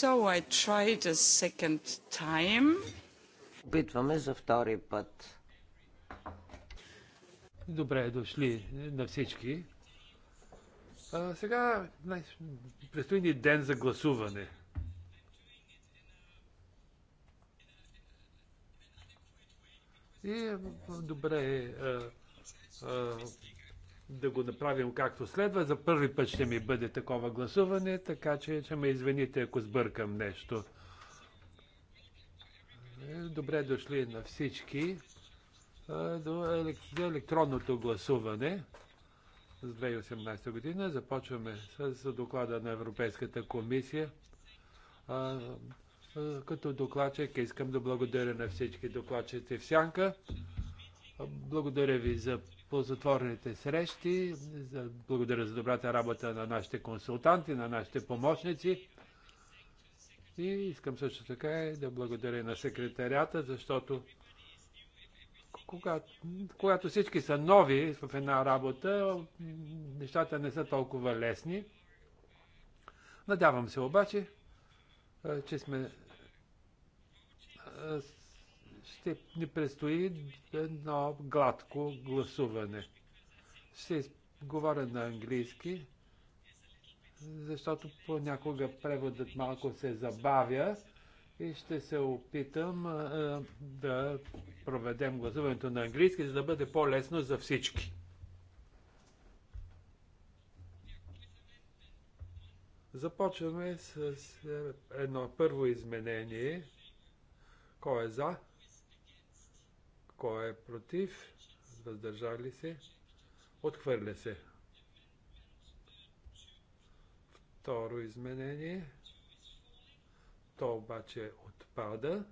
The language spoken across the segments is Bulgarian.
So I tried a second time. Опитваме за втори път. Добре дошли на всички. А, сега предстои ни ден за гласуване. И добре а, да го направим както следва. За първи път ще ми бъде такова гласуване, така че ще ме извините, ако сбъркам нещо. Е, добре дошли на всички до електронното гласуване с 2018 година. Започваме с доклада на Европейската комисия. Като докладчик искам да благодаря на всички докладчици в Сянка. Благодаря ви за по затворените срещи. Благодаря за добрата работа на нашите консултанти, на нашите помощници. И искам също така да благодаря на секретарята, защото когато, когато всички са нови в една работа, нещата не са толкова лесни. Надявам се обаче, че сме ще ни предстои едно гладко гласуване. Ще говоря на английски, защото понякога преводът малко се забавя и ще се опитам а, да проведем гласуването на английски, за да бъде по-лесно за всички. Започваме с едно първо изменение. Кой е за? Кой е против? Въздържали се? Отхвърля се. Второ изменение. То обаче отпада.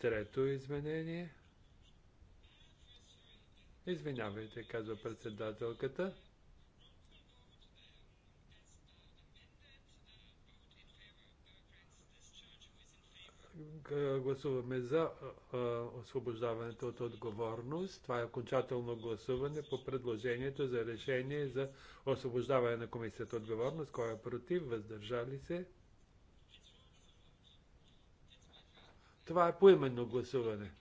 Трето изменение. Извинявайте, казва председателката. гласуваме за освобождаването от отговорност. Това е окончателно гласуване по предложението за решение за освобождаване на комисията от отговорност. Кой е против? Въздържали се? Това е поименно гласуване.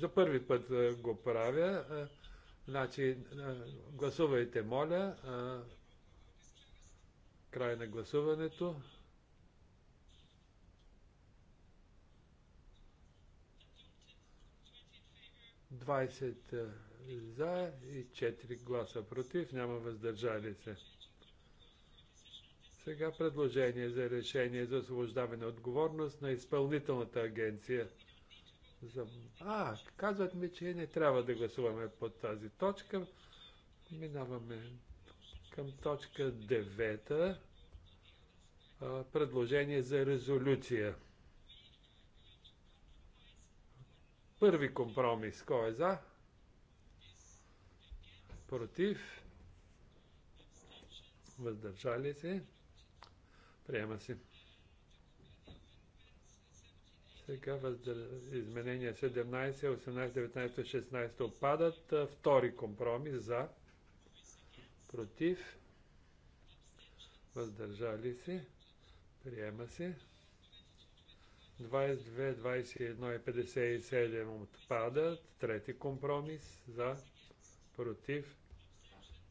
За първи път го правя. Значи, гласувайте, моля. Край на гласуването. 20 е, за и 4 гласа против, няма въздържали се. Сега предложение за решение за освобождаване отговорност на изпълнителната агенция. За... А, казват ми, че не трябва да гласуваме по тази точка. Минаваме към точка 9. Предложение за резолюция. Първи компромис. Кой е за? Против? Въздържали се? Приема се. Сега въздър... изменения 17, 18, 19, 16 опадат. Втори компромис за, против, въздържали се, приема се. 22, 21 и 57 отпадат. Трети компромис за, против,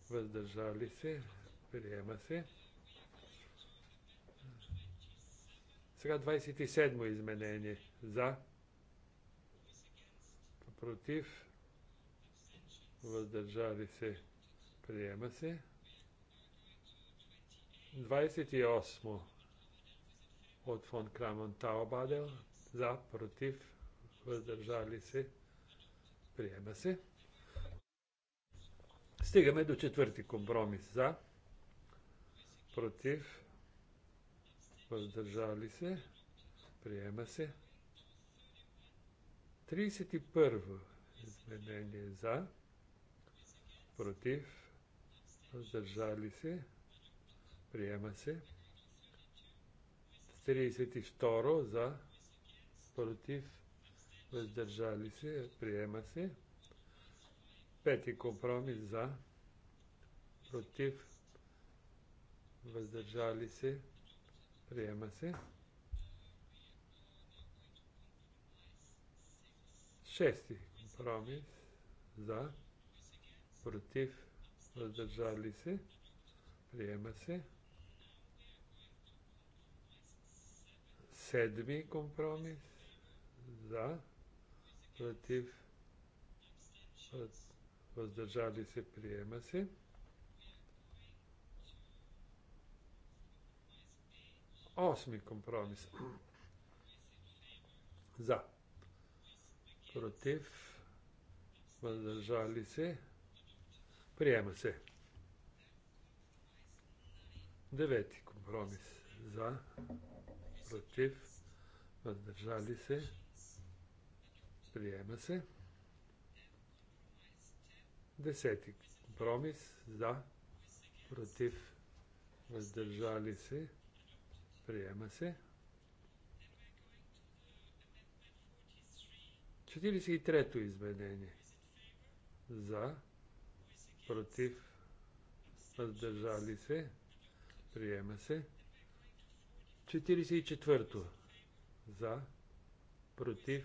въздържали се, приема се. Сега 27 изменение за, против, въздържали се, приема се. 28 от фон Крамон Таобадел. За, против, въздържали се, приема се. Стигаме до четвърти компромис. За, против, въздържали се, приема се. 31 во изменение за, против, въздържали се, приема се. 32 за, против, въздържали се, приема се. Пети компромис за, против, въздържали се, приема се. 6 компромис за, против, въздържали се, приема се. Седми компромис. За. Против. Въздържали се. Приема се. Осми компромис. За. Против. Въздържали се. Приема се. Девети компромис за, против, въздържали се, приема се. Десети компромис за, против, въздържали се, приема се. 43-то изменение. За, против, въздържали се, приема се. 44-то. За, против,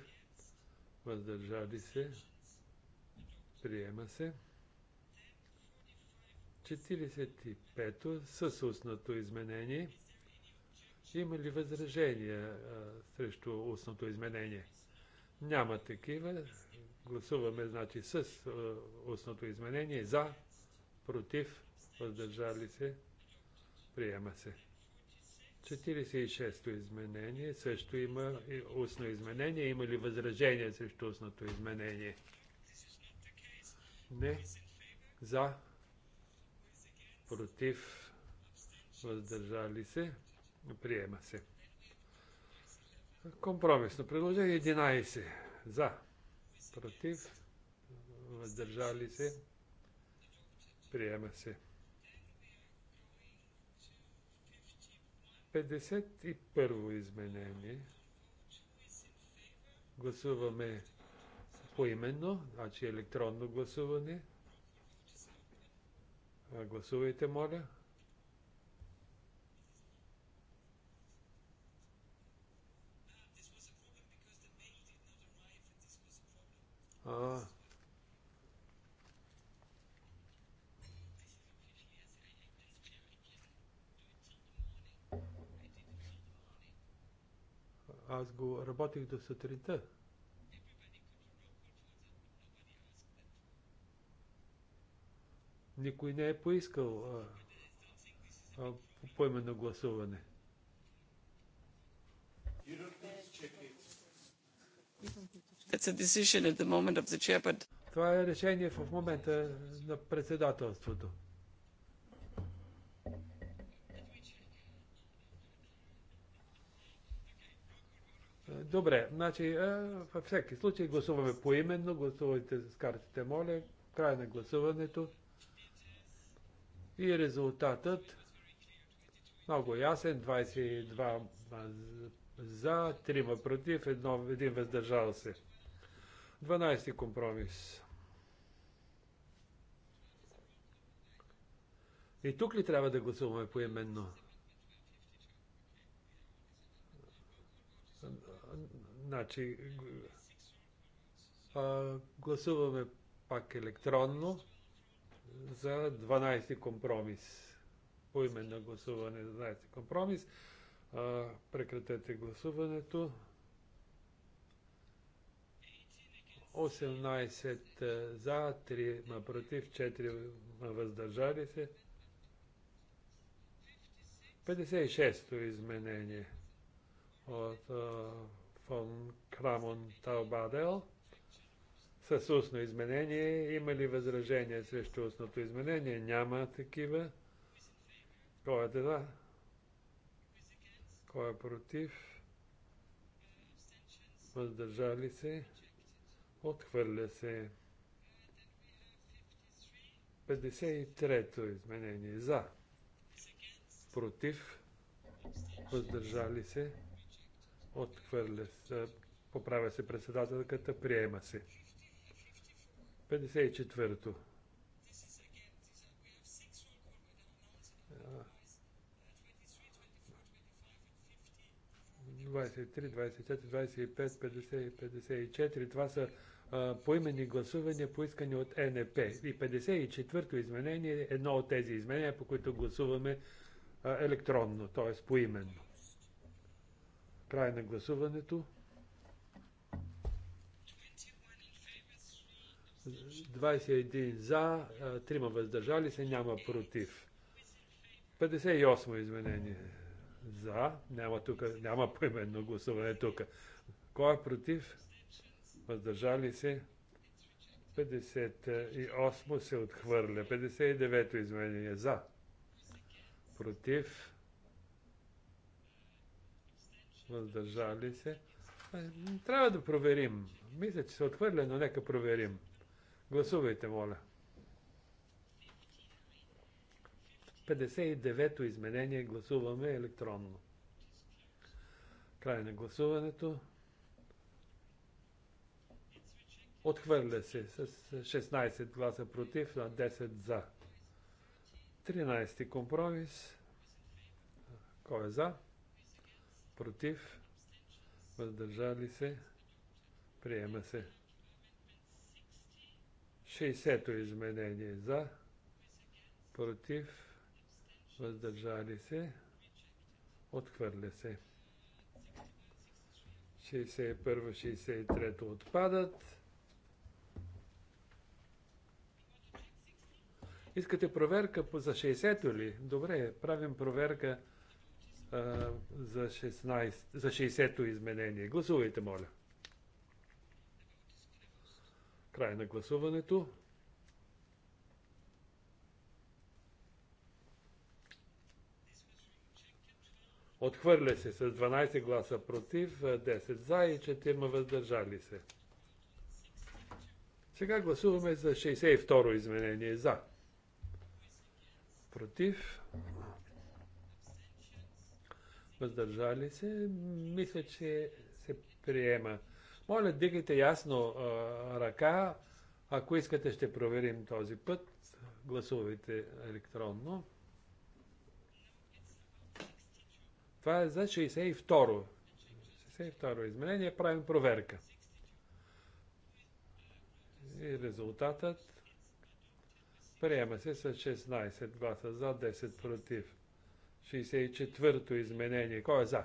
въздържали се, приема се. 45-то с устното изменение. Има ли възражения а, срещу устното изменение? Няма такива. Гласуваме, значи, с а, устното изменение. За, против, въздържали се, приема се. 46-то изменение също има е, устно изменение. Има ли възражение срещу устното изменение? Не. За. Против. Въздържали се. Приема се. Компромисно предложение 11. За. Против. Въздържали се. Приема се. 51 во изменение. Гласуваме поименно, значи електронно гласуване. Гласувайте, моля. А, Аз го работих до сутринта. Никой не е поискал а, а, гласуване. Това е решение в момента на председателството. Добре, значи във всеки случай гласуваме поименно, гласувайте с картите, моля, край на гласуването. И резултатът много ясен, 22 за, 3 против, 1, един въздържал се. 12 компромис. И тук ли трябва да гласуваме поименно? Значи, а, гласуваме пак електронно за 12 компромис. По име на гласуване за 12 компромис. А, прекратете гласуването. 18 за, 3 против, 4 въздържали се. 56-то изменение от фон Крамон Таубадел с устно изменение. Има ли възражение срещу устното изменение? Няма такива. Кой е за? Кой е против? Въздържали се? Отхвърля се. 53-то изменение. За. Против. Въздържали се. Отхвърля се. Поправя се председателката. Приема се. 54-то. Двадесет 23, двадесет четири, двадесет и четири. Това са поименни гласувания, поискани от НП. И 54-то изменение е едно от тези изменения, по които гласуваме а, електронно, т.е. поименно. Край на гласуването. 21 за, 3 въздържали се, няма против. 58 изменение за, няма, тук, няма поименно гласуване тук. Кой е против? Въздържали се. 58 се отхвърля. 59 изменение за. Против въздържали се. Е, трябва да проверим. Мисля, че се отхвърля, но нека проверим. Гласувайте, моля. 59-то изменение гласуваме електронно. Край на гласуването. Отхвърля се с 16 гласа против, на 10 за. 13 компромис. Кой е за? против, въздържали се, приема се. 60-то изменение за, против, въздържали се, отхвърля се. 61-63 отпадат. Искате проверка за 60-то ли? Добре, правим проверка за, 16, за 60-то изменение. Гласувайте, моля. Край на гласуването. Отхвърля се с 12 гласа против, 10 за и 4 въздържали се. Сега гласуваме за 62-ро изменение. За. Против въздържали се, мисля, че се приема. Моля, дигайте ясно а, ръка. Ако искате, ще проверим този път. Гласувайте електронно. Това е за 62-ро. 62-ро изменение. Правим проверка. И резултатът приема се с 16 гласа за, 10 против. 64-то изменение. Кой е за?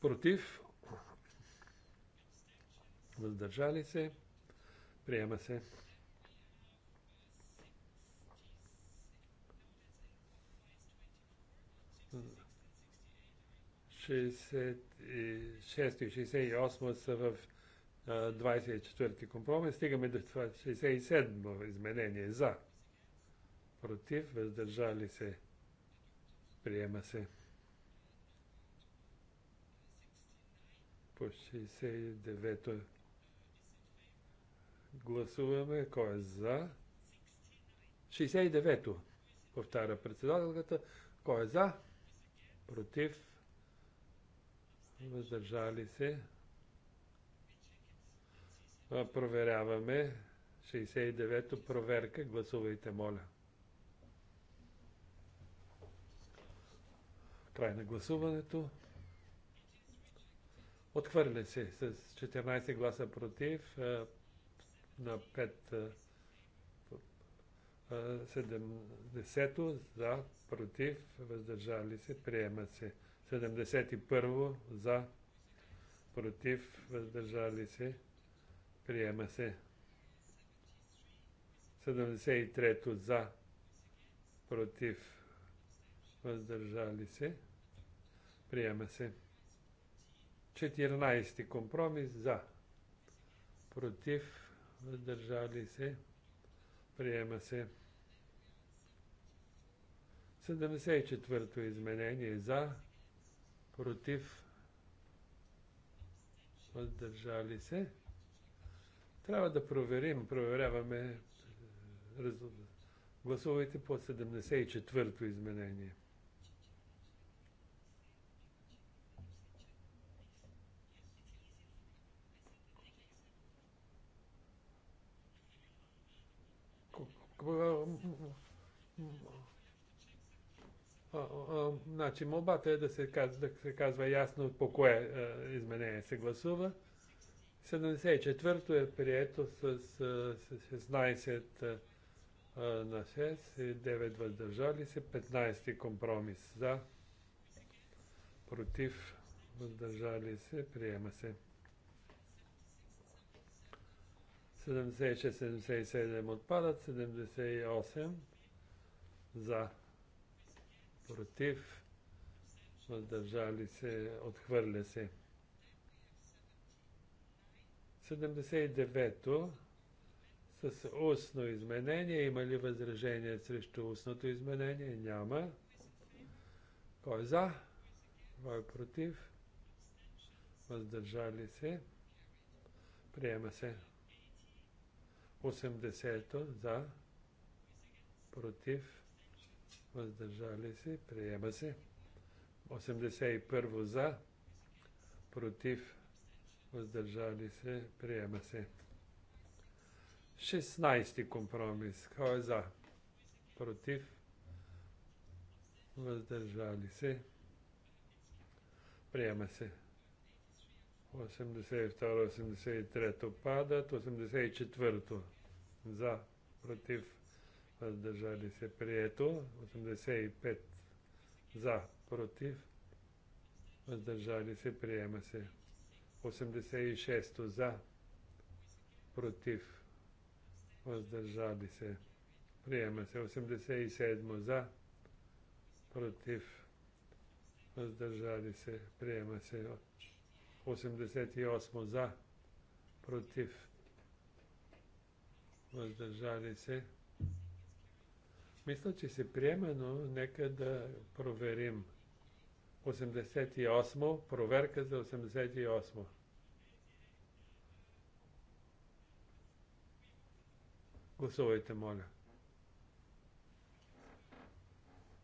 Против? Въздържали се? Приема се. Шестдесет и 68 са в 24-ти компромис. Стигаме до 67 то изменение. За. Против. Въздържали се. Приема се. По 69-то гласуваме. Кой е за? 69-то. Повтаря председателката. Кой е за? Против? Въздържали се? Проверяваме. 69-то проверка. Гласувайте, моля. Край на гласуването. Отхвърля се с 14 гласа против на 5 70 за, против, въздържали се, приема се. 71 за, против, въздържали се, приема се. 73 за, против, въздържали се, приема се. 14 компромис за, против, въздържали се, приема се. 74-то изменение за, против, въздържали се. Трябва да проверим, проверяваме, гласувайте по 74-то изменение. Значи, молбата е да се, казва, да се казва ясно по кое е, изменение се гласува. 74-то е прието с, 16 е, е, на 6 и 9 въздържали се, 15 компромис за, против, въздържали се, приема се. 76-77 отпадат, 78 за, против, въздържали се, отхвърля се. 79-то с устно изменение. Има ли възражение срещу устното изменение? Няма. Кой е за? Кой е против? Въздържали се? Приема се. 80 за, против, въздържали се, приема се. 81 за, против, въздържали се, приема се. 16 компромис. Кой е за? Против? Въздържали се? Приема се. 82-83 падат, 84 за, против, въздържали се, прието, 85 за, против, въздържали се, приема се, 86 за, против, въздържали се, приема се, 87 за, против, въздържали се, приема се, 88 за, против, въздържали се. Мисля, че се приема, но нека да проверим. 88, проверка за 88. Гласувайте, моля.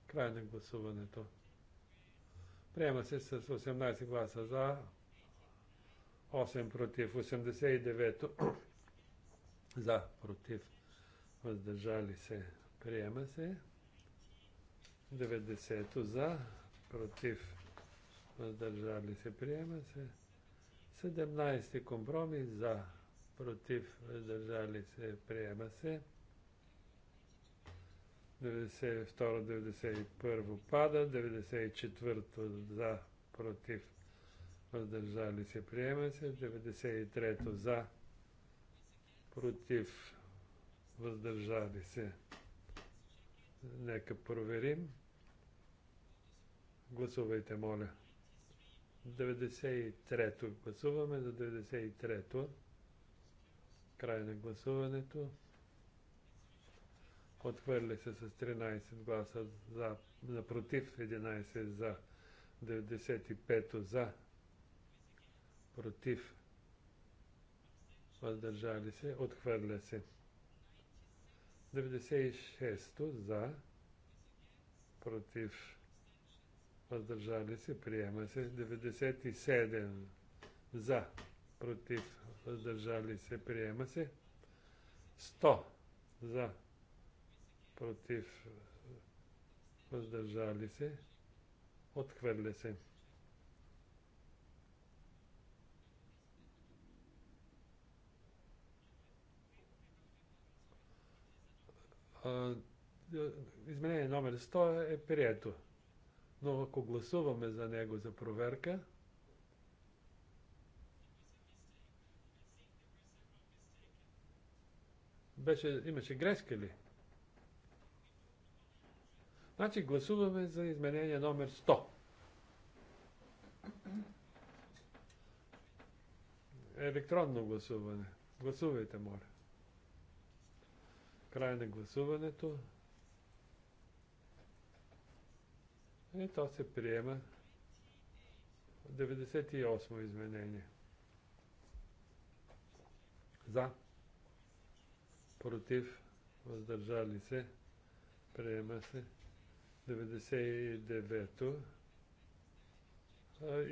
Край на гласуването. Приема се с 18 гласа за, 8 против, 89 за, против, въздържали се, приема се. 90 за, против, въздържали се, приема се. 17 компромис за, против, въздържали се, приема се. 92-91 пада, 94 за, против, въздържали се, приема се. 93-то за, против, въздържали се. Нека проверим. Гласувайте, моля. 93-то гласуваме за 93-то. Край на гласуването. Отхвърли се с 13 гласа за, напротив 11 за, 95 за, против, въздържали се, отхвърля се. 96 за, против, въздържали се, приема се. 97 за, против, въздържали се, приема се. 100 за, против, въздържали се, отхвърля се. Е, изменение номер 100 е прието. Но ако гласуваме за него за проверка, беше, имаше грешка ли? Значи гласуваме за изменение номер 100. Електронно гласуване. Гласувайте, моля. Край на гласуването. И то се приема 98 изменение. За. Против. Въздържали се. Приема се 99-то.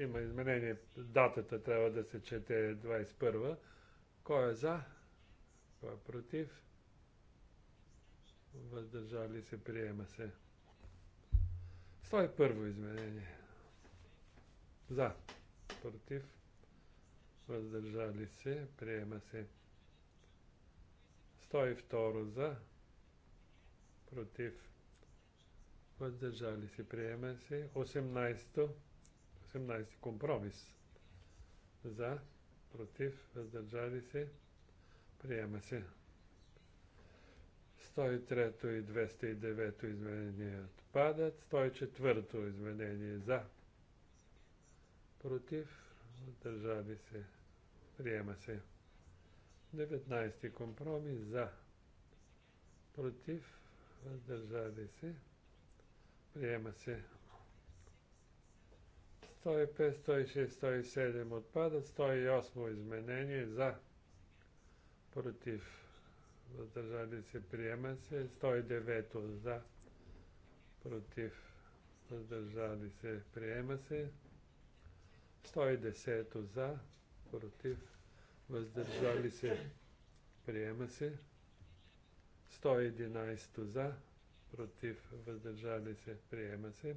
Има изменение. Датата трябва да се чете 21 а Кой е за? Кой е против? въздържали се, приема се. 101 изменение. За, против, въздържали се, приема се. 102 за, против, въздържали се, приема се. 18, 18 компромис. За, против, въздържали се, приема се. 103 и 209 изменение отпадат. 104 изменение за. Против. Държали се. Приема се. 19 компромис за. Против. Въздържали се. Приема се. 105, 106, 107 отпадат. 108 изменение за. Против въздържали се, приема се. 109 за, против, въздържали се, приема се. 110 за, против, въздържали се, приема се. 111 за, против, въздържали се, приема се.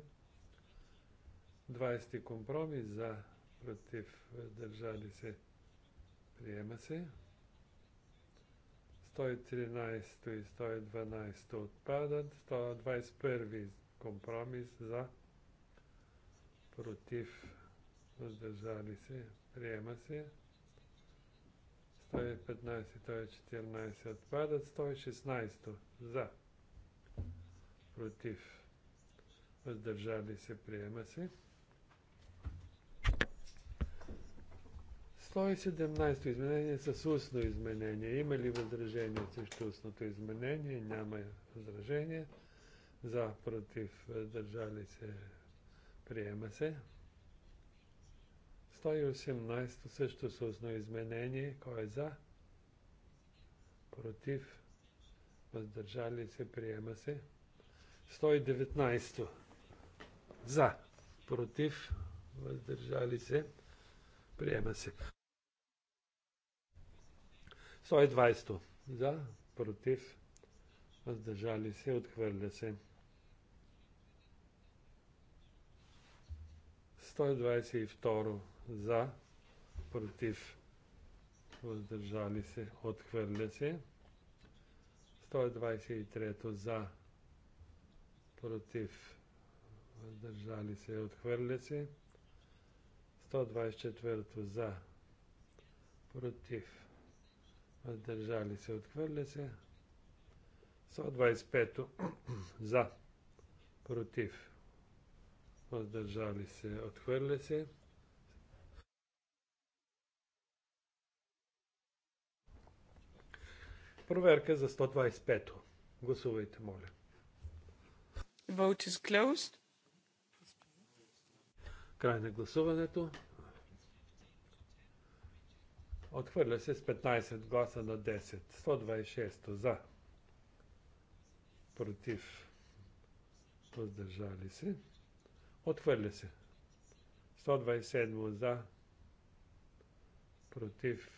20 компромис за, против, въздържали се, приема се. 113 и 112 отпадат. 121 компромис за против въздържали се. Приема се. 115, 114 отпадат. 116 за против въздържали се. Приема се. 117 изменение с устно изменение. Има ли възражение срещу устното изменение? Няма възражение. За, против, държали се, приема се. 118 също с устно изменение. Кой е за? Против, въздържали се, приема се. 119 за, против, въздържали се, приема се. 120 за, против, въздържали се, отхвърля се. 122 за, против, въздържали се, отхвърля се. 123 за, против, въздържали се, отхвърля се. 124 за, против, въздържали се, отхвърля се. 125 то за, против, въздържали се, отхвърля се. 125. Проверка за 125. Гласувайте, моля. Vote is closed. Край на гласуването. Отхвърля се с 15 гласа на 10. 126 за. Против. Въздържали се. Отхвърля се. 127 за. Против.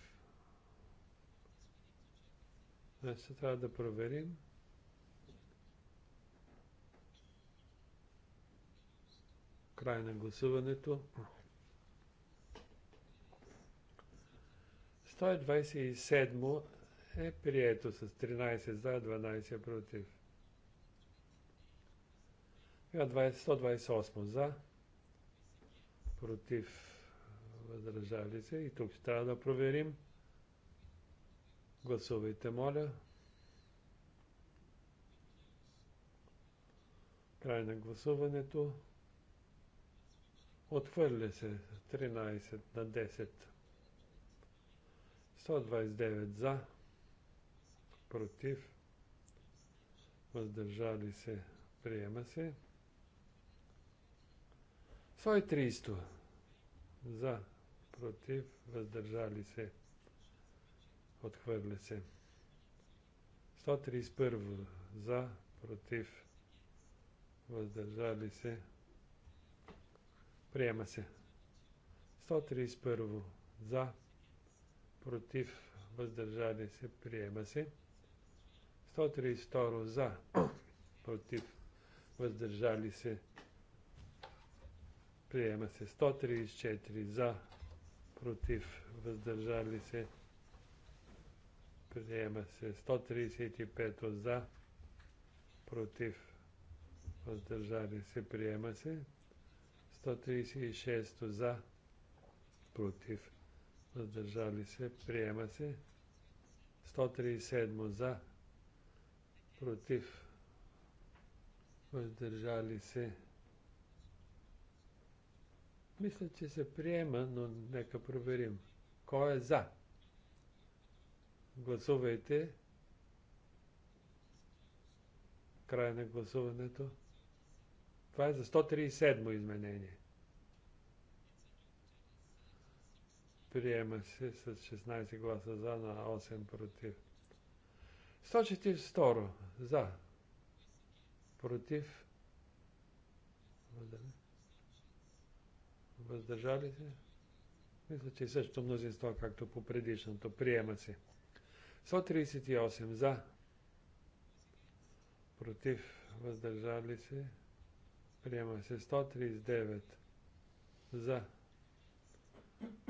Значи се трябва да проверим. Край на гласуването. 127 е прието с 13 за, 12 против. 128 за, против, въздържали се. И тук ще трябва да проверим. Гласувайте, моля. Край на гласуването. Отхвърля се 13 на 10. 129 за, против, въздържали се, приема се. 130 за, против, въздържали се, отхвърля се. 131 за, против, въздържали се, приема се. 131 за, против, въздържали се, приема се. 132 за, против, въздържали се, приема се. 134 за, против, въздържали се, приема се. 135 за, против, въздържали се, приема се. 136 за, против, въздържали се, приема се. 137 за, против, въздържали се. Мисля, че се приема, но нека проверим. Кой е за? Гласувайте. Край на гласуването. Това е за 137 изменение. Приема се с 16 гласа за на 8 против. 142 за. Против. Въздържали се? Мисля, че също мнозинство, както по предишното. Приема се. 138 за. Против. Въздържали се? Приема се. 139 за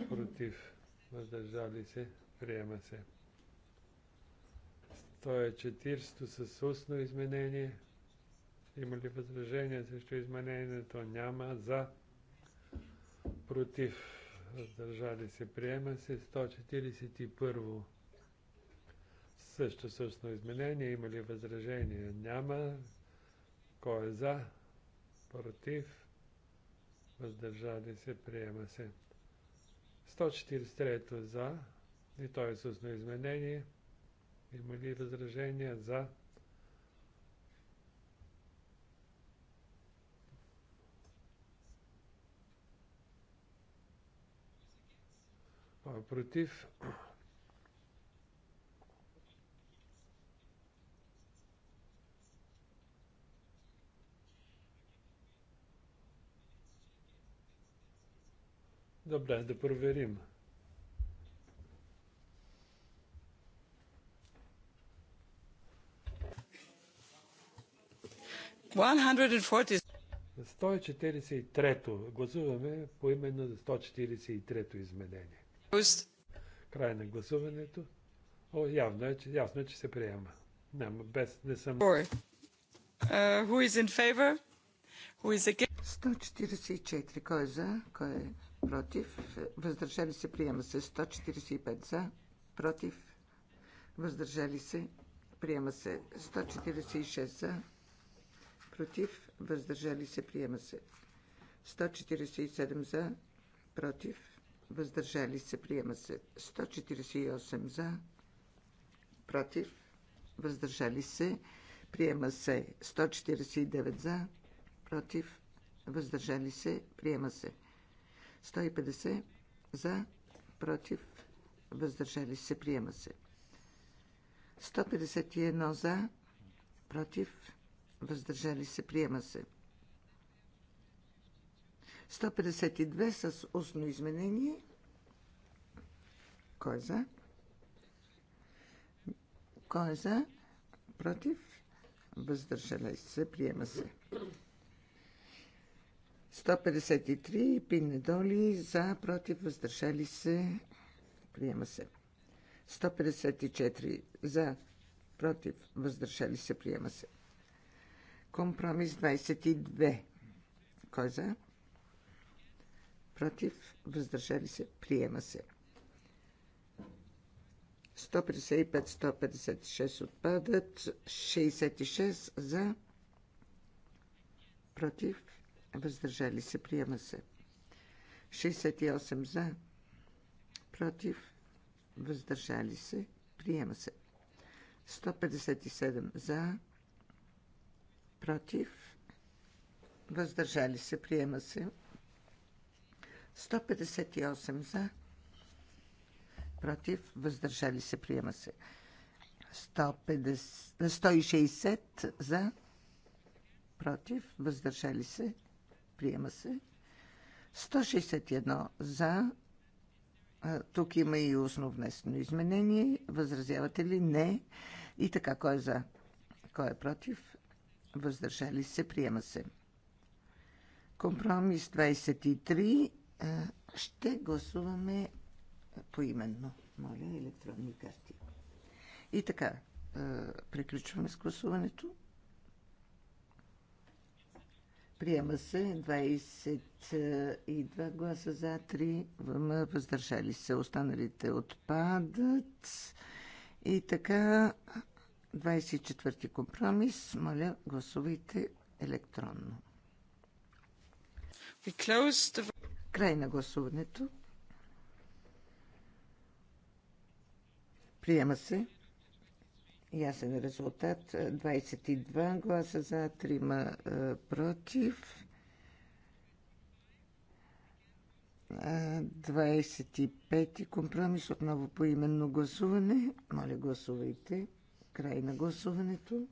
против, въздържали се, приема се. 140 с устно изменение. Има ли възражение срещу изменението? Няма. За, против, въздържали се, приема се. 141 също устно изменение. Има ли възражение? Няма. Кой е за? Против? Въздържали се? Приема се. 143 за. И то е с изменение. Има ли възражения за? Е против Добре, да проверим. One 143-то. Гласуваме по именно за 143-то изменение. Край на гласуването. О, явно е, че, ясно е, че се приема. Няма, без, не съм... Uh, who is in favor? Who is against? 144. Кой е за? Кой е против, въздържали се, приема се 145 за, против, въздържали се, приема се 146 за, против, въздържали се, приема се 147 за, против, въздържали се, приема се 148 за, против, въздържали се, приема се 149 за, против, въздържали се, приема се 150 за, против, въздържали се, приема се. 151 за, против, въздържали се, приема се. 152 с устно изменение. Кой е за? Кой е за? Против? Въздържали се, приема се. 153 доли за, против, въздържали се. Приема се. 154 за, против, въздържали се. Приема се. Компромис 22. Кой е за? Против, въздържали се. Приема се. 155-156 отпадат. 66 за, против, въздържали се, приема се. 68 за, против, въздържали се, приема се. 157 за, против, въздържали се, приема се. 158 за, против, въздържали се, приема се. 150, 160 за, против, въздържали се, Приема се. 161 за. Тук има и основнесено изменение. Възразявате ли? Не. И така, кой е за? Кой е против? Въздържали се? Приема се. Компромис 23. Ще гласуваме поименно. Моля, електронни карти. И така, приключваме с гласуването. Приема се 22 гласа за, 3 въздържали се. Останалите отпадат. И така, 24-ти компромис. Моля, гласувайте електронно. Край на гласуването. Приема се. Ясен резултат 22 гласа за, 3 е, против. 25 е, компромис отново по именно гласуване. Моля, гласувайте. Край на гласуването.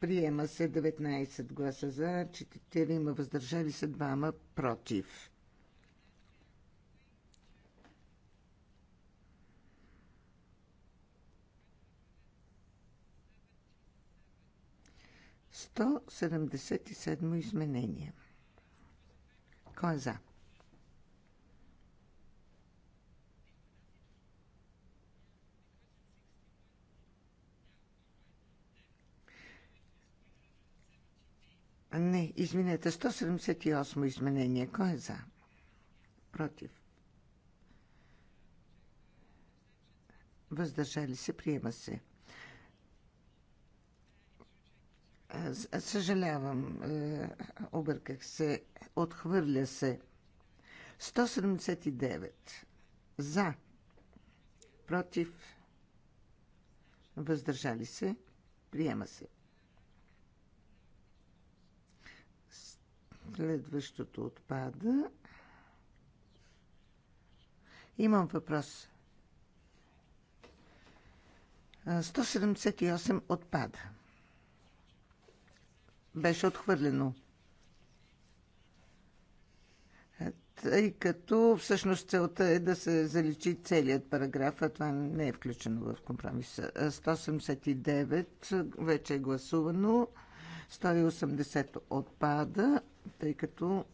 Приема се 19 гласа за, 4 има въздържали се, 2 против. 177 изменение. Кой е за? Не, извинете, 178 изменение. Кой е за? Против. Въздържали се, приема се. Е, съжалявам, е, обърках се, отхвърля се. 179 за, против, въздържали се, приема се. Следващото отпада. Имам въпрос. 178 отпада беше отхвърлено. Е, тъй като всъщност целта е да се заличи целият параграф, а това не е включено в компромиса. 189 е, вече е гласувано, 180 отпада, тъй като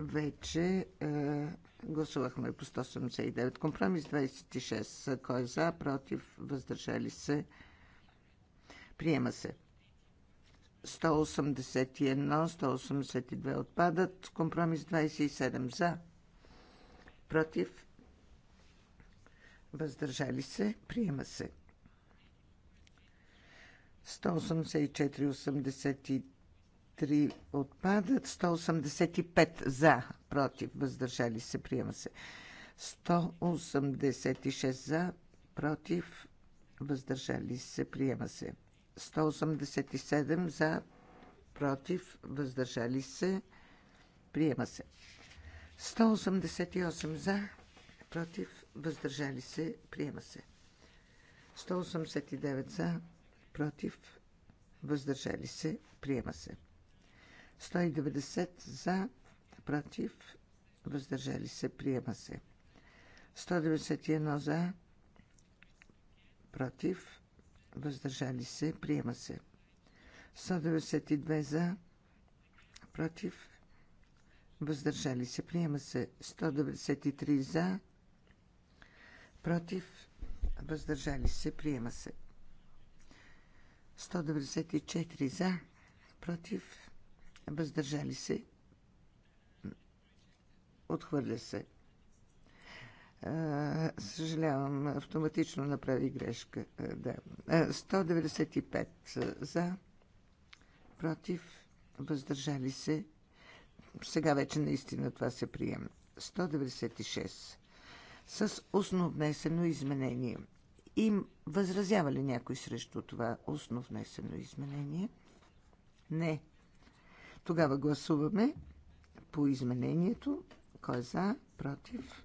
вече е, гласувахме по 189 компромис, 26 кой е за, против, въздържали се, приема се. 181, 182 отпадат. Компромис 27 за. Против. Въздържали се. Приема се. 184, 83 отпадат. 185 за. Против. Въздържали се. Приема се. 186 за. Против. Въздържали се. Приема се. 187 за, против, въздържали се, приема се. 188 за, против, въздържали се, приема се. 189 за, против, въздържали се, приема се. 190 за, против, въздържали се, приема се. 191 за, против, въздържали се, приема се. 192 за, против, въздържали се, приема се. 193 за, против, въздържали се, приема се. 194 за, против, въздържали се, отхвърля се. А, съжалявам, автоматично направи грешка. Да. 195 за, против, въздържали се. Сега вече наистина това се приема. 196 с основнесено изменение. Им възразява ли някой срещу това внесено изменение? Не. Тогава гласуваме по изменението. Кой е за, против,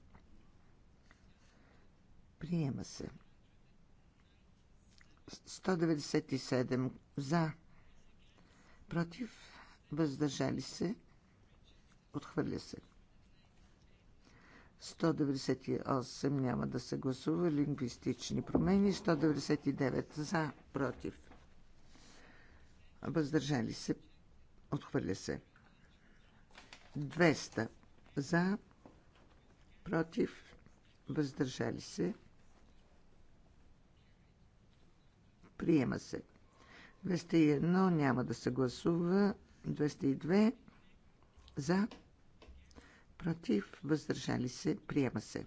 Приема се. 197 за. Против. Въздържали се. Отхвърля се. 198 няма да се гласува. Лингвистични промени. 199 за. Против. Въздържали се. Отхвърля се. 200 за. Против. Въздържали се. Приема се. 201 няма да се гласува. 202 за. Против. Въздържали се. Приема се.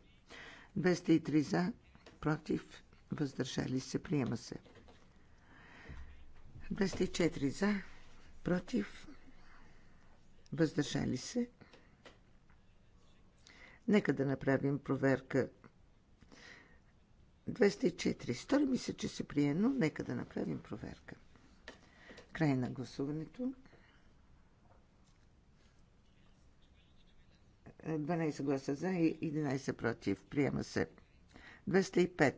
203 за. Против. Въздържали се. Приема се. 204 за. Против. Въздържали се. Нека да направим проверка 204. Стори ми се, че се прие, но нека да направим проверка. Край на гласуването. 12 гласа за и 11 против. Приема се. 205.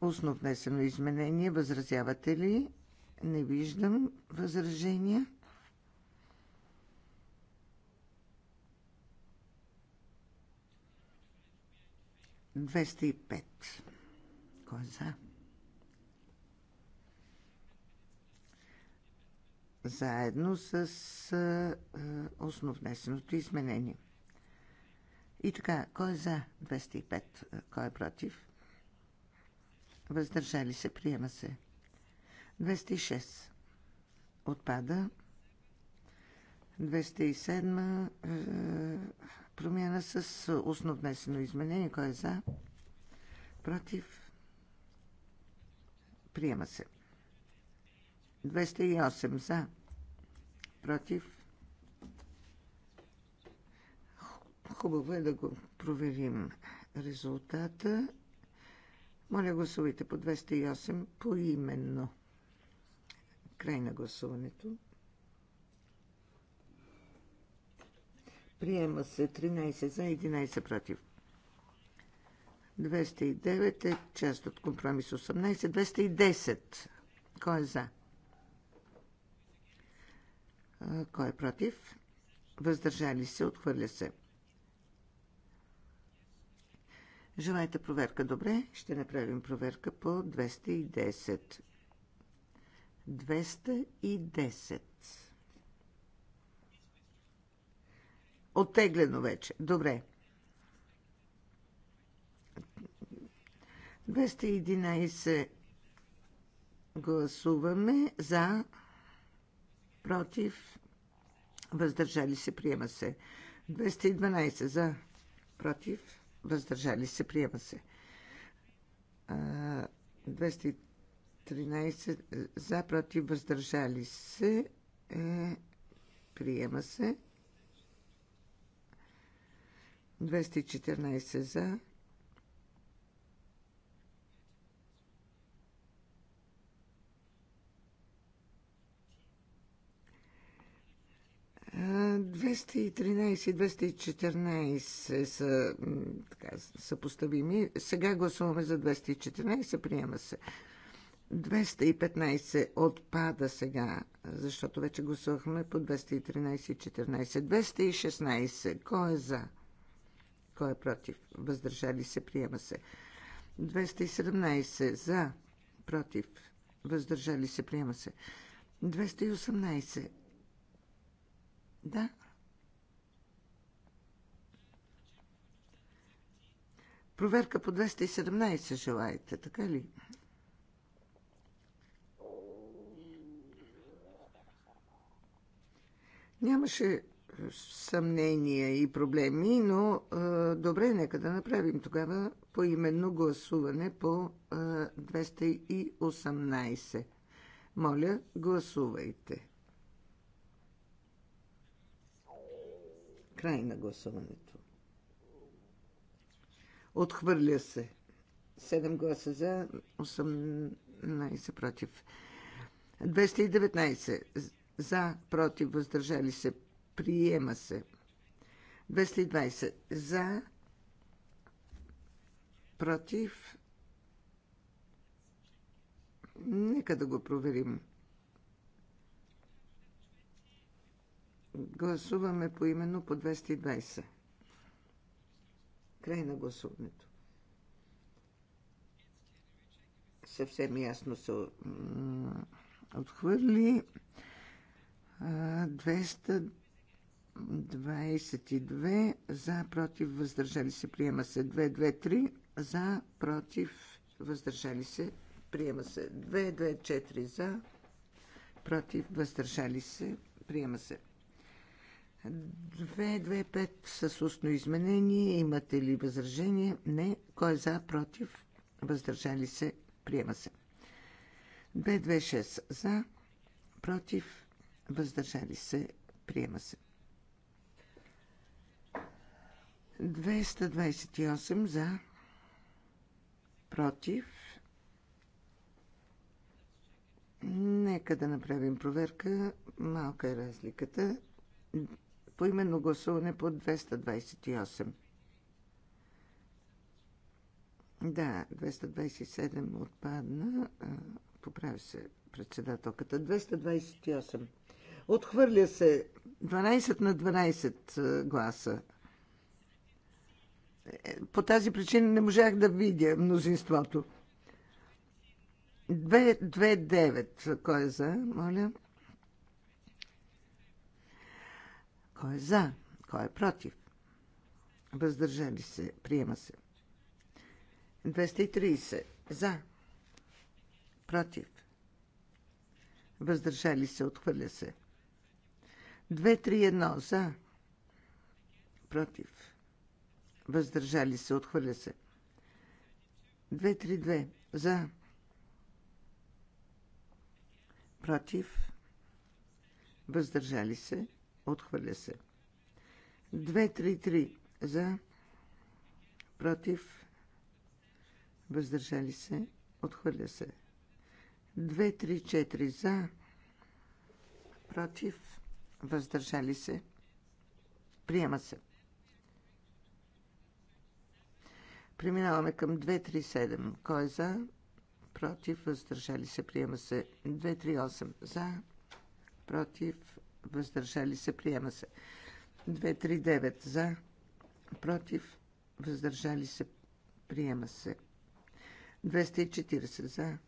Устно внесено изменение. Възразявате ли? Не виждам възражения. Двести и пять. Кой е за? Заедно с основнесеното изменение. И така, кой е за 205? Кой е против? Въздържали се, приема се. 206. Отпада. 207. Промяна с основнесено изменение. Кой е за? Против? Приема се. 208 за. Против. Хубаво е да го проверим резултата. Моля, гласувайте по 208 поименно. Край на гласуването. Приема се 13 за 11 против. 209 е част от компромис 18. 210. Кой е за? Кой е против? Въздържали се, отхвърля се. Желаете проверка? Добре, ще направим проверка по 210. 210. Оттеглено вече. Добре. 211 гласуваме за, против, въздържали се, приема се. 212 за, против, въздържали се, приема се. 213 за, против, въздържали се, е, приема се. 214 за, 213 214 са така, съпоставими. Сега гласуваме за 214, приема се. 215 отпада сега, защото вече гласувахме по 213 и 14. 216. Кой е за? Кой е против? Въздържали се, приема се. 217 за, против, въздържали се, приема се. 218 да. Проверка по 217 желаете, така ли? Нямаше е, съмнения и проблеми, но е, добре, нека да направим тогава поименно гласуване по е, 218. Моля, гласувайте. Край на гласуването. Отхвърля се. 7 гласа за, 18 против. 219 за, против, въздържали се. Приема се. 220 за, против. Нека да го проверим. Гласуваме по именно по 220. Край на гласуването. Съвсем ясно се отхвърли. 222 за, против, въздържали се, приема се. 223 за, против, въздържали се, приема се. 224 за, против, въздържали се, приема се. 225 с устно изменение. Имате ли възражение? Не. Кой е за, против? Въздържали се? Приема се. 226 за, против? Въздържали се? Приема се. 228 за, против? Нека да направим проверка. Малка е разликата по именно гласуване по 228. Да, 227 отпадна. Поправи се председателката. 228. Отхвърля се 12 на 12 гласа. Е, по тази причина не можах да видя мнозинството. 229. Кой е за? Моля. Кой е за? Кой е против? Въздържали се. Приема се. 230. За. Против. Въздържали се. Отхвърля се. 231. За. Против. Въздържали се. Отхвърля се. 232. За. Против. Въздържали се. Отхвърля се. 2-3-3 за. Против. Въздържали се. Отхвърля се. 2-3-4 за. Против. Въздържали се. Приема се. Преминаваме към 237. Кой е за? Против. Въздържали се. Приема се. 238. За. Против въздържали се, приема се. 239 за, против, въздържали се, приема се. 240 за,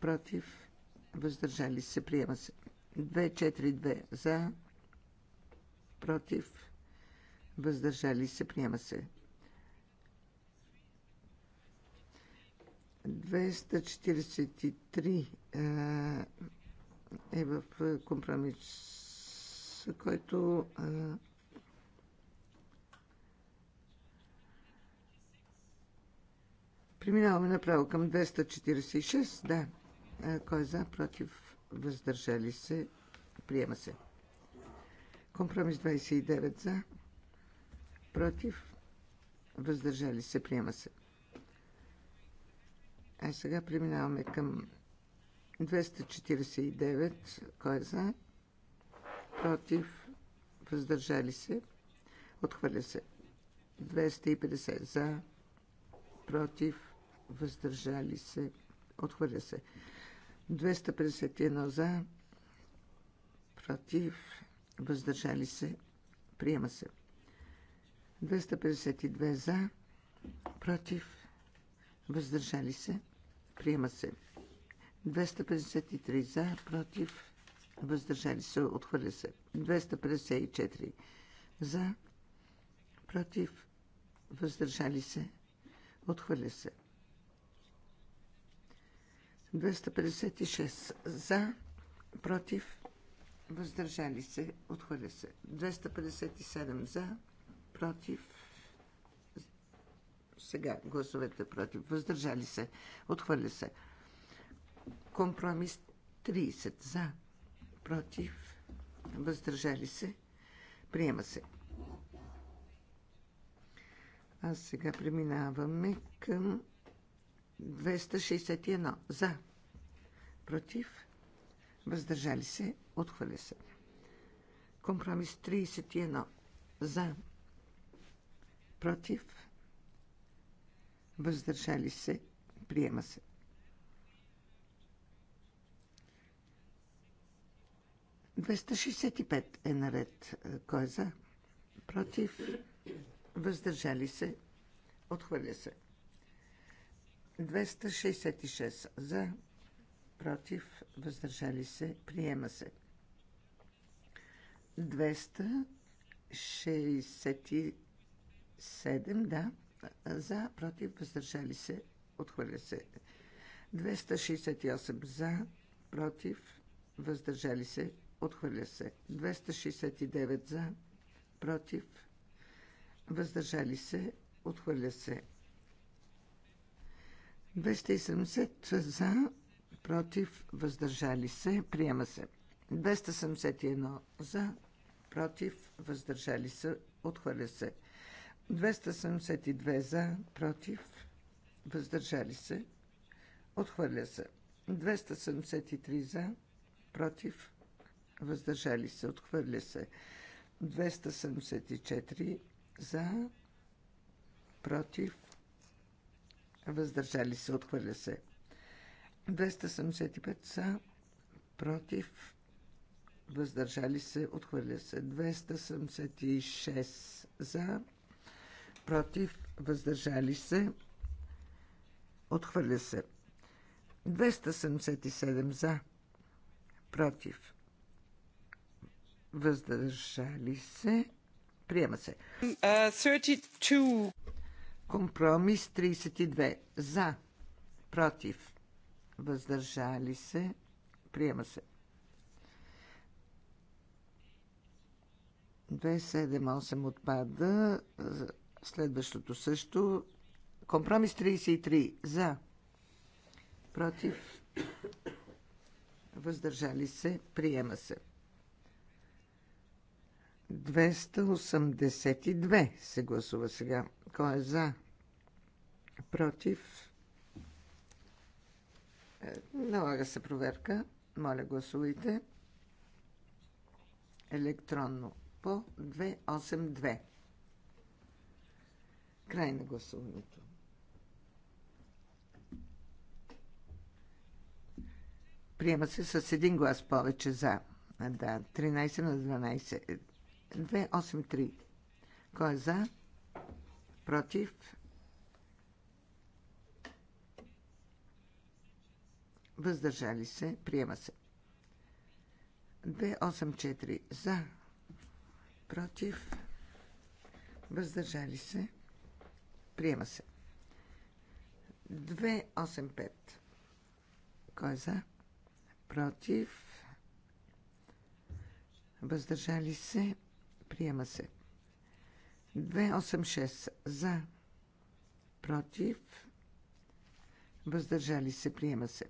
против, въздържали се, приема се. 242 за, против, въздържали се, приема се. 243 е в е, компромис, който е, Преминаваме направо към 246. Да. Е, кой е за, против, въздържали се, приема се. Компромис 29 за, против, въздържали се, приема се. А сега преминаваме към 249. Кой е за? Против. Въздържали се. Отхвърля се. 250 за. Против. Въздържали се. Отхвърля се. 251 за. Против. Въздържали се. Приема се. 252 за. Против. Въздържали се. Приема се. 253 за, против, въздържали се, отхвърля се. 254 за, против, въздържали се, отхвърля се. 256 за, против, въздържали се, отхвърля се. 257 за, против, сега гласовете против, въздържали се, отхвърля се. Компромис 30 за, против, въздържали се, приема се. А сега преминаваме към 261 за, против, въздържали се, отхвърля се. Компромис 31 за, против, въздържали се, приема се. 265 е наред. Е, кой е за? Против? Въздържали се? Отхвърля се. 266 за, против, въздържали се, приема се. 267 да, за, против, въздържали се, отхвърля се. 268 за, против, въздържали се, Отхвърля се. 269 за. Против. Въздържали се. Отхвърля се. 270 за. Против. Въздържали се. Приема се. 271 за. Против. Въздържали се. Отхвърля се. 272 за. Против. Въздържали се. Отхвърля се. 273 за. Против въздържали се, отхвърля се. 274 за, против, въздържали се, отхвърля се. 275 за, против, въздържали се, отхвърля се. 276 за, против, въздържали се, отхвърля се. 277 за, против, въздържали се, приема се. Компромис 32. За, против, въздържали се, приема се. 278 отпада. Следващото също. Компромис 33. За. Против. Въздържали се. Приема се. 282 се гласува сега. Кой е за? Против? Е, налага се проверка. Моля, гласувайте. Електронно по 282. Край на гласуването. Приема се с един глас повече за. Да, 13 на 12. 283. Кой е за? Против? Въздържали се. Приема се. 284. За. Против? Въздържали се. Приема се. 285. Кой е за? Против? Въздържали се. Приема се. 286 за. Против. Въздържали се. Приема се.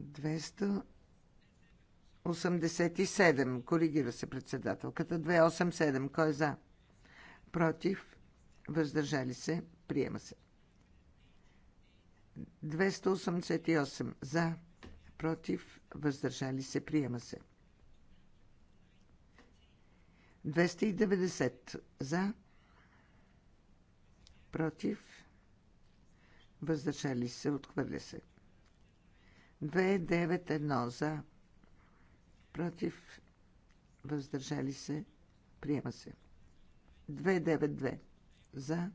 287. Коригира се председателката. 287. Кой е за? Против. Въздържали се. Приема се. 288. За против, въздържали се, приема се. 290 за, против, въздържали се, отхвърля се. 291 за, против, въздържали се, приема се. 292 за,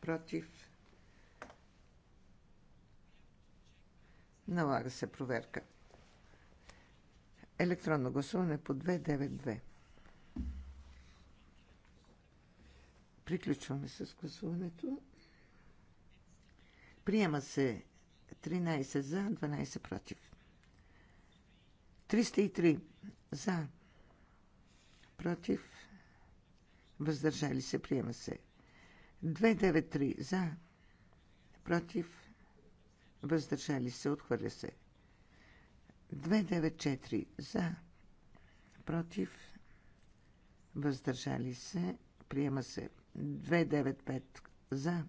против, Налага се проверка. Електронно гласуване по 292. Приключваме с гласуването. Приема се 13 за, 12 против. 303 за, против, въздържали се, приема се. 293 за, против, въздържали се, отхвърля се. 294 за, против, въздържали се, приема се. 295 за,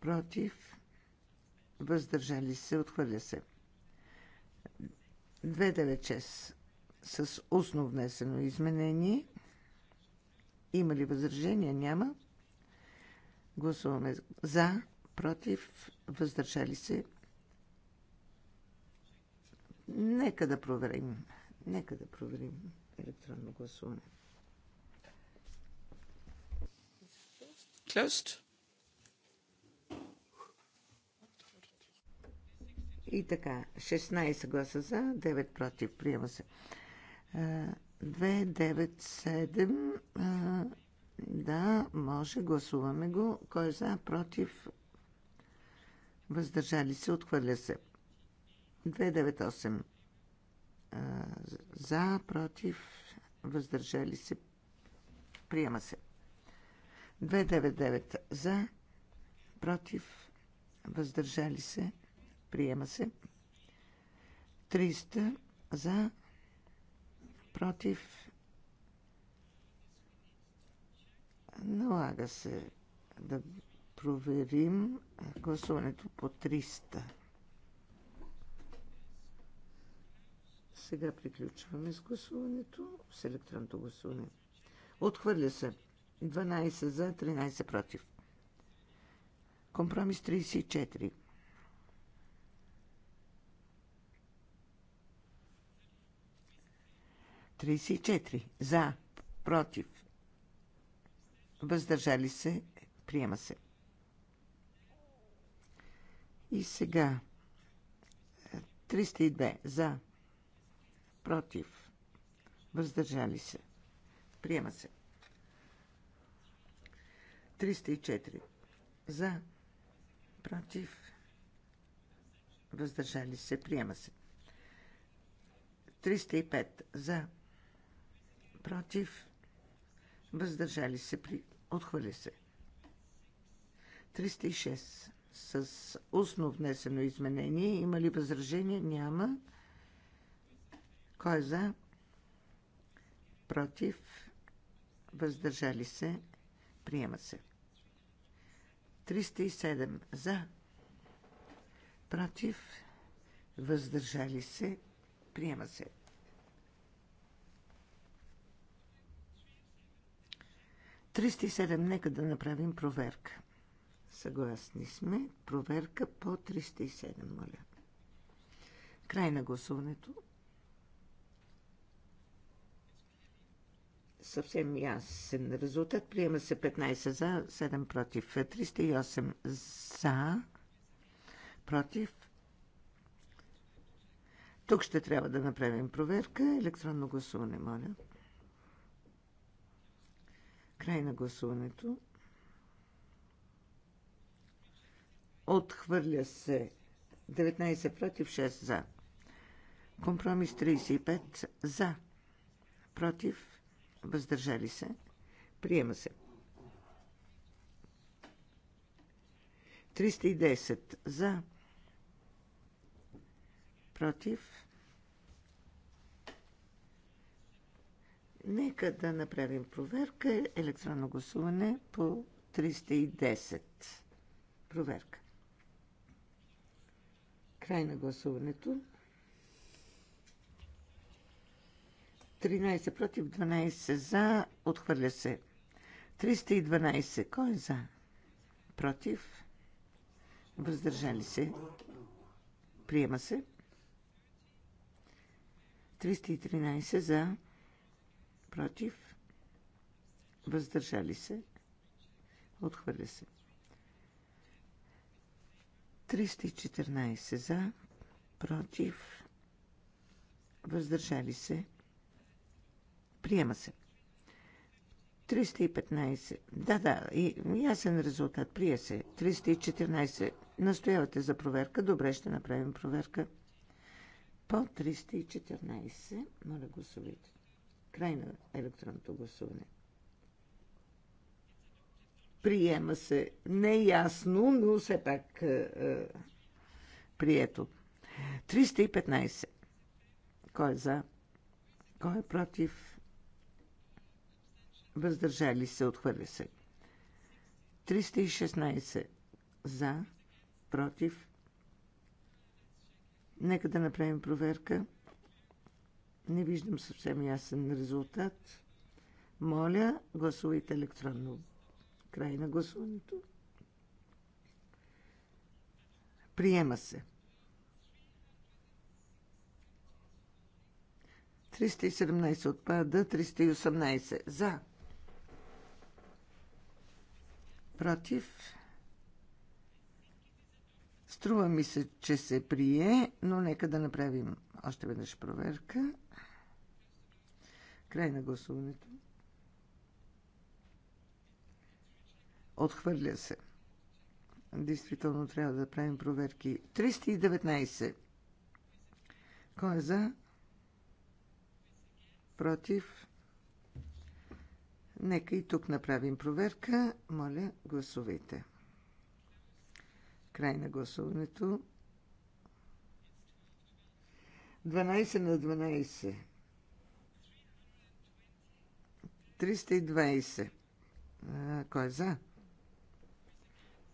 против, въздържали се, отхвърля се. 296 с устно внесено изменение. Има ли възражения? Няма. Гласуваме за, против, въздържали се. Нека да проверим. Нека да проверим електронно гласуване. Closed. И така, 16 гласа за, 9 против. Приема се. 2, 9, 7. Да, може, гласуваме го. Кой е за, против, въздържали се, отхвърля се. 298 за, против, въздържали се, приема се. 299 за, против, въздържали се, приема се. 300 за, против, налага се да проверим гласуването по 300. Сега приключваме с гласуването, с електронното гласуване. Отхвърля се. 12 за, 13 против. Компромис 34. За. Против. Въздържали се. Приема се. И сега 302 е, за, против, въздържали се. Приема се. 304 за, против, въздържали се. Приема се. 305 за, против, въздържали се. При... Отхвърля се. 306 с устно внесено изменение. Има ли възражение? Няма. Кой е за? Против? Въздържали се? Приема се. 307 за. Против? Въздържали се? Приема се. 307. Нека да направим проверка. Съгласни сме. Проверка по 307, моля. Край на гласуването. Съвсем ясен резултат. Приема се 15 за, 7 против. 308 за, против. Тук ще трябва да направим проверка. Електронно гласуване, моля. Край на гласуването. Отхвърля се 19 против 6 за. Компромис 35 за. Против. Въздържали се. Приема се. 310 за. Против. Нека да направим проверка. Електронно гласуване по 310. Проверка. Край на гласуването. 13 против, 12 за. Отхвърля се. 312. Кой е за? Против. Въздържали се. Приема се. 313 за. Против. Въздържали се. Отхвърля се. 314 за, против, въздържали се, приема се. 315. Да, да, ясен резултат. Прие се. 314. Настоявате за проверка. Добре, ще направим проверка. По 314. Моля, гласувайте. Край на електронното гласуване. Приема се неясно, но все пак е, е, прието. 315. Кой е за? Кой е против? Въздържали се, отхвърля се. 316. За, против. Нека да направим проверка. Не виждам съвсем ясен резултат. Моля, гласувайте електронно. Край на гласуването. Приема се. 317 отпада, 318 за. Против. Струва ми се, че се прие, но нека да направим още веднъж проверка. Край на гласуването. Отхвърля се. Действително трябва да правим проверки. 319. Кой е за? Против? Нека и тук направим проверка. Моля, гласувайте. Край на гласуването. 12 на 12. 320. А, кой е за?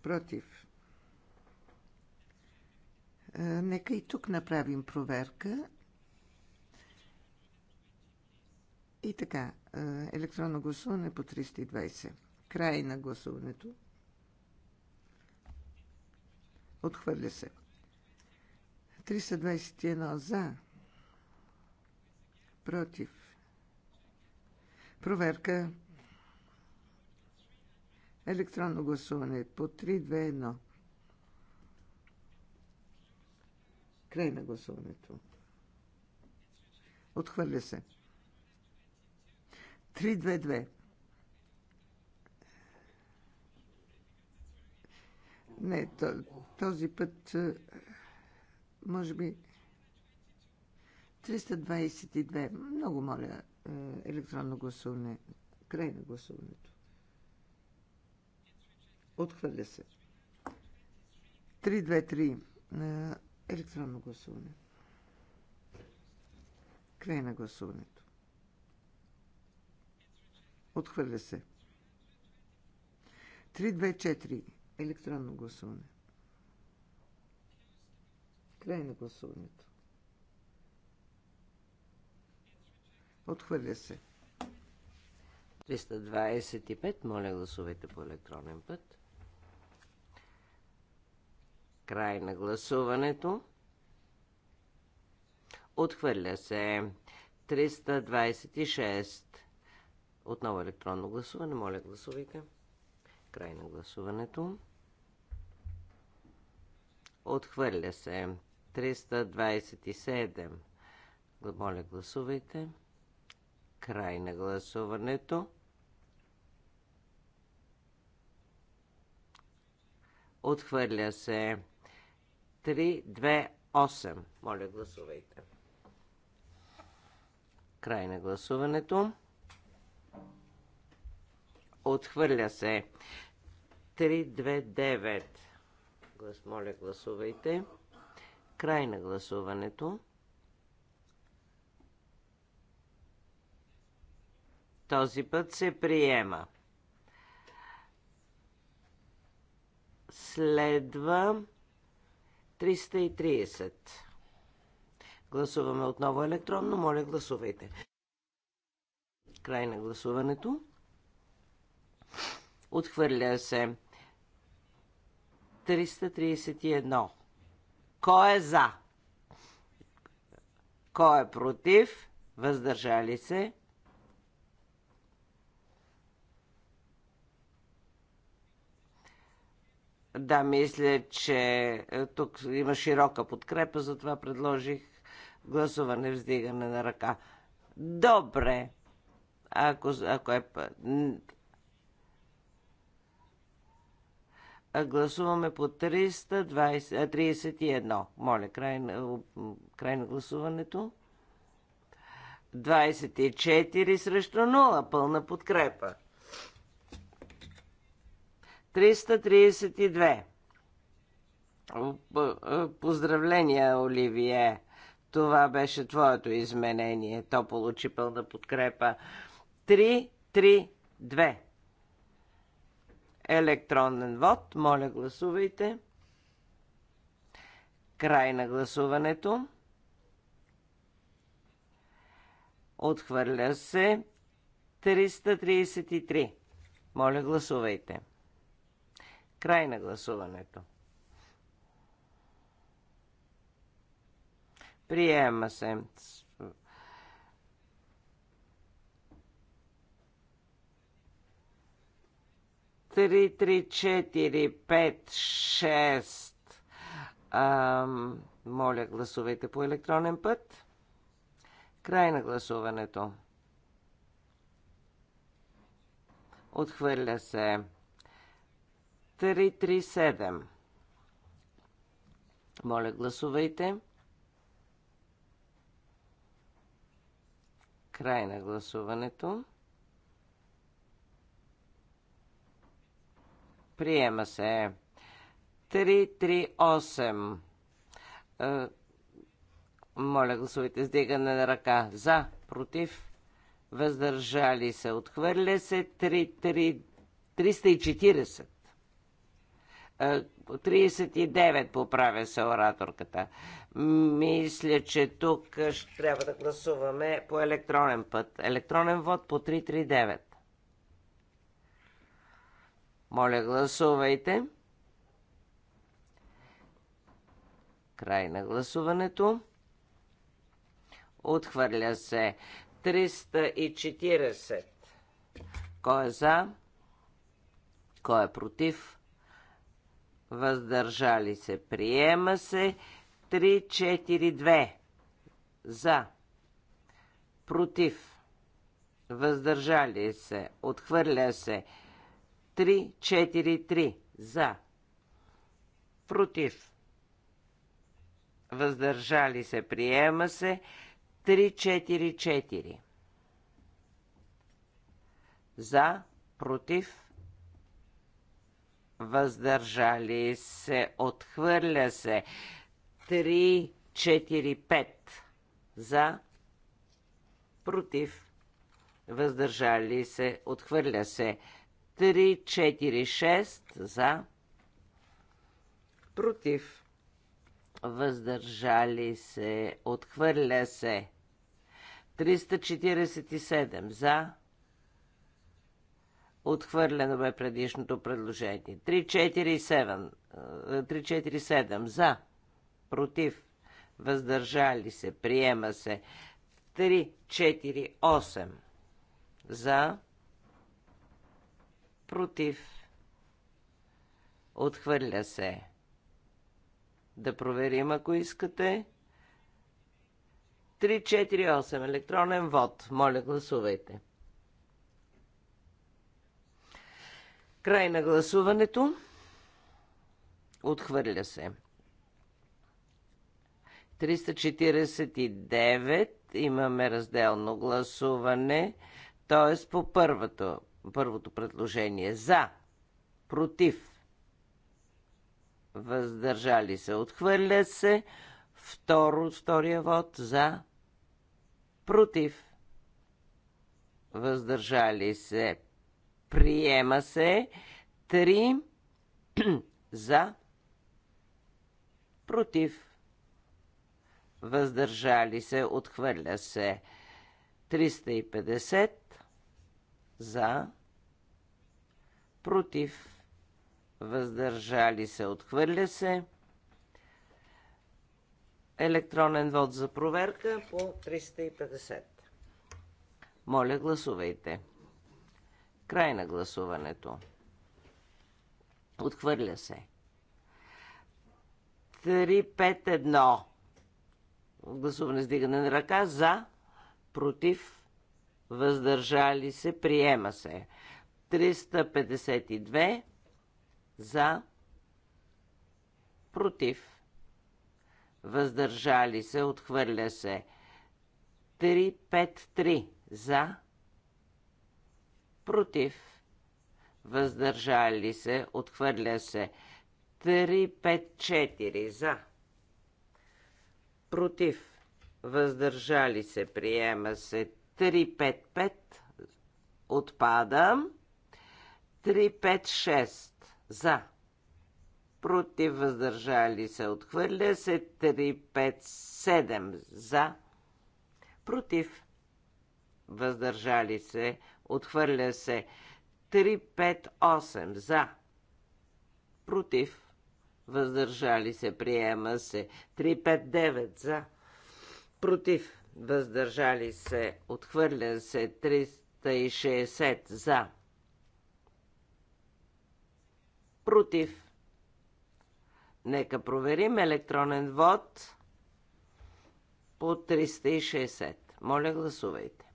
Против. Нека и тук направим проверка. И така, електронно гласуване по 320. Край на гласуването. Отхвърля се. 321 за. Против. Проверка Електронно гласуване по 3-2-1. Край на гласуването. Отхвърля се. 3-2-2. Не, този път е, може би 322. Много моля е, електронно гласуване. Край на гласуването. Отхвърля се. 323 на електронно гласуване. Край на гласуването. Отхвърля се. 324 електронно гласуване. Край на гласуването. Отхвърля се. 325. Моля, гласувайте по електронен път. Край на гласуването. Отхвърля се. 326. Отново електронно гласуване. Моля, гласувайте. Край на гласуването. Отхвърля се. 327. Моля, гласувайте. Край на гласуването. Отхвърля се. 328. Моля, гласувайте. Край на гласуването. Отхвърля се. 329. Глас, моля, гласувайте. Край на гласуването. Този път се приема. Следва 330. Гласуваме отново електронно. Моля, гласувайте. Край на гласуването. Отхвърля се. 331. Кой е за? Кой е против? Въздържали се? Да, мисля, че е, тук има широка подкрепа, затова предложих гласуване, вздигане на ръка. Добре. Ако, ако е... А гласуваме по 31. Моля, край на, край на гласуването. 24 срещу 0. Пълна подкрепа. 332. Поздравления, Оливие! Това беше твоето изменение. То получи пълна подкрепа. 332. Електронен вод. Моля, гласувайте. Край на гласуването. Отхвърля се 333. Моля, гласувайте. Край на гласуването. Приема се. Три, три, четири, пет, шест. моля, гласувайте по електронен път. Край на гласуването. Отхвърля се. 337. Моля, гласувайте. Край на гласуването. Приема се. 338. Е, моля, гласувайте с дигане на ръка. За, против, въздържали се. Отхвърля се 3, 3, 340. 39 е, поправя се ораторката. Мисля, че тук ще трябва да гласуваме по електронен път. Електронен вод по 339. Моля, гласувайте. Край на гласуването. Отхвърля се 340. Кой е за? Кой е против? въздържали се, приема се. 3-4-2 за, против, въздържали се, отхвърля се. 3-4-3 за, против, въздържали се, приема се. 3-4-4 за, против, въздържали се, отхвърля се. 3, 4, 5 за, против, въздържали се, отхвърля се. 3, 4, 6 за, против, въздържали се, отхвърля се. 347 за, Отхвърлено бе предишното предложение. 347. 7 е, за. Против. Въздържали се. Приема се. 348 за. Против. Отхвърля се. Да проверим, ако искате. 348. Електронен вод. Моля, гласувайте. Край на гласуването. Отхвърля се. 349 имаме разделно гласуване, т.е. по първото, първото предложение. За, против, въздържали се, отхвърля се. Второ, втория вод за, против, въздържали се, Приема се. 3 за. Против. Въздържали се. Отхвърля се. 350 за. Против. Въздържали се. Отхвърля се електронен вод за проверка по 350. Моля, гласувайте. Край на гласуването. Отхвърля се. 3-5-1. Гласуване с дигане на ръка. За. Против. Въздържали се. Приема се. 352. За. Против. Въздържали се. Отхвърля се. 353 За против, въздържали се, отхвърля се. 3-5-4 за, против, въздържали се, приема се. 3-5-5 Отпадам. 3-5-6 за, против, въздържали се, отхвърля се. 3-5-7 за, против, въздържали се, Отхвърля се. 358 за. Против. Въздържали се. Приема се. 359 за. Против. Въздържали се. Отхвърля се. 360 за. Против. Нека проверим електронен вод по 360. Моля, гласувайте.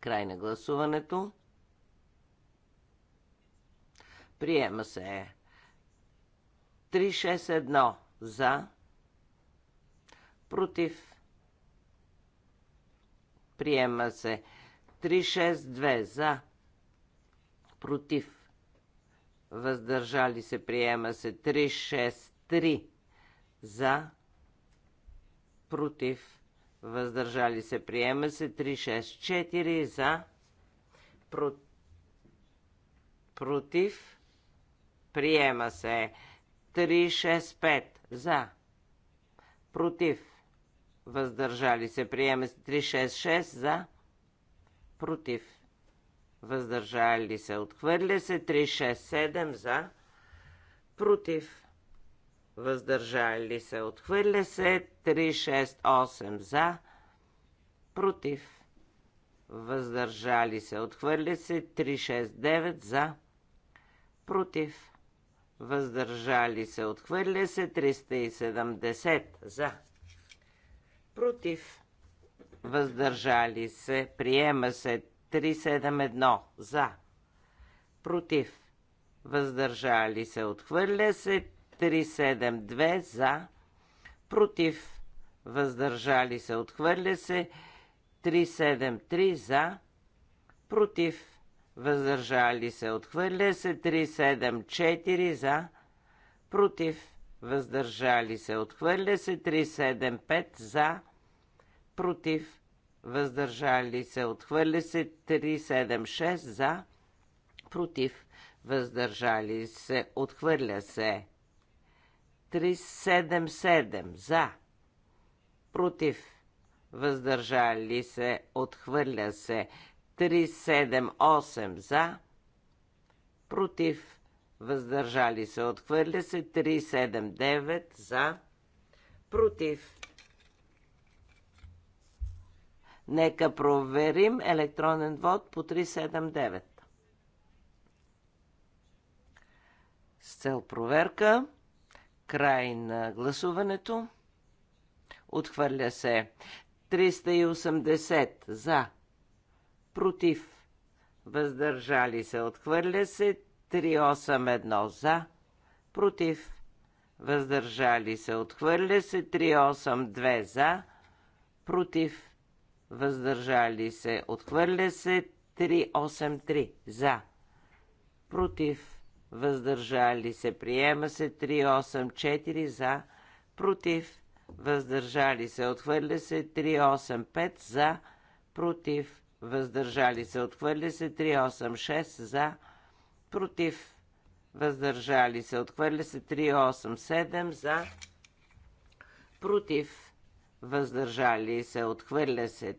Край на гласуването. Приема се. 361 за. Против. Приема се. 362 за. Против. Въздържали се. Приема се. 363 за. Против въздържали се, приема се 364 за, про... против, приема се 365 за, против, въздържали се, приема се 366 за, против, въздържали се, отхвърля се 367 за, против, въздържали се, отхвърля се, 368 за, против, въздържали се, отхвърля се, 369 за, против, въздържали се, отхвърля се, 370 за, против, въздържали се, приема се, 371 за, против, въздържали се, отхвърля се, 372 за, против, въздържали се, отхвърля се, 373 за, против, въздържали се, отхвърля се, 374 за, против, въздържали се, отхвърля се, 375 за, против, въздържали се, отхвърля се, 376 за, против, въздържали се, отхвърля се. 377 за. Против. Въздържали се. Отхвърля се. 378 за. Против. Въздържали се. Отхвърля се. 379 за. Против. Нека проверим електронен вод по 379. С цел проверка. Край на гласуването. Отхвърля се. 380 за. Против. Въздържали се. Отхвърля се. 381 за. Против. Въздържали се. Отхвърля се. 382 за. Против. Въздържали се. Отхвърля се. 383 за. Против въздържали се. Приема се 384 за, против, въздържали се. Отхвърля се 385 за, против, въздържали се. Отхвърля се 386 за, против, въздържали се. Отхвърля се 387 за, против, въздържали се. Отхвърля се.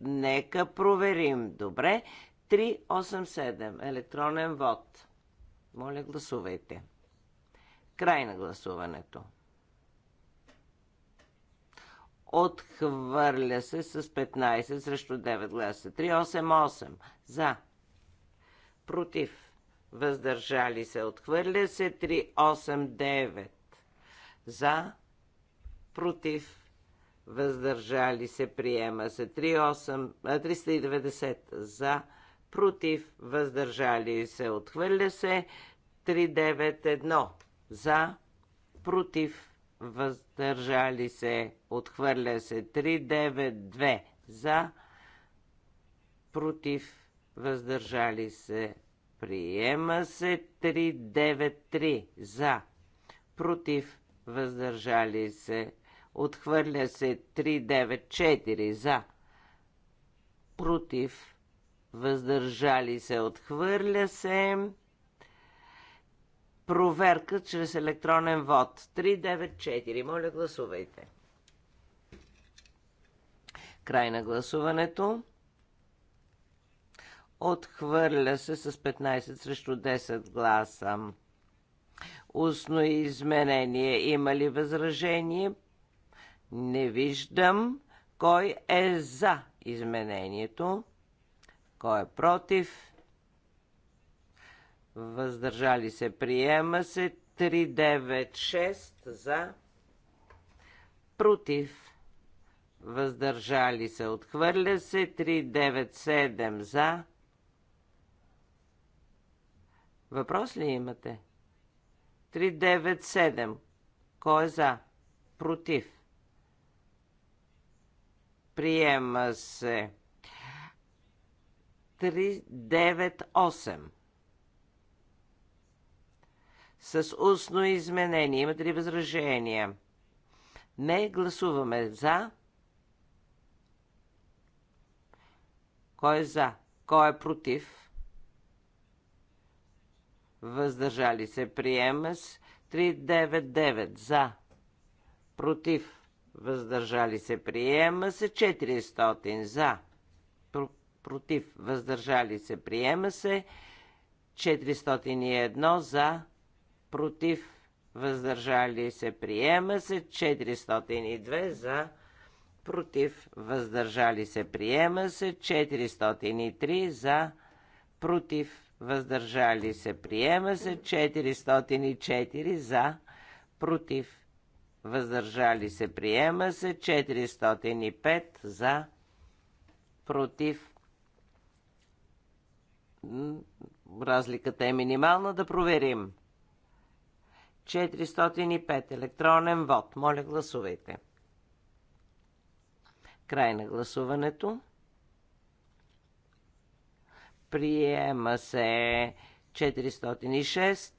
Нека проверим. Добре. 387. Електронен вод. Моля, гласувайте. Край на гласуването. Отхвърля се с 15 срещу 9 гласа. 388 за. Против. Въздържали се. Отхвърля се 389 за. Против. Въздържали се. Приема се 38, 390 за против, въздържали се, отхвърля се. 391 за, против, въздържали се, отхвърля се. 392 за, против, въздържали се, приема се. 393 за, против, въздържали се, отхвърля се. 394 за, против, въздържали се, отхвърля се. Проверка чрез електронен вод. 394. Моля, гласувайте. Край на гласуването. Отхвърля се с 15 срещу 10 гласа. Устно изменение. Има ли възражение? Не виждам. Кой е за изменението? Кой е против? Въздържали се. Приема се. 396 за. Против. Въздържали се. Отхвърля се. 397 за. Въпрос ли имате? 397. Кой е за? Против. Приема се. 398. С устно изменение. Имате ли възражения? Не. Гласуваме за. Кой е за? Кой е против? Въздържали се. Приема с 399. За. Против. Въздържали се. Приема се 400. За против, въздържали се, приема се. 401 за, против, въздържали се, приема се. 402 за, против, въздържали се, приема се. 403 за, против, въздържали се, приема се. 404 за, против, въздържали се, приема се. 405 за, против, разликата е минимална, да проверим. 405 електронен вод. Моля, гласувайте. Край на гласуването. Приема се 406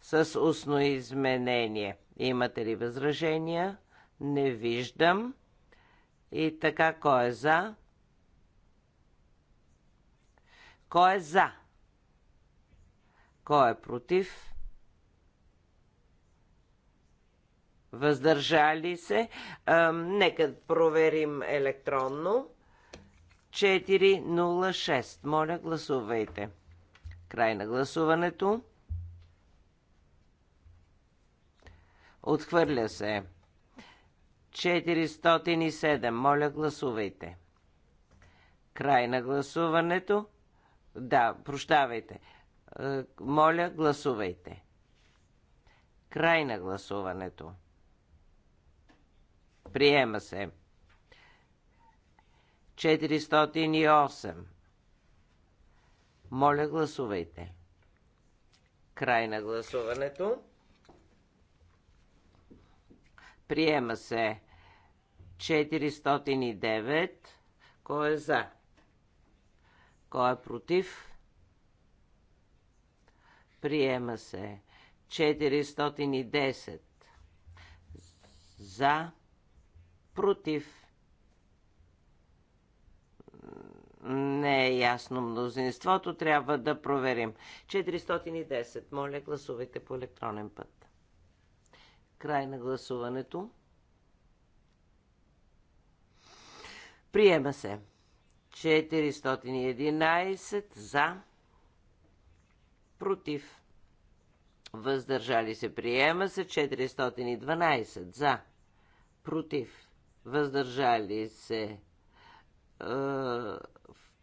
с устно изменение. Имате ли възражения? Не виждам. И така, кой е за? Кой е за? Кой е против? Въздържали се? А, нека проверим електронно. 406. Моля, гласувайте. Край на гласуването. Отхвърля се. 407. Моля, гласувайте. Край на гласуването. Да, прощавайте. Е, моля, гласувайте. Край на гласуването. Приема се. 408. Моля, гласувайте. Край на гласуването. Приема се 409. Кой е за? Кой е против? Приема се. 410. За. Против. Не е ясно мнозинството. Трябва да проверим. 410. Моля, гласувайте по електронен път. Край на гласуването. Приема се. 411 за, против, въздържали се, приема се 412 за, против, въздържали се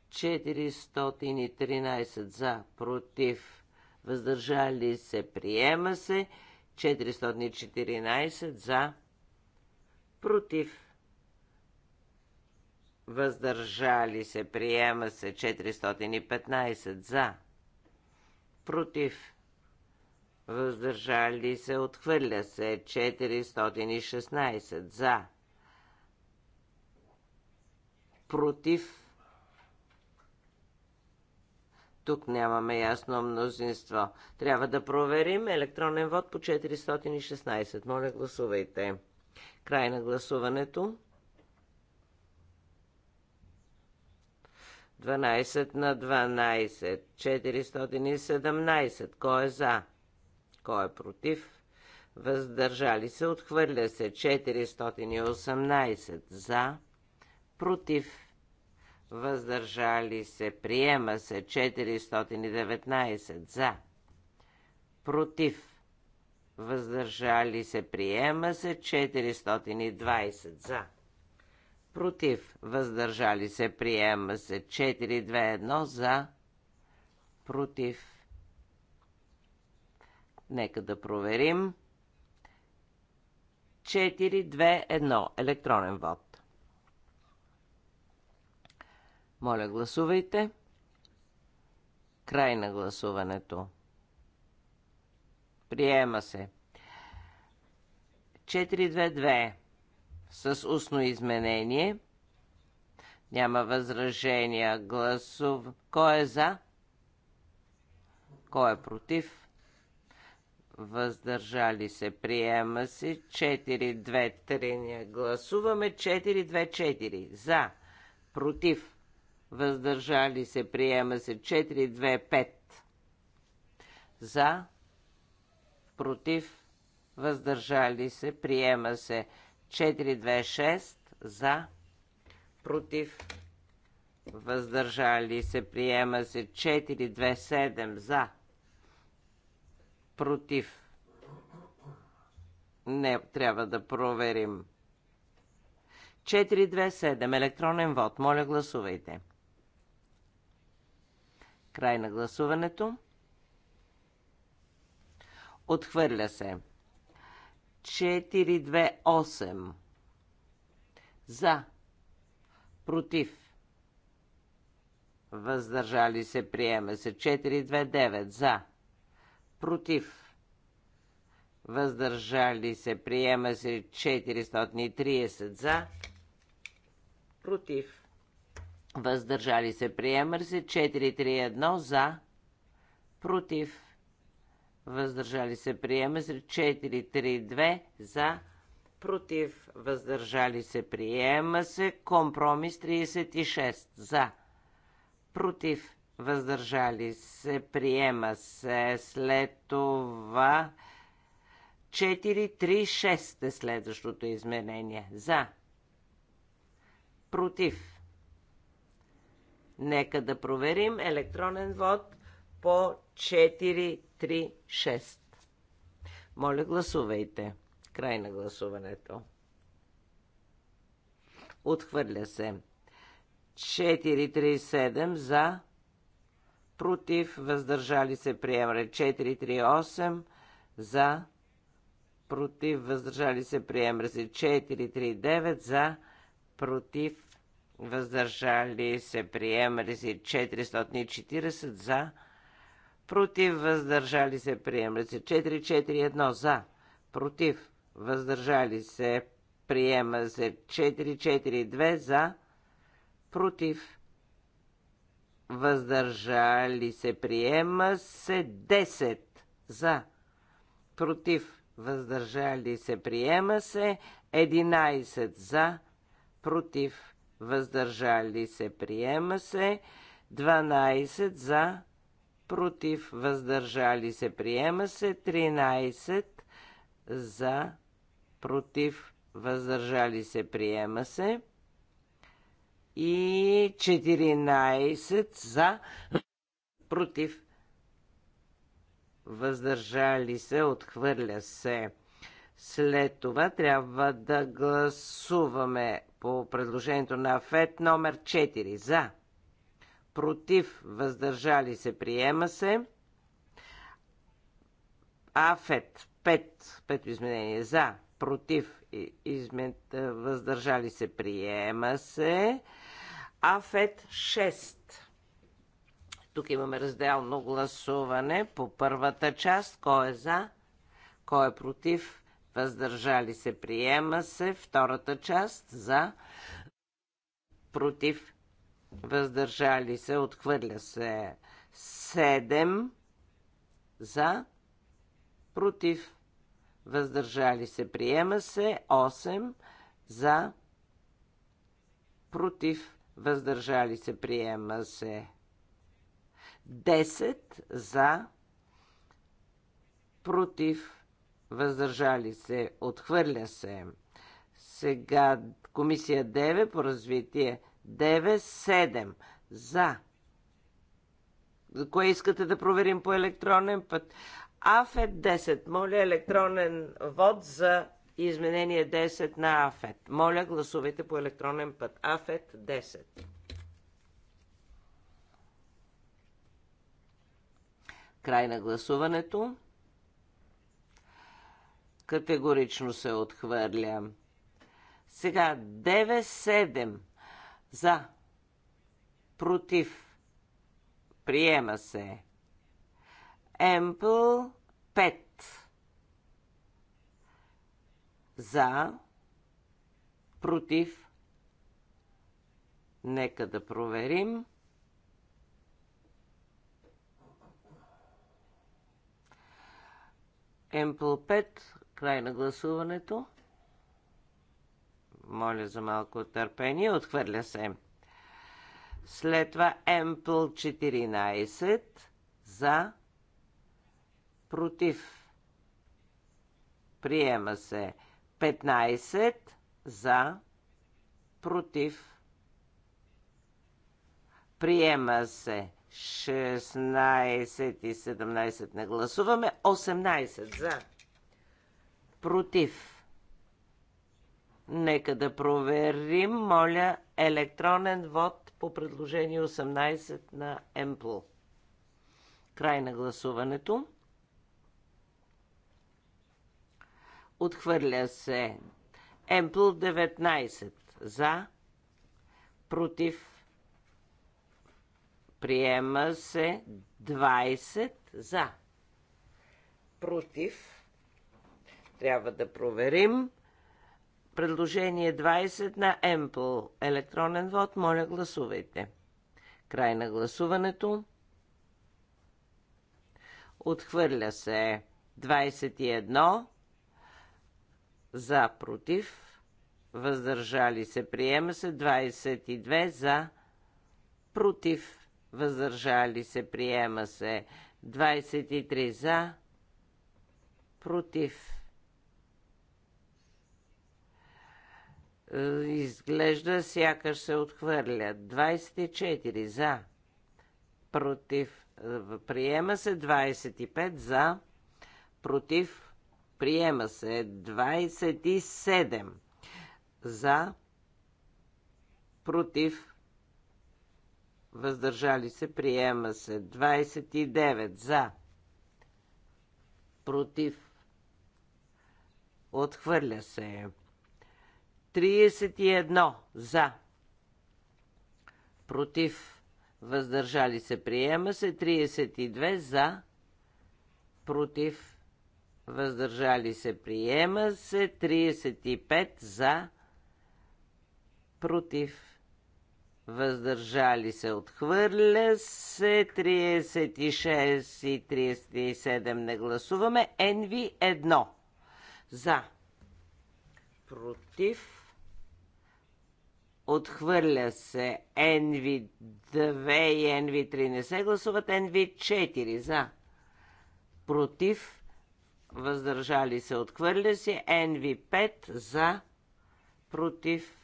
413 за, против, въздържали се, приема се 414 за, против, въздържали се, приема се 415 за, против, въздържали се, отхвърля се 416 за, против, тук нямаме ясно мнозинство. Трябва да проверим електронен вод по 416. Моля, гласувайте. Край на гласуването. 12 на 12. 417. Кой е за? Кой е против? Въздържали се. Отхвърля се. 418. За. Против. Въздържали се. Приема се. 419. За. Против. Въздържали се. Приема се. 420. За против, въздържали се, приема се 4-2-1 за, против. Нека да проверим. 4-2-1 електронен вод. Моля, гласувайте. Край на гласуването. Приема се. 4-2-2 с устно изменение. Няма възражения. Гласов. Кой е за? Кой е против? Въздържали се. Приема се. 4-2-3. гласуваме. 4-2-4. За. Против. Въздържали се. Приема се. 4-2-5. За. Против. Въздържали се. Приема се. 4 426 за, против, въздържали се, приема се 427 за, против. Не, трябва да проверим. 427 електронен вод. Моля, гласувайте. Край на гласуването. Отхвърля се. 428. За. Против. Въздържали се. Приема се. 429. За. Против. Въздържали се. Приема се. 430. За. Против. Въздържали се. Приема се. 431. За. Против въздържали се, приема се. 4-3-2 за, против, въздържали се, приема се. Компромис 36 за, против, въздържали се, приема се. След това 4-3-6 е следващото изменение. За, против. Нека да проверим електронен вод по 436. Моля, гласувайте. Край на гласуването. Отхвърля се. 437 за, против, въздържали се, приема. 438 за, против, въздържали се, приема. 439 за, против, въздържали се, приема. 440 за, против, въздържали се, приема се. 4-4-1 за, против, въздържали се, приема се. 4-4-2 за, против, въздържали се, приема се. 10 за, против, въздържали се, приема се. 11 за, против, въздържали се, приема се. 12 за, против, въздържали се, приема се. 13 за, против, въздържали се, приема се. И 14 за, против, въздържали се, отхвърля се. След това трябва да гласуваме по предложението на ФЕД номер 4 за против, въздържали се, приема се. Афет, 5, 5 изменение за, против, измен, е, въздържали се, приема се. Афет 6. Тук имаме разделно гласуване по първата част. Кой е за? Кой е против? Въздържали се, приема се. Втората част за, против, въздържали се, отхвърля се 7 за, против, въздържали се, приема се 8 за, против, въздържали се, приема се 10 за, против, въздържали се, отхвърля се. Сега комисия 9 по развитие 9-7 за. Кое искате да проверим по електронен път? АФЕТ 10. Моля електронен вод за изменение 10 на АФЕТ. Моля гласувайте по електронен път. АФЕТ 10. Край на гласуването. Категорично се отхвърля. Сега 9-7 за. Против. Приема се. Емпл 5. За. Против. Нека да проверим. Емпл 5. Край на гласуването. Моля за малко търпение. Отхвърля се. След това Емпл 14 за против. Приема се 15 за против. Приема се 16 и 17 не гласуваме. 18 за против. Нека да проверим, моля, електронен вод по предложение 18 на Емпл. Край на гласуването. Отхвърля се. Емпл 19. За. Против. Приема се 20 за. Против. Трябва да проверим. Предложение 20 на Емпл. Електронен вод. Моля, гласувайте. Край на гласуването. Отхвърля се 21 за против. Въздържали се. Приема се 22 за против. Въздържали се. Приема се 23 за против Е, изглежда сякаш се отхвърля. 24 е, за. Против. Приема се 25 за. Против. Приема се 27 за. Против. Въздържали се. Приема се 29 за. Против. Отхвърля се. 31 за. Против. Въздържали се. Приема се. 32 за. Против. Въздържали се. Приема се. 35 за. Против. Въздържали се. Отхвърля се. 36 и 37 не гласуваме. NV1 за. Против Отхвърля се NV2 и NV3 не се гласуват. NV4 за. Против. Въздържали се. Отхвърля се. NV5 за. Против.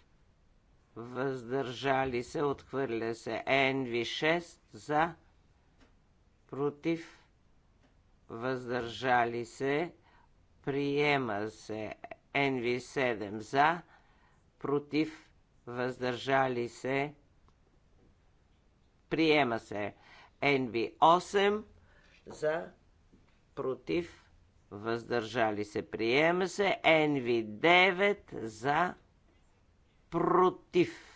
Въздържали се. Отхвърля се. NV6 за. Против. Въздържали се. Приема се. NV7 за. Против въздържали се, приема се. NV8 за, против, въздържали се, приема се. NV9 за, против,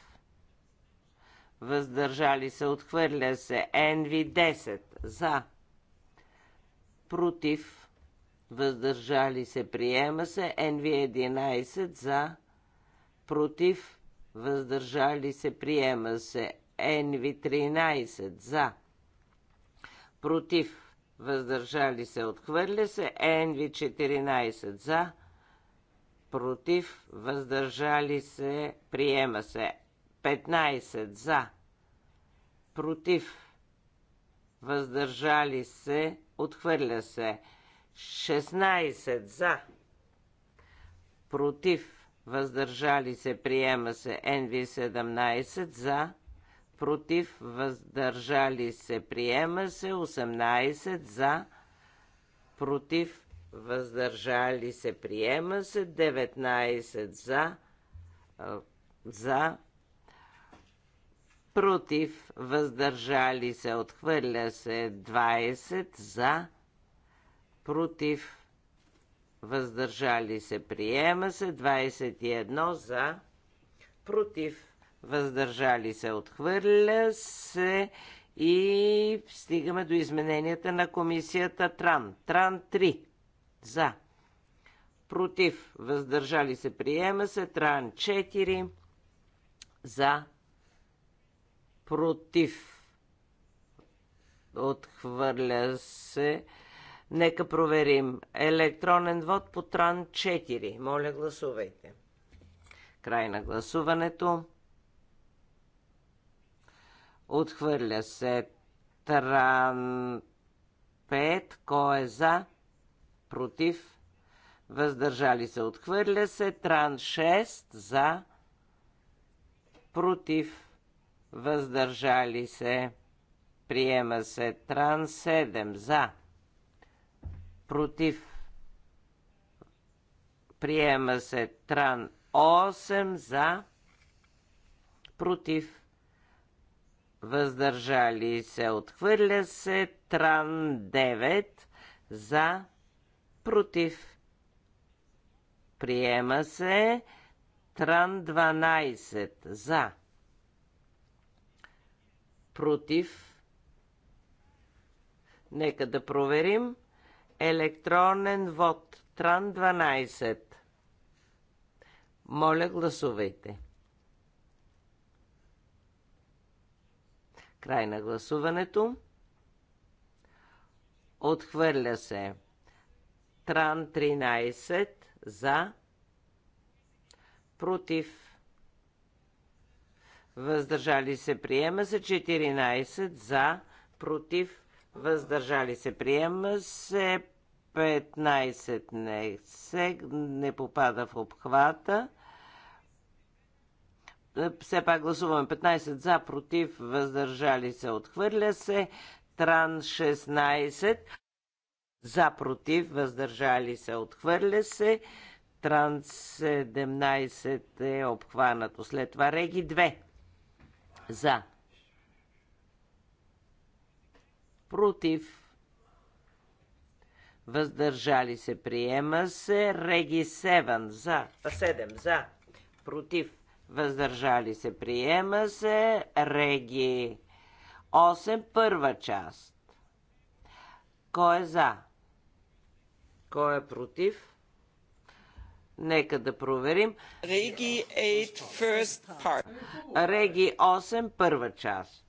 въздържали се, отхвърля се. NV10 за, против, въздържали се, приема се. NV11 за, против, въздържали се, приема се. Енви 13 за, против, въздържали се, отхвърля се. Енви 14 за, против, въздържали се, приема се. 15 за, против, въздържали се, отхвърля се. 16 за, против, въздържали се, приема се NV17 за, против, въздържали се, приема се 18 за, против, въздържали се, приема се 19 за, за, против, въздържали се, отхвърля се 20 за, против, въздържали се, приема се, 21 за, против, въздържали се, отхвърля се и стигаме до измененията на комисията Тран. Тран 3 за, против, въздържали се, приема се, Тран 4 за, против, отхвърля се, Нека проверим. Електронен вод по Тран 4. Моля, гласувайте. Край на гласуването. Отхвърля се Тран 5. Кой е за? Против? Въздържали се. Отхвърля се Тран 6. За? Против? Въздържали се. Приема се Тран 7. За? против. Приема се Тран 8 за, против. Въздържали се, отхвърля се Тран 9 за, против. Приема се Тран 12 за, против. Нека да проверим. Електронен вод. Тран 12. Моля, гласувайте. Край на гласуването. Отхвърля се. Тран 13 за. Против. Въздържали се. Приема се 14 за. Против въздържали се, приема се 15 не, се, не попада в обхвата. Все пак гласуваме 15 за, против, въздържали се, отхвърля се. Тран 16 за, против, въздържали се, отхвърля се. Тран 17 е обхванато. След това Реги 2 за, против, въздържали се, приема се, Реги 7 за, 7 за, против, въздържали се, приема се, Реги 8 първа част. Кой е за? Кой е против? Нека да проверим. Реги 8, Реги 8 първа част.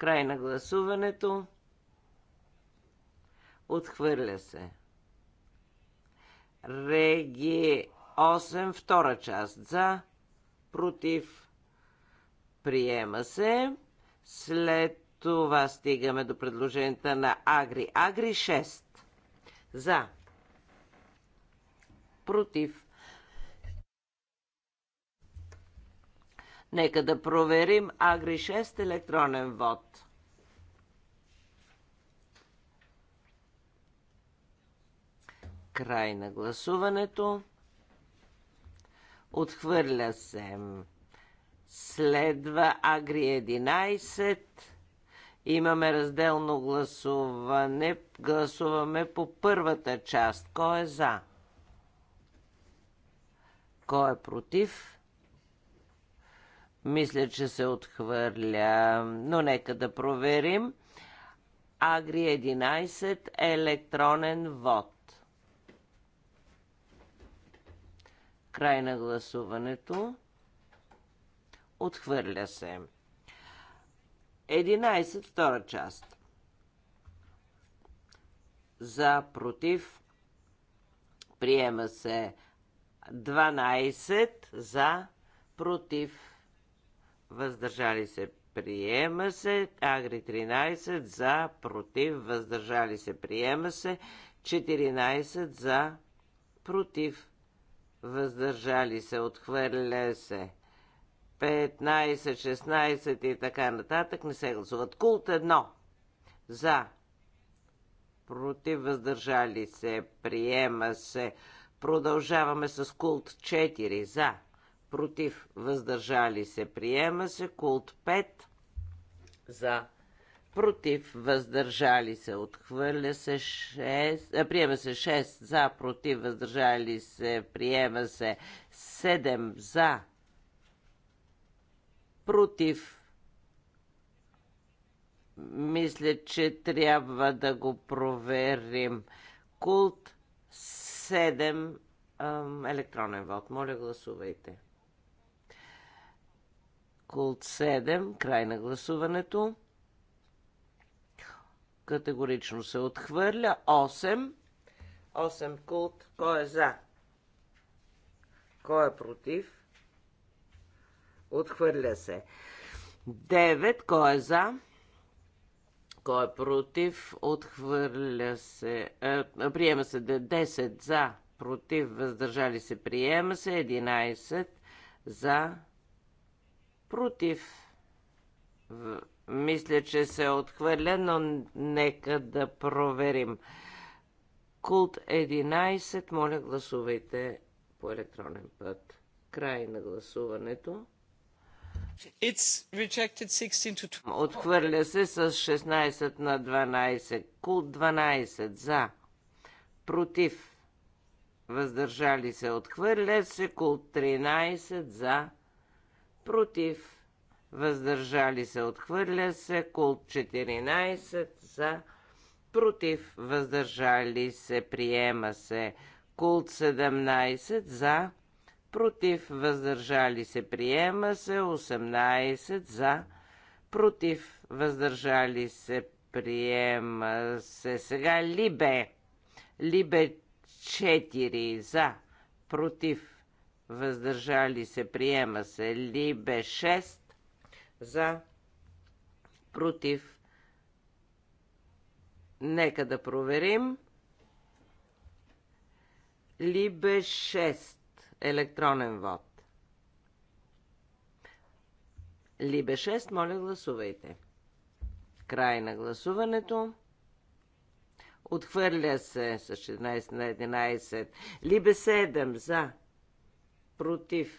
Край на гласуването. Отхвърля се. Реги 8, втора част за, против, приема се. След това стигаме до предложенията на Агри. Агри 6. За. Против. Нека да проверим Агри 6 електронен вод. Край на гласуването. Отхвърля се. Следва Агри 11. Имаме разделно гласуване. Гласуваме по първата част. Кой е за? Кой е против? Мисля, че се отхвърля, но нека да проверим. Агри 11, електронен вод. Край на гласуването. Отхвърля се. 11, втора част. За, против. Приема се 12 за, против въздържали се, приема се. Агри 13 за, против, въздържали се, приема се. 14 за, против, въздържали се, отхвърля се. 15, 16 и така нататък не се гласуват. Култ 1 за, против, въздържали се, приема се. Продължаваме с култ 4 за против, въздържали се, приема се. Култ 5 за, против, въздържали се, отхвърля се 6, приема се 6 за, против, въздържали се, приема се 7 за, против, мисля, че трябва да го проверим. Култ 7 електронен вод. Моля, гласувайте. Култ 7, край на гласуването. Категорично се отхвърля. 8. 8 култ. Кой е за? Кой е против? Отхвърля се. 9. Кой е за? Кой е против? Отхвърля се. Е, приема се 10 за. Против. Въздържали се. Приема се. 11 за против. Мисля, че се е отхвърля, но нека да проверим. Култ 11, моля гласувайте по електронен път. Край на гласуването. It's rejected 16 to 12. Отхвърля се с 16 на 12. Кул 12 за. Против. Въздържали се. Отхвърля се. Кул 13 за против, въздържали се, отхвърля се, култ 14 за, против, въздържали се, приема се, култ 17 за, против, въздържали се, приема се, 18 за, против, въздържали се, приема се. Сега Либе, Либе 4 за, против, въздържали се, приема се. Либе 6 за, против. Нека да проверим. Либе 6 електронен вод. Либе 6, моля гласувайте. Край на гласуването. Отхвърля се с 16 на 11. Либе 7 за против,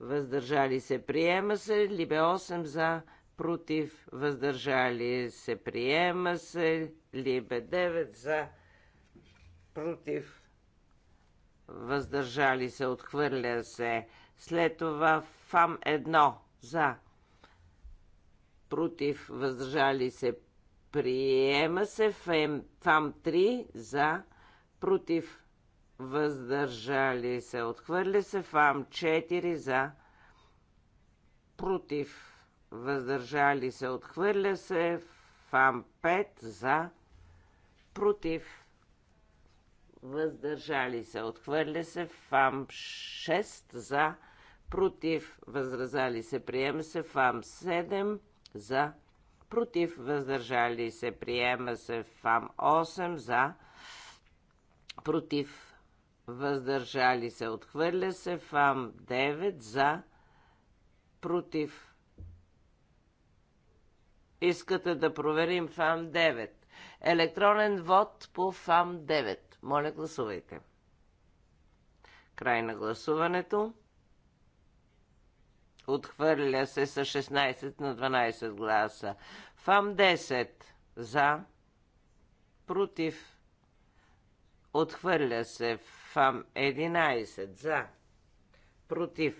въздържали се, приема се. Либе 8 за, против, въздържали се, приема се. Либе 9 за, против, въздържали се, отхвърля се. След това фам 1 за, против, въздържали се, приема се. Фам 3 за, против, въздържали се, отхвърли се, фам 4 за, против, въздържали се, отхвърля се, фам 5 за, против, въздържали се, отхвърля се, фам 6 за, против, възразали се, приема се, фам 7 за, против, въздържали се, приема се, фам 8 за, против, въздържали се, отхвърля се, фам 9 за, против. Искате да проверим фам 9. Електронен вод по фам 9. Моля, гласувайте. Край на гласуването. Отхвърля се с 16 на 12 гласа. ФАМ 10 за, против. Отхвърля се в ФАМ 11 за. Против.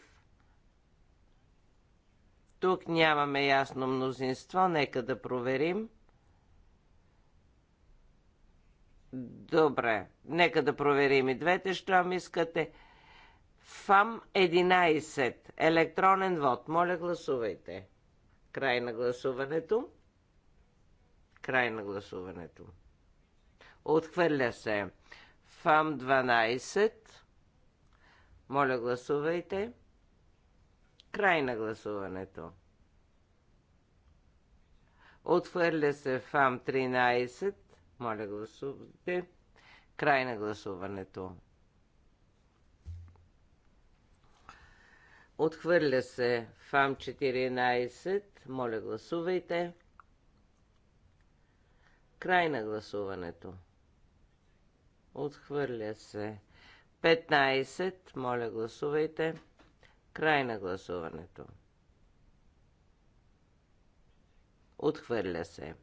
Тук нямаме ясно мнозинство. Нека да проверим. Добре. Нека да проверим и двете, ми искате. ФАМ 11. Електронен вод. Моля, гласувайте. Край на гласуването. Край на гласуването. Отхвърля се. ФАМ 12. Моля, гласувайте. Край на гласуването. Отхвърля се ФАМ 13. Моля, гласувайте. Край на гласуването. Отхвърля се ФАМ 14. Моля, гласувайте. Край на гласуването. Отхвърля се. 15. Моля, гласувайте. Край на гласуването. Отхвърля се.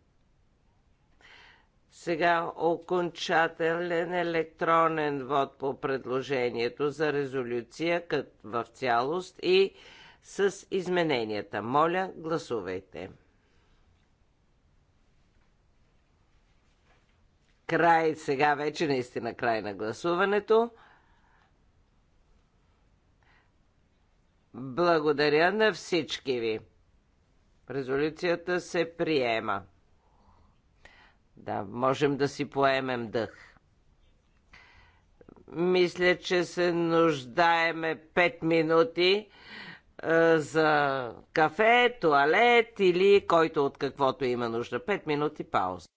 Сега окончателен електронен вод по предложението за резолюция в цялост и с измененията. Моля, гласувайте. Край сега вече, наистина край на гласуването. Благодаря на всички ви. Резолюцията се приема. Да, можем да си поемем дъх. Мисля, че се нуждаеме 5 минути е, за кафе, туалет или който от каквото има нужда. 5 минути пауза.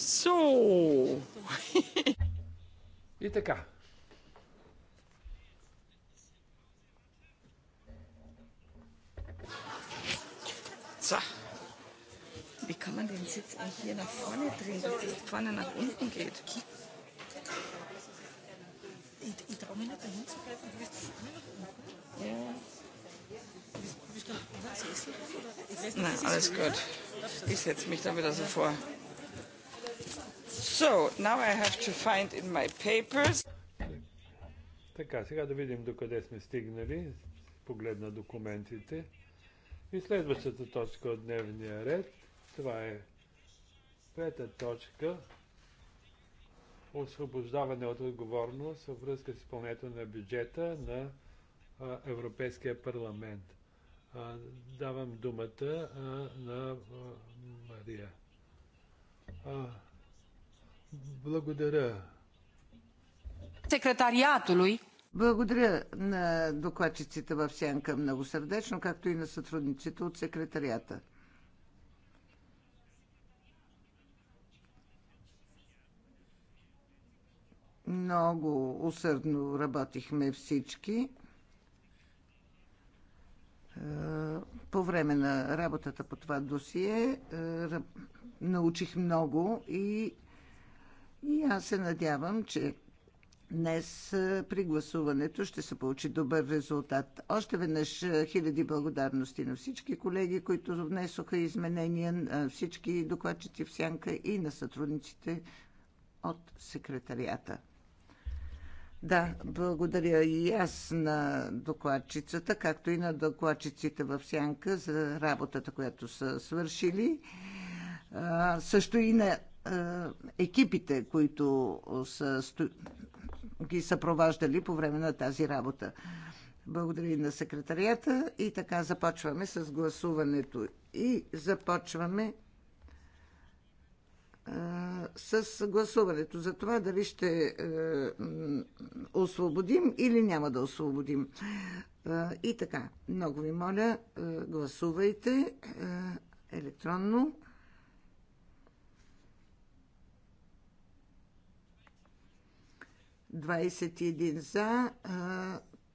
So. И така. Ца! Wie kann man den Sitz eigentlich hier nach vorne drehen, dass es vorne nach unten geht? Ich, ich traue mich nicht dahin zu Du bist vorne nach unten. Ja. Nein, alles gut. Ich setze mich da wieder so vor. So, now I have to find in my papers. Така, сега да видим до къде сме стигнали. Погледна документите. И следващата точка от дневния ред, това е пета точка. Освобождаване от отговорност във връзка с изпълнението на бюджета на а, Европейския парламент. А, давам думата а, на Мария. Благодаря. Секретариатului. Благодаря на докладчиците в Сянка много сърдечно, както и на сътрудниците от секретарията. Много усърдно работихме всички е, по време на работата по това досие е, научих много и и аз се надявам, че днес при гласуването ще се получи добър резултат. Още веднъж хиляди благодарности на всички колеги, които внесоха изменения, на всички докладчици в сянка и на сътрудниците от секретарията. Да, благодаря и аз на докладчицата, както и на докладчиците в Сянка за работата, която са свършили. А, също и на е, екипите, които са ги съпровождали по време на тази работа. Благодаря и на секретарията. И така започваме с гласуването. И започваме е, с гласуването за това дали ще а, е, освободим или няма да освободим. А, и така, много ви моля, а, гласувайте електронно. 21 за,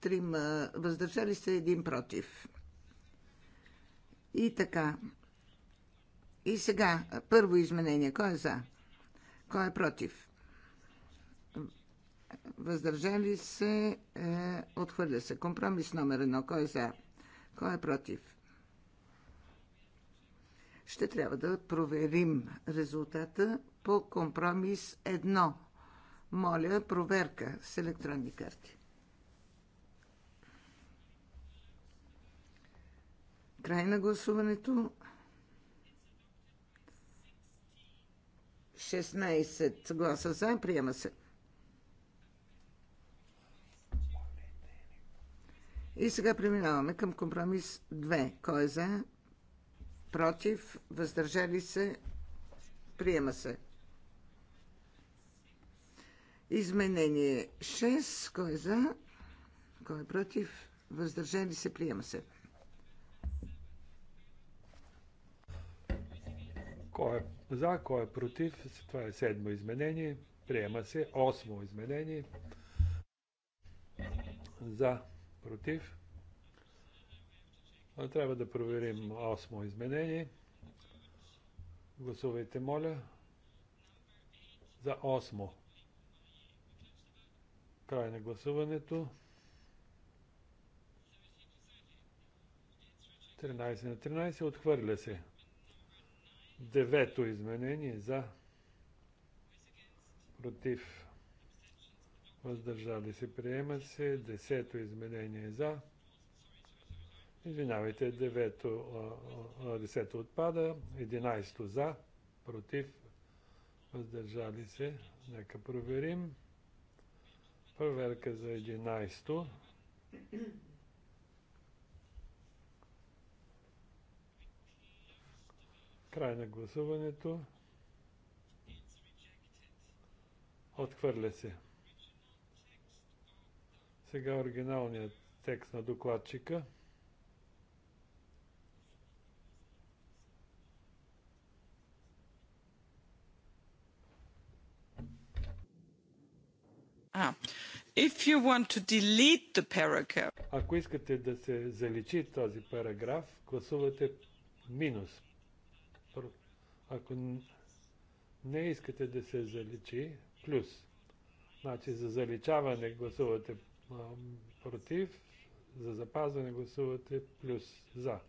3 въздържали се, 1 против. И така. И сега, първо изменение. Кой е за? Кой е против? Въздържали се, е, отхвърля се. Компромис номер едно. Кой е за? Кой е против? Ще трябва да проверим резултата по компромис едно. Моля, проверка с електронни карти. Край на гласуването. 16 гласа за. Приема се. И сега преминаваме към компромис 2. Кой е за? Против? Въздържали се? Приема се. Изменение 6. Кой е за? Кой е против? Въздържали се, приема се. Кой е за, кой е против? Това е седмо изменение. Приема се. Осмо изменение. За, против. трябва да проверим осмо изменение. Гласувайте, моля. За осмо. Край на гласуването. 13 на 13 отхвърля се. Девето изменение за против въздържали се приема се. Десето изменение за Извинявайте, девето, десето отпада, 11 за, против, въздържали се. Нека проверим. Проверка за 11-то. Край на гласуването. Отхвърля се. Сега оригиналният текст на докладчика – If you want to delete the paragraph... Ако искате да се заличи този параграф, гласувате минус. Ако не искате да се заличи, плюс. Значи за заличаване гласувате против, за запазване гласувате плюс за.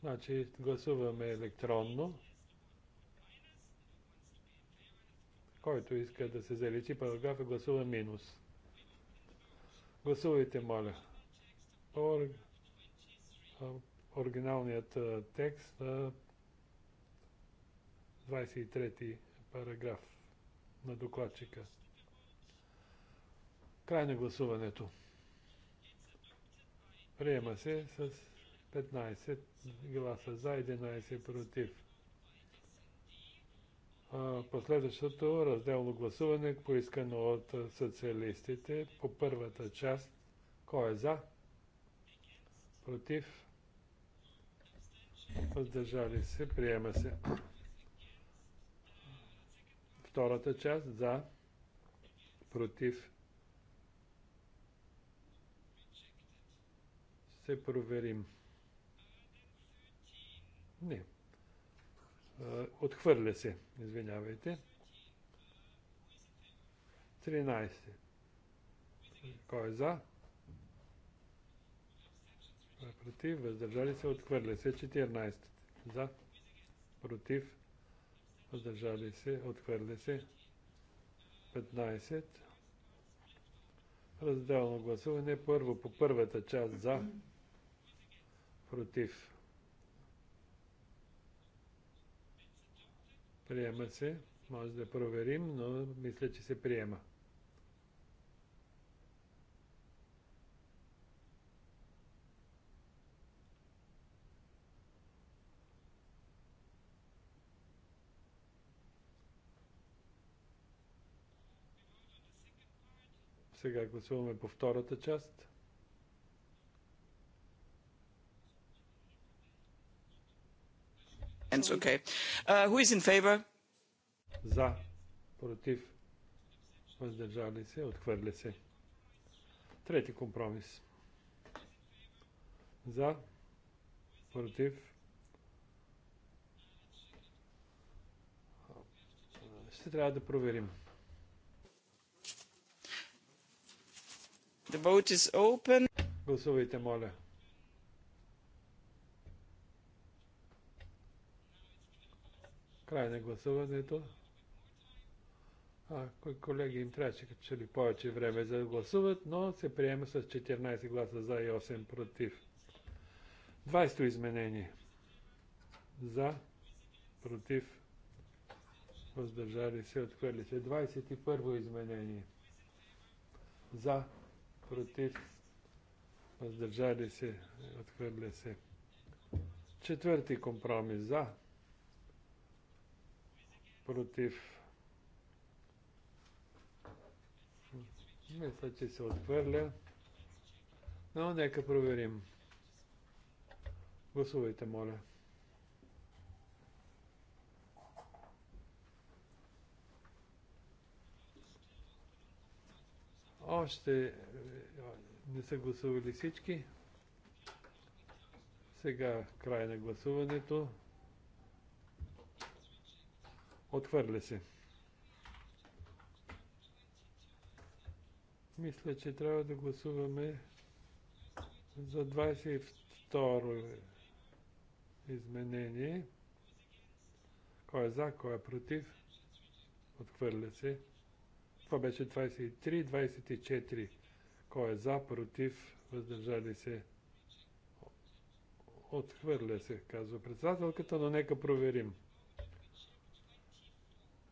Значи гласуваме електронно. Който иска да се заличи параграфа, гласува минус. Гласувайте, моля. оригиналният текст на 23 параграф на докладчика. Край на гласуването. Приема се с 15 гласа за, 11 против последващото разделно гласуване, поискано от социалистите по първата част. Кой е за? Против? Въздържали се? Приема се. Втората част за? Против? Се проверим. Не, Отхвърля се. Извинявайте. 13. Кой е, е за? Против. Въздържали се. Отхвърля се. 14. За. Против. Въздържали се. Отхвърля се. 15. Разделно гласуване. Първо по първата част за. Против Приема се. Може да проверим, но мисля, че се приема. Сега гласуваме по втората част. It's okay. Uh, who is in favor? За, против, въздържали се, отхвърля се. Трети компромис. За, против, ще трябва да проверим. The vote is open. Гласувайте, моля. Край на гласуването. А, колеги им трябваше че ли повече време за да гласуват, но се приема с 14 гласа за и 8 против. 20 изменение. За, против, въздържали се, отхвърли се. 21 изменение. За, против, въздържали се, отхвърля се. Четвърти компромис. За, против. Мисля, че се отхвърля. Но нека проверим. Гласувайте, моля. Още е, не са гласували всички. Сега край на гласуването. Отхвърля се. Мисля, че трябва да гласуваме за 22 изменение. Кой е за, кой е против? Отхвърля се. Това беше 23, 24. Кой е за, против, въздържали се? Отхвърля се, казва председателката, но нека проверим.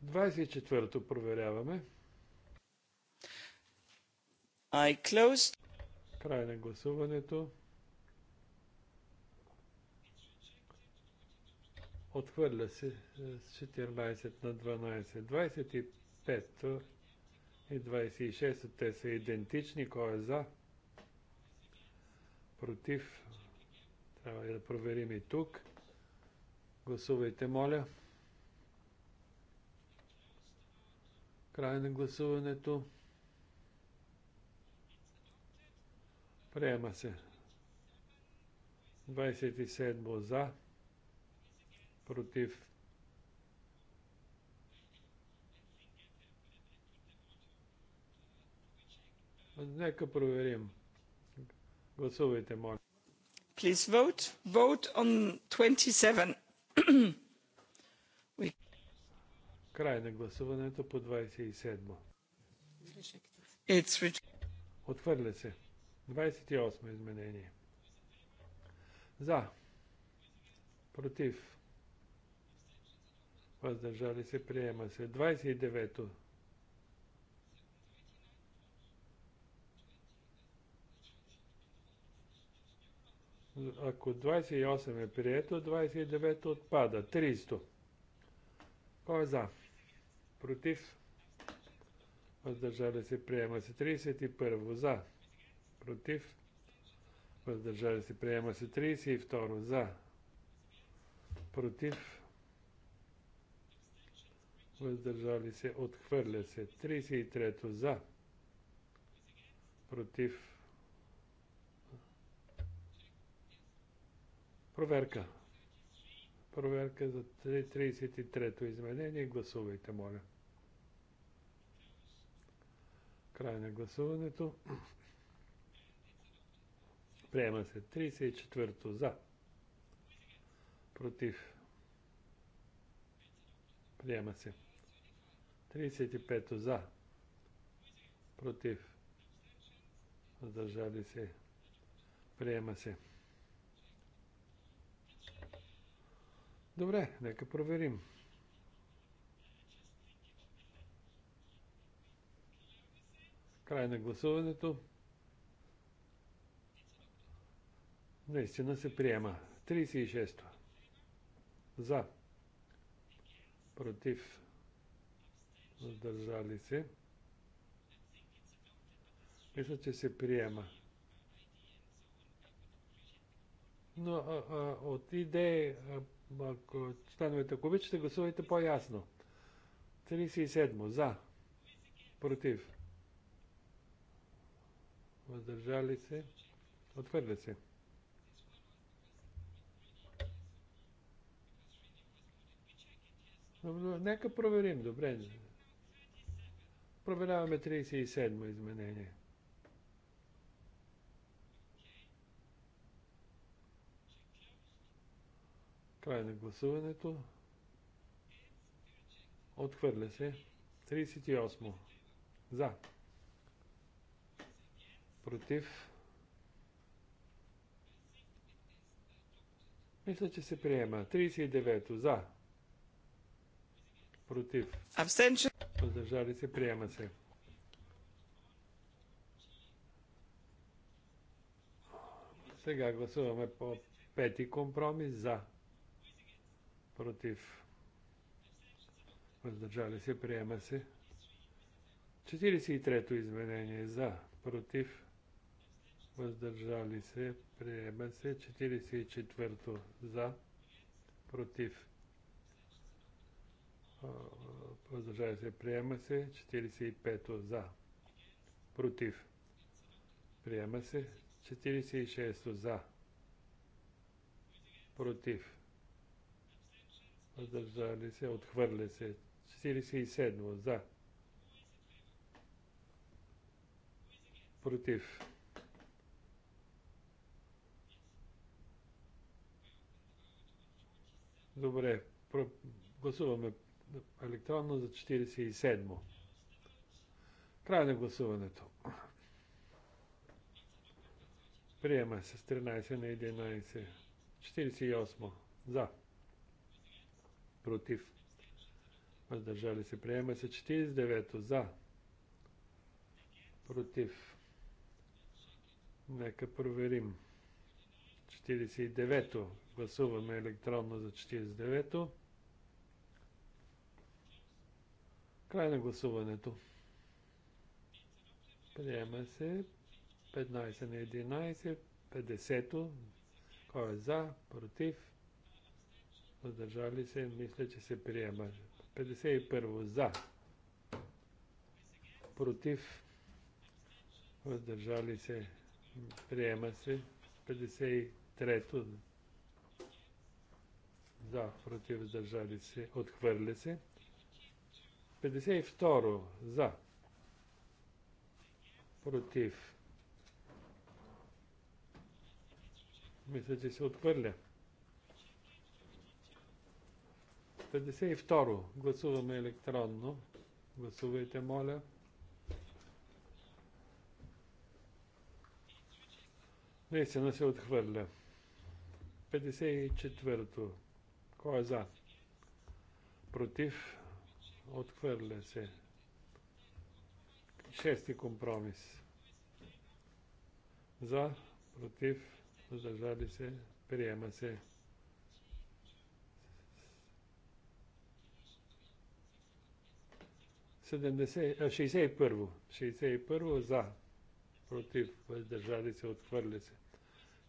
24-то проверяваме. I closed. Край на гласуването. Отхвърля се е, с 14 на 12. 25 и 26 те са идентични. Кой е за? Против? Трябва да проверим и тук. Гласувайте, моля. Край на гласуването. Приема се. 27 за, против. Нека проверим. Гласувайте, моля. Please vote. Vote on 27. Край на гласуването по 27. Отвърля се. 28 изменение. За. Против. Въздържали се. Приема се. 29-то. Ако 28 е прието, 29 отпада. 300. Кой е за? против, въздържали се, приема се 31 за, против, въздържали се, приема се 32 за, против, въздържали се, отхвърля се 33 за, против, проверка. Проверка за 33-то изменение. Гласувайте, моля. Край на гласуването. Приема се 34-то за. Против. Приема се. 35-то за. Против. Задържали се. Приема се. Добре, нека проверим. Край на гласуването. Наистина се приема. 36-то. За. Против. Въздържали се. Мисля, че се приема. Но а, а, от идея ако членовете, ако обичате, гласувайте по-ясно. 37. За. Против. Въздържали се. Отхвърля се. Нека проверим. Добре. Проверяваме 37 изменение. Край на гласуването. Отхвърля се. 38. За. Против. Мисля, че се приема. 39. За. Против. Абстенчен. Въздържали се. Приема се. Сега гласуваме по пети компромис за против, въздържали се, приема се. 43-то изменение за, против, въздържали се, приема се. 44-то за, против, въздържали се, приема се. 45-то за, против, приема се. 46-то за, против, въздържали се, отхвърля се. 47 за. Против. Добре, гласуваме електронно за 47. Край на гласуването. Приема се с 13 на 11. 48. За против, въздържали се, приема се 49 за, против. Нека проверим. 49-то. Гласуваме електронно за 49-то. Край на гласуването. Приема се 15 на 11, 50-то. Кой е за, против, въздържали се, мисля, че се приема. 51 за, против, въздържали се, приема се. 53 за, против, въздържали се, отхвърля се. 52 за, против, мисля, че се отхвърля. 53 52. Гласуваме електронно. Гласувайте, моля. Наистина се отхвърля. 54-то. Кой е за? Против? Отхвърля се. Шести компромис. За, против, задържали се, приема се. 61. 61 за. Против. Въздържали се. Отхвърля се.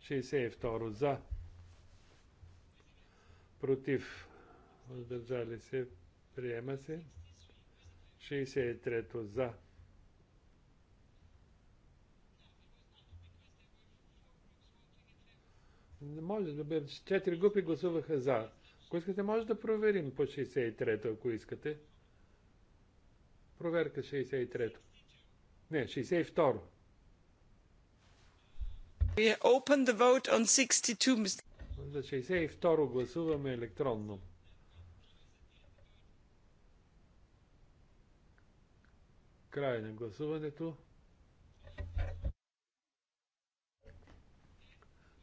62 за. Против. Въздържали се. Приема се. 63 за. Може да бъде. Четири групи гласуваха за. Ако искате, може да проверим по 63-то, ако искате. 63 Проверка 63-то. Не, 62-ро. We open the vote on 62, За 62-ро гласуваме електронно. Край на гласуването.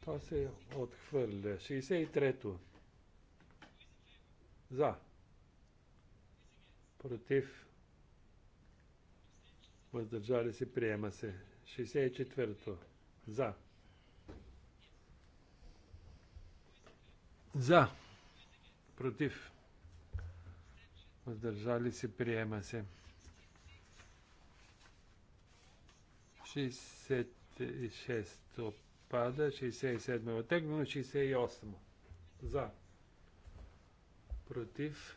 Това се отхвърля. 63-то. За. Против въздържали се, приема се. 64-то, за. За, против, въздържали се, приема се. 66-то пада, 67-то е 68-то, за. Против,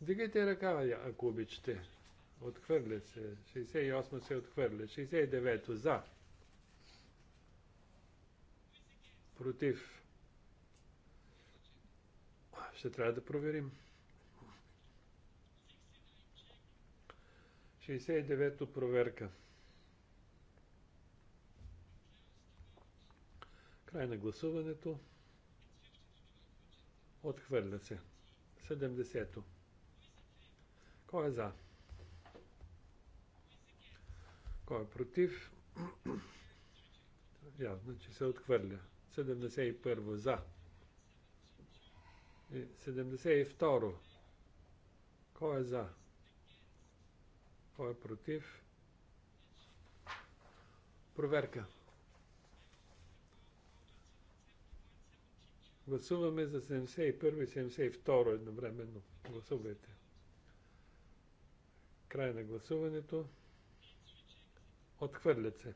Дигайте ръка, ако обичате. Отхвърля се. 68 се отхвърля. 69 за. Против. Ще трябва да проверим. 69-то проверка. Край на гласуването. Отхвърля се. 70-то. Кой е за? Кой е против? Явно, че се отхвърля. 71 за. 72. Кой е за? Кой е против? Проверка. Гласуваме за 71 и 72 едновременно. Гласувайте. Край на гласуването. Отхвърлят се.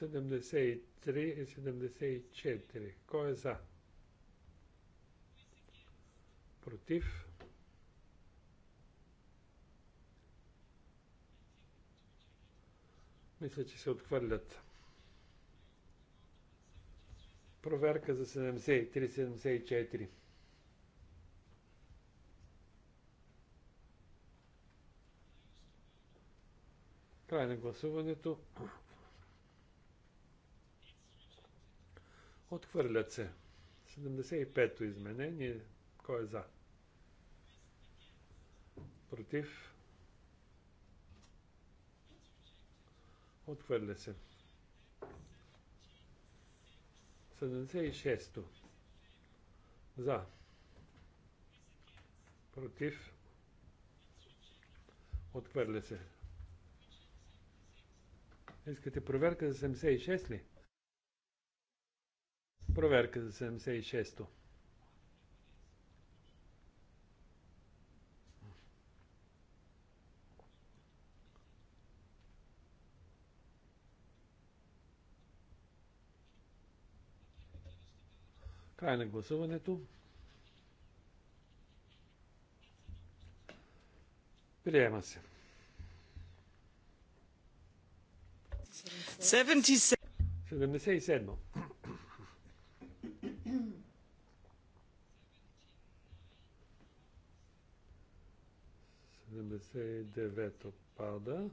73 и 74. Кой е за? Против? Мисля, че се отхвърлят. Проверка за 73-74. Край на гласуването. Отхвърлят се. 75-то изменение. Кой е за? Против? Отхвърля се. 76-то. За. Против? Отхвърля се. 77. Искате проверка за 76 ли? Проверка за 76-то. Край на гласуването. Приема се. 77. 77. Седемдесет и девето пада.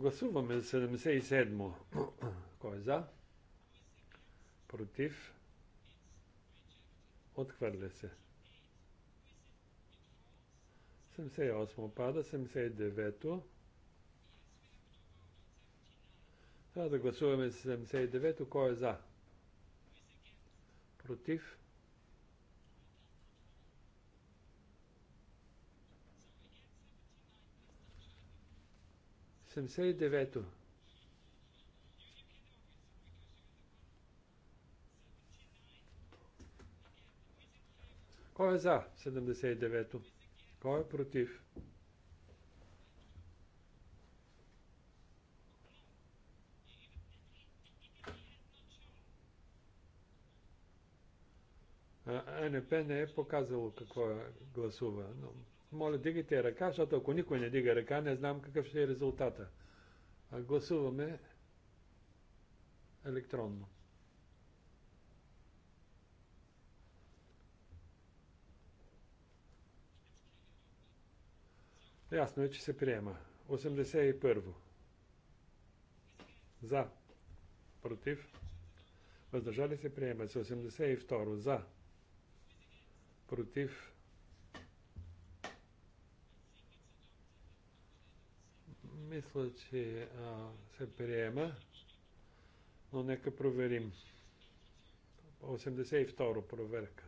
Гласуваме 77-мо. Кой е за? Против? Отхвърля се. 78 пада, 79-то. Сега да гласуваме 79-то. Кой е за? Против? 79-то. Кой е за 79-то? Кой е против? Е НП не е показало какво е гласува. Но моля, дигайте ръка, защото ако никой не дига ръка, не знам какъв ще е резултата. А гласуваме електронно. Ясно е, че се приема. 81. За. Против. Въздържали се приема. 82. За. Против Мисля, че а, се приема, но нека проверим. 82 проверка.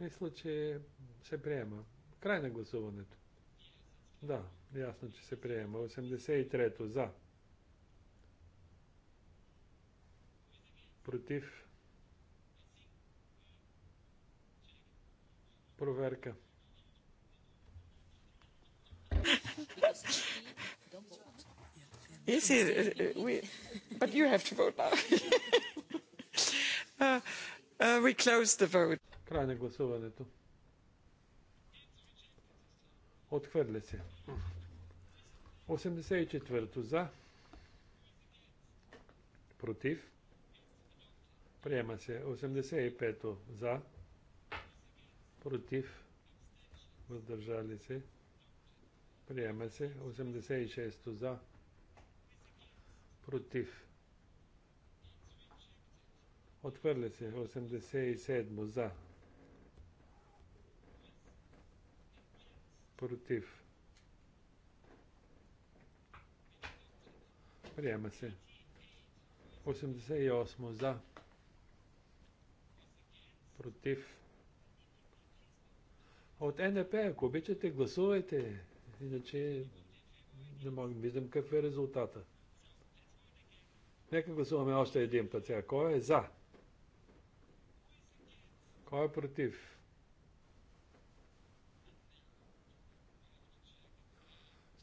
Мисля, че се приема. Край на гласуването. Да, ясно, че се приема. 83-то за. Против. Проверка. yes, it, uh, we, but you have to vote now. uh, uh, we close the vote. Край на гласуването. Отхвърля се. 84-то за. Против. Приема се. 85-то за. Против. Въздържали се. Приема се 86-то за. Против. Отхвърля се 87 за. Против. Приема се. 88 за. Против. От НП, ако обичате, гласувайте. Иначе не мога да виждам какъв е резултата. Нека гласуваме още един път сега. Кой е за? Кой е против?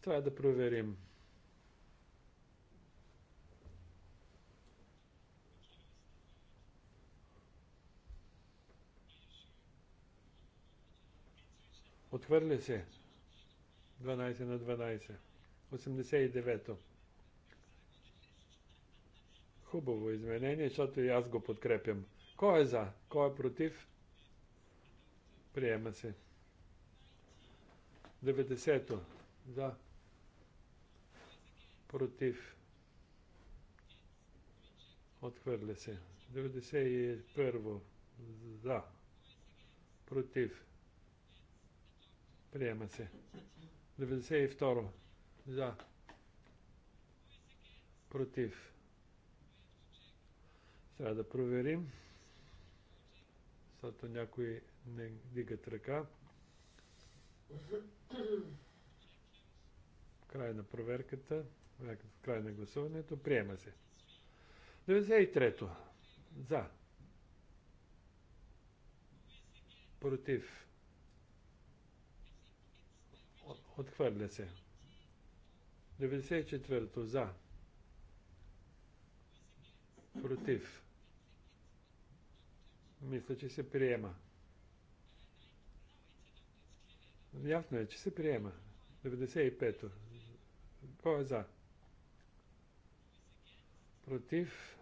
Трябва да проверим. Отхвърля се. 12 на 12. 89-то. Хубаво изменение, защото и аз го подкрепям. Кой е за? Кой е против? Приема се. 90-то. За. Против. Отхвърля се. 91-во. За. Против. Приема се. 92. За. Против. Трябва да проверим. Защото някои не дигат ръка. Край на проверката. Край на гласуването. Приема се. 93. За. Против Отхвърля се. 94-то за. Против. Мисля, че се приема. Ясно е, че се приема. 95-то. Кой е за? Против.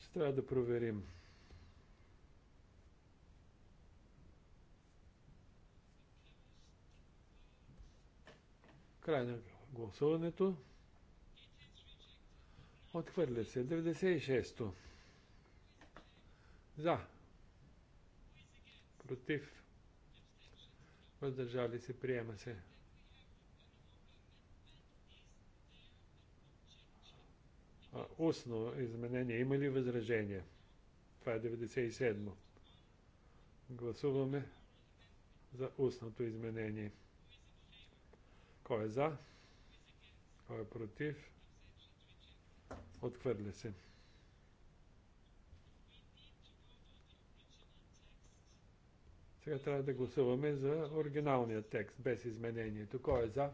Ще трябва да проверим. Край на гласуването. Отхвърля се. 96-то. За. Против. Въздържали се. Приема се. А, устно изменение. Има ли възражение? Това е 97-мо. Гласуваме за устното изменение. Кой е за? Кой е против? Отхвърля се. Сега трябва да гласуваме за оригиналния текст, без изменението. Кой е за?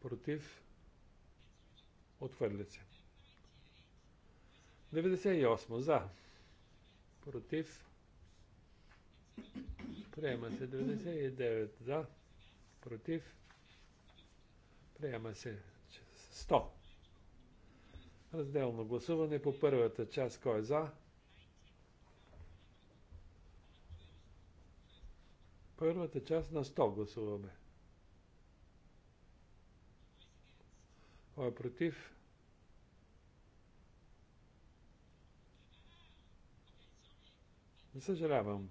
Против? Отхвърля се. 98 за. Против? Приема се 99 за, против. Приема се 100. Разделно гласуване по първата част. Кой е за? Първата част на 100 гласуваме. Кой е против? Не съжалявам.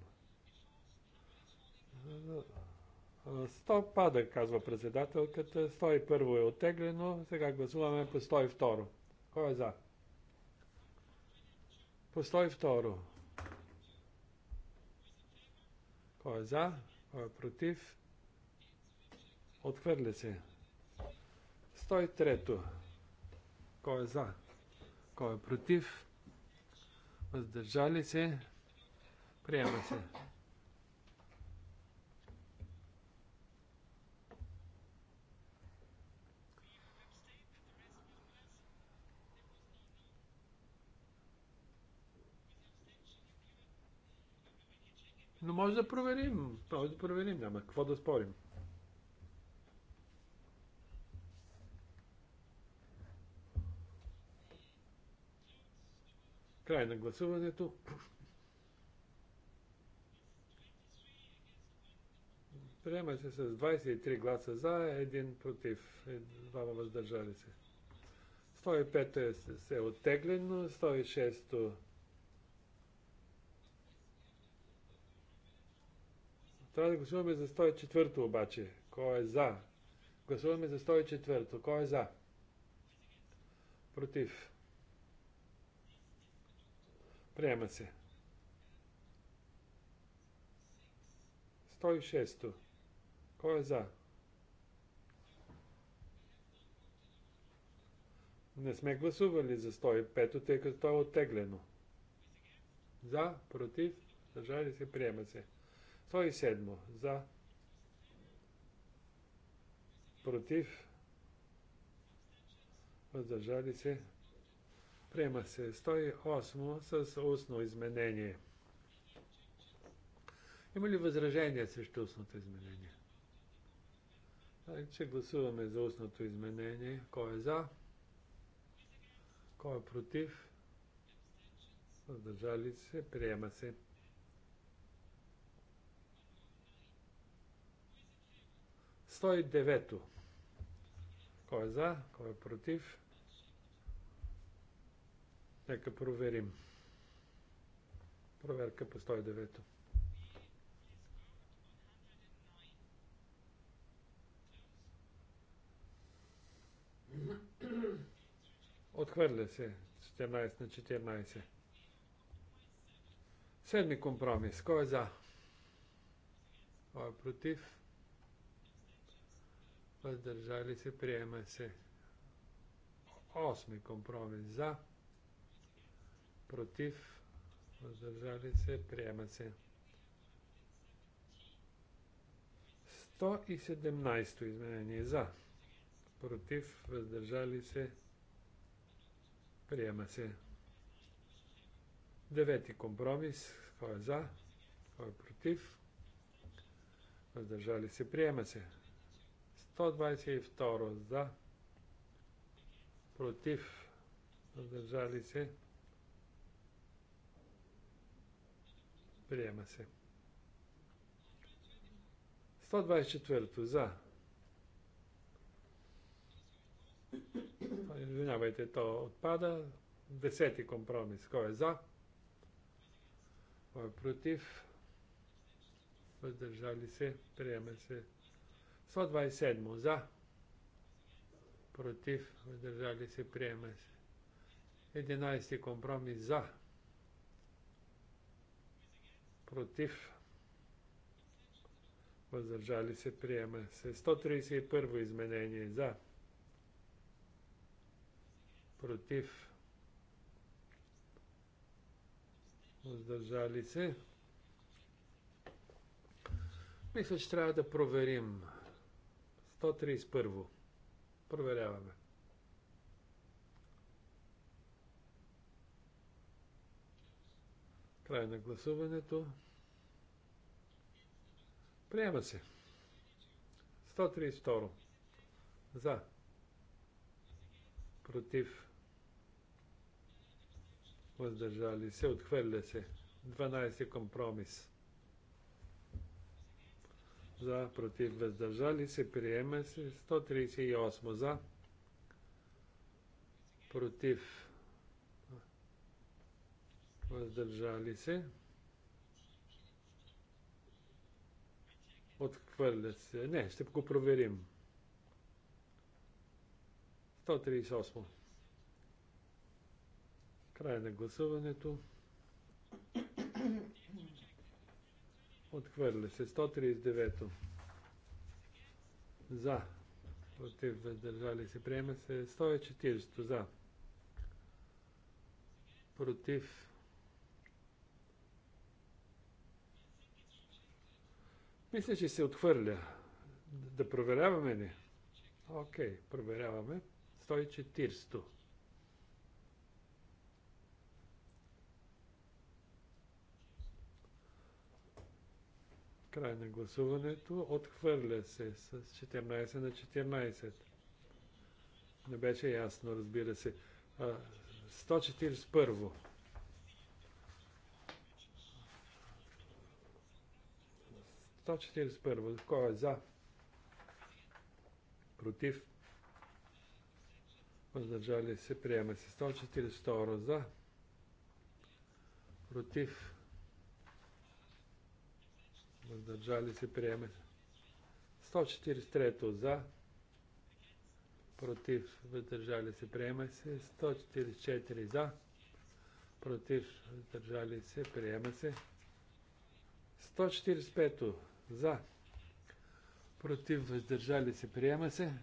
100 пада, казва председателката. 101 е оттеглено. Сега гласуваме по 102. Кой е за? По 102. Кой е за? Кой е против? Отхвърля се. 103. Кой е за? Кой е против? Въздържали се? Приема се. Но може да проверим. Може да проверим. Няма какво да спорим. Край на гласуването. приема се с 23 гласа за, един против, Двама въздържали се. 105 е, се е оттеглено, 106 Трябва да гласуваме за 104-то обаче. Кой е за? Гласуваме за 104-то. Кой е за? Против. Приема се. 106-то. Кой е за? Не сме гласували за 105-то, тъй като то е оттеглено. За, против, държали се, приема се. 107 за, против, въздържали се, приема се 108 с устно изменение. Има ли възражение срещу устното изменение? Че значи, гласуваме за устното изменение. Кой е за? Кой е против? Въздържали се, приема се. 109-то. Кой е за, кой е против? Нека проверим. Проверка по 109-то. Отхвърля се 14 на 14. Седми компромис. Кой е за? Кой е против? въздържали се, приема се. Осми компромис за, против, въздържали се, приема се. 117 изменение за, против, въздържали се, приема се. Девети компромис, кой е за, кой е против, въздържали се, приема се. 122 за, против, въздържали се, приема се. 124 за. Извинявайте, то отпада. Десети компромис. Кой е за? Кой е против? Въздържали се? Приема се. 127 за, против, въздържали се, приема се. 11 компромис за, против, въздържали се, приема се. 131 изменение за, против, въздържали се. Мисля, че трябва да проверим 131. Проверяваме. Край на гласуването. Приема се. 132. За. Против. Въздържали се. Отхвърля се. 12 компромис за против въздържали се приема се 138 за против въздържали се отхвърля се не ще го проверим 138 край на гласуването Отхвърля се. 139-то. За. Против въздържали се. Приема се. 140-то. За. Против. Мисля, че се отхвърля. Да проверяваме ли? Окей, проверяваме. 140-то. Край на гласуването. Отхвърля се с 14 на 14. Не беше ясно, разбира се. 141. 141. четиридесет Кой е за? Против? Въздържали се. Приема се. 142 за. Против? въздържали се, приема се. 143 за, против, въздържали се, приема се. 144 за, против, въздържали се, приема се. 145 за, против, въздържали се, приема се.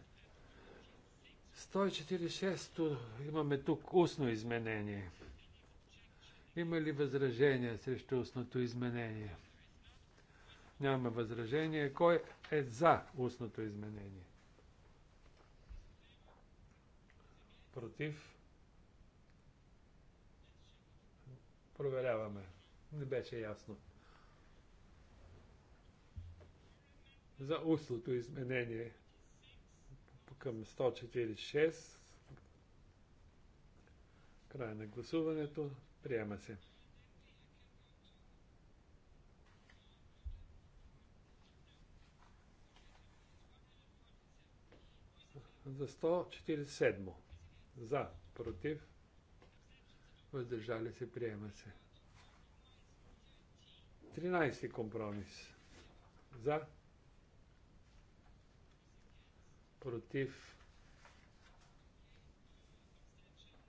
146 имаме тук устно изменение. Има ли възражение срещу устното изменение? Няма възражение. Кой е за устното изменение? Против? Проверяваме. Не беше ясно. За устното изменение към 146. Край на гласуването. Приема се. за 147. За, против, въздържали се, приема се. 13 компромис. За, против,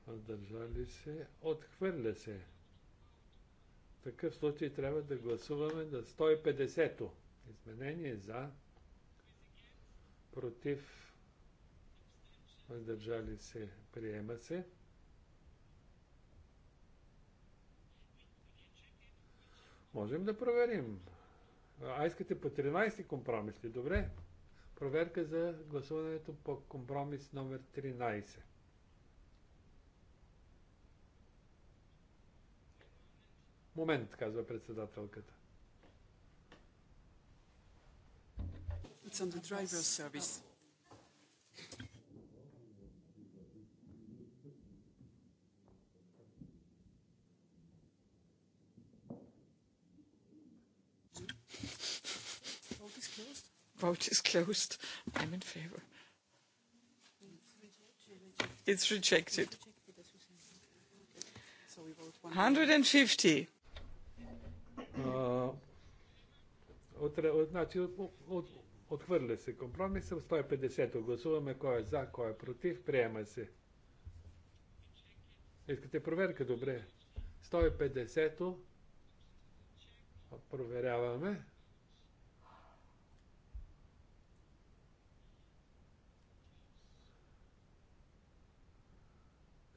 въздържали се, отхвърля се. В такъв случай трябва да гласуваме на 150 Изменение за, против, въздържали се, приема се. Можем да проверим. А искате по 13 компромис ли? Добре. Проверка за гласуването по компромис номер 13. Момент, казва председателката. It's on the driver's service. Vote is closed. I'm in favor. It's rejected. 150. От, значи, от, от, отхвърля се компромиса. 150 гласуваме кой е за, кой е против. Приема се. Искате проверка? Добре. 150 проверяваме.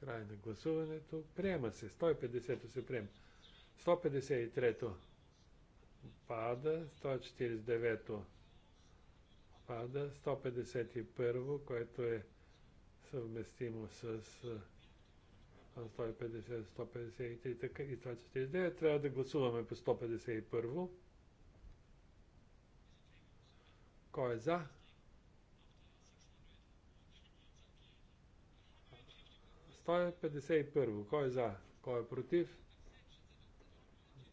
Край на гласуването. Приема се. 150-то се приема. 153-то пада. 149-то пада. 151-во, което е съвместимо с 150, 153 така и 149. Трябва да гласуваме по 151. Кой е за? е 51. Кой е за? Кой е против?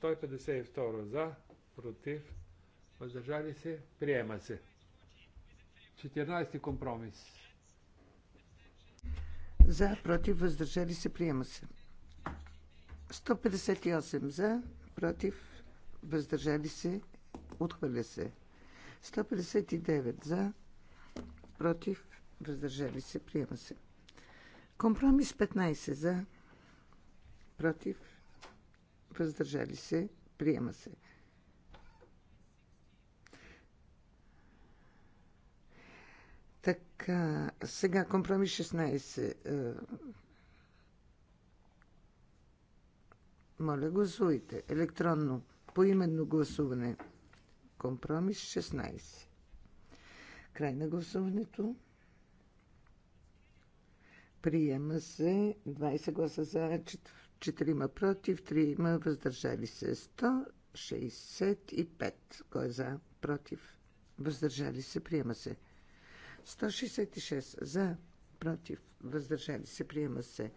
152. За, против, въздържали се, приема се. 14 компромис. За, против, въздържали се, приема се. 158 за, против, въздържали се, отхвърля се. 159 за, против, въздържали се, приема се. 160 Компромис 15 за, против, въздържали се, приема се. Така, сега компромис 16. Е, моля, гласувайте. Електронно, поименно гласуване. Компромис 16. Край на гласуването. Приема се 20 гласа за, 4 против, 3 въздържали се. 165. Кой е за? Против. Въздържали се. Приема се. 166 за, против, въздържали се, приема се.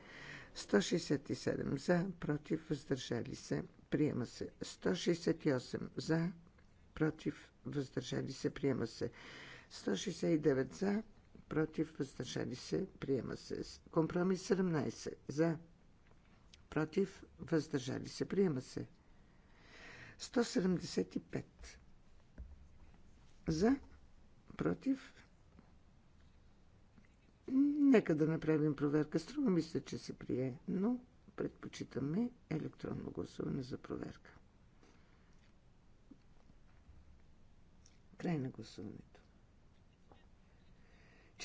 167 за, против, въздържали се, приема се. 168 за, против, въздържали се, приема се. 169 за, против, въздържали се, приема се. Компромис 17 за, против, въздържали се, приема се. 175 за, против. Нека да направим проверка. Струва мисля, че се прие, но предпочитаме електронно гласуване за проверка. Край на гласуването.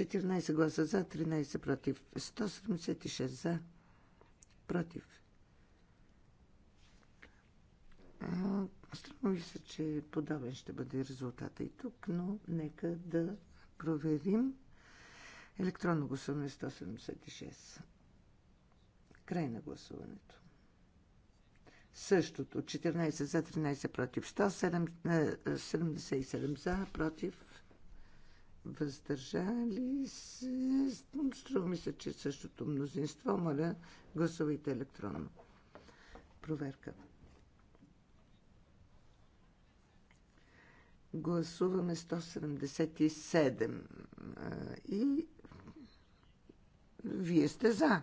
14 гласа за, 13 против. 176 за, против. Струва ми се, че подобен ще бъде резултата и тук, но нека да проверим. Електронно гласуване 176. Край на гласуването. Същото. 14 за, 13 против. 177 е, е, за, против въздържали се. Струва ми се, че същото мнозинство. Моля, гласувайте електронно. Проверка. Гласуваме 177. И вие сте за.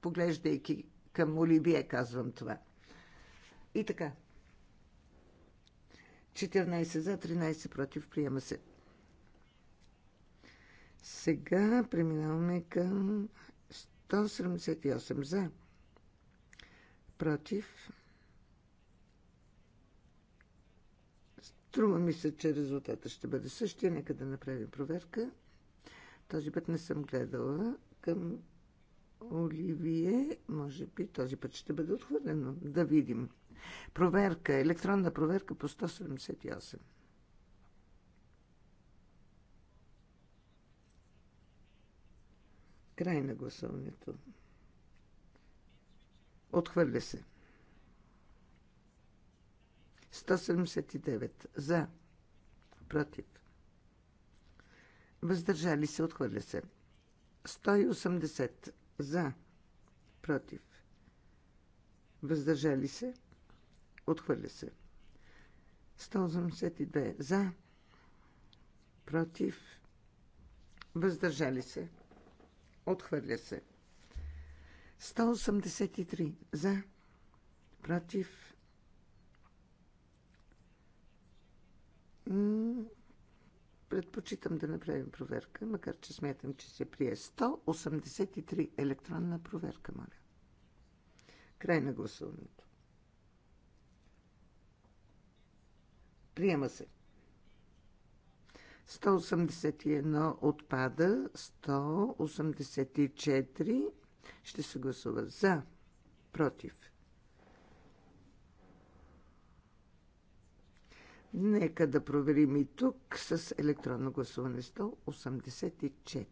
Поглеждайки към Олибие, казвам това. И така. 14 за, 13 против. Приема се. Сега преминаваме към 178 за. Против. Струва ми се, че резултата ще бъде същия. Нека да направим проверка. Този път не съм гледала към Оливие. Може би този път ще бъде отхвърлено. Да видим. Проверка, електронна проверка по 178. Край на гласуването. Отхвърля се. 179 за. Против. Въздържали се. Отхвърля се. 180 за. Против. Въздържали се. Отхвърля се. 182 за. Против. Въздържали се. Отхвърля се. 183 за, против. Предпочитам да направим проверка, макар че смятам, че се прие 183 електронна проверка, моля. Край на гласуването. Приема се. 181 отпада, 184 ще се гласува за, против. Нека да проверим и тук с електронно гласуване 184.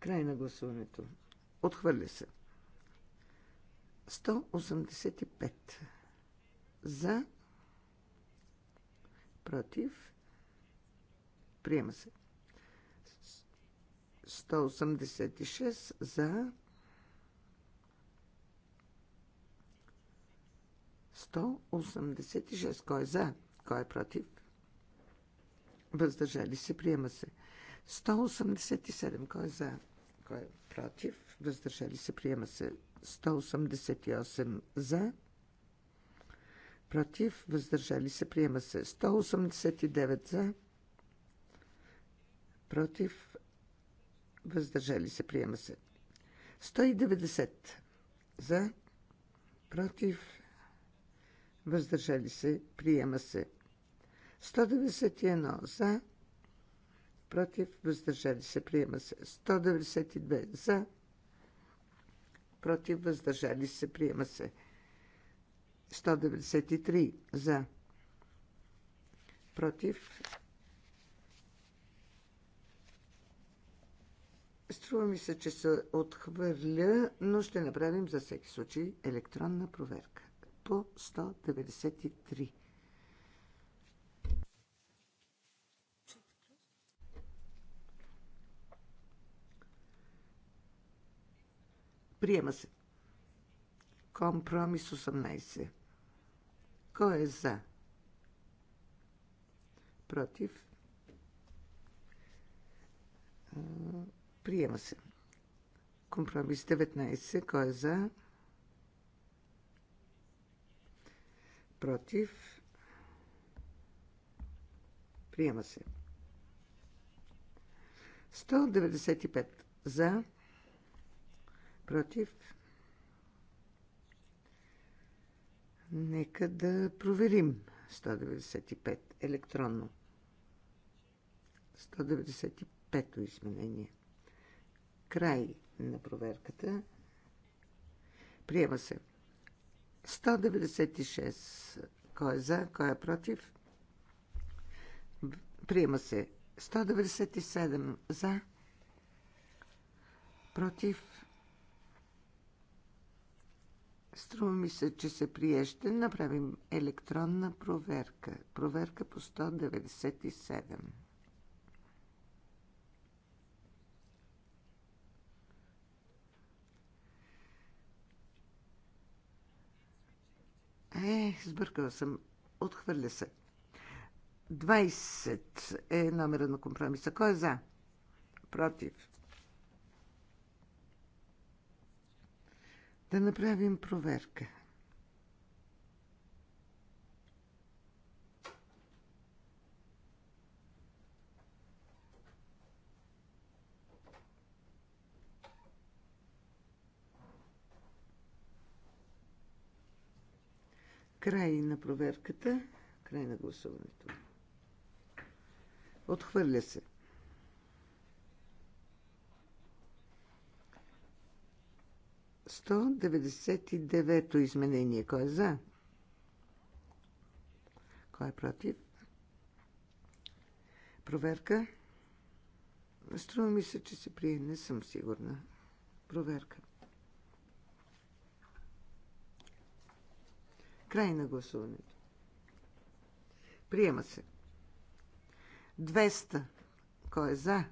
Край на гласуването. Отхвърля се. 185 за, против, приема се. 186 за, 186. Кой е за? Кой е против? Въздържали се, приема се. 187. Кой е за? Кой е против? Въздържали се, приема се. 188 за против, въздържали се, приема се. 189 за, против, въздържали се, приема се. 190 за, против, въздържали се, приема се. 191 за, против, въздържали се, приема се. 192 за, против, въздържали се, приема се. 193 за. Против. Струва ми се, че се отхвърля, но ще направим за всеки случай електронна проверка по 193. Приема се. Компромис 18. Е Кой е за? Против? Приема се. Компромис 19. Кой е за? Против? Приема се. 195 за. Против? Против? Нека да проверим 195 електронно. 195-то изменение. Край на проверката. Приема се. 196. Кой е за, кой е против? Приема се. 197 за, против Струва ми се, че се прие. Ще направим електронна проверка. Проверка по 197. Е, сбъркала съм. Отхвърля се. 20 е номера на компромиса. Кой е за? Против. Да направим проверка. Край на проверката, край на гласуването. Отхвърля се. 199-то изменение. Кой е за? Кой е против? Проверка. Струва ми се, че се прие. Не съм сигурна. Проверка. Край на гласуването. Приема се. 200. Кой е за?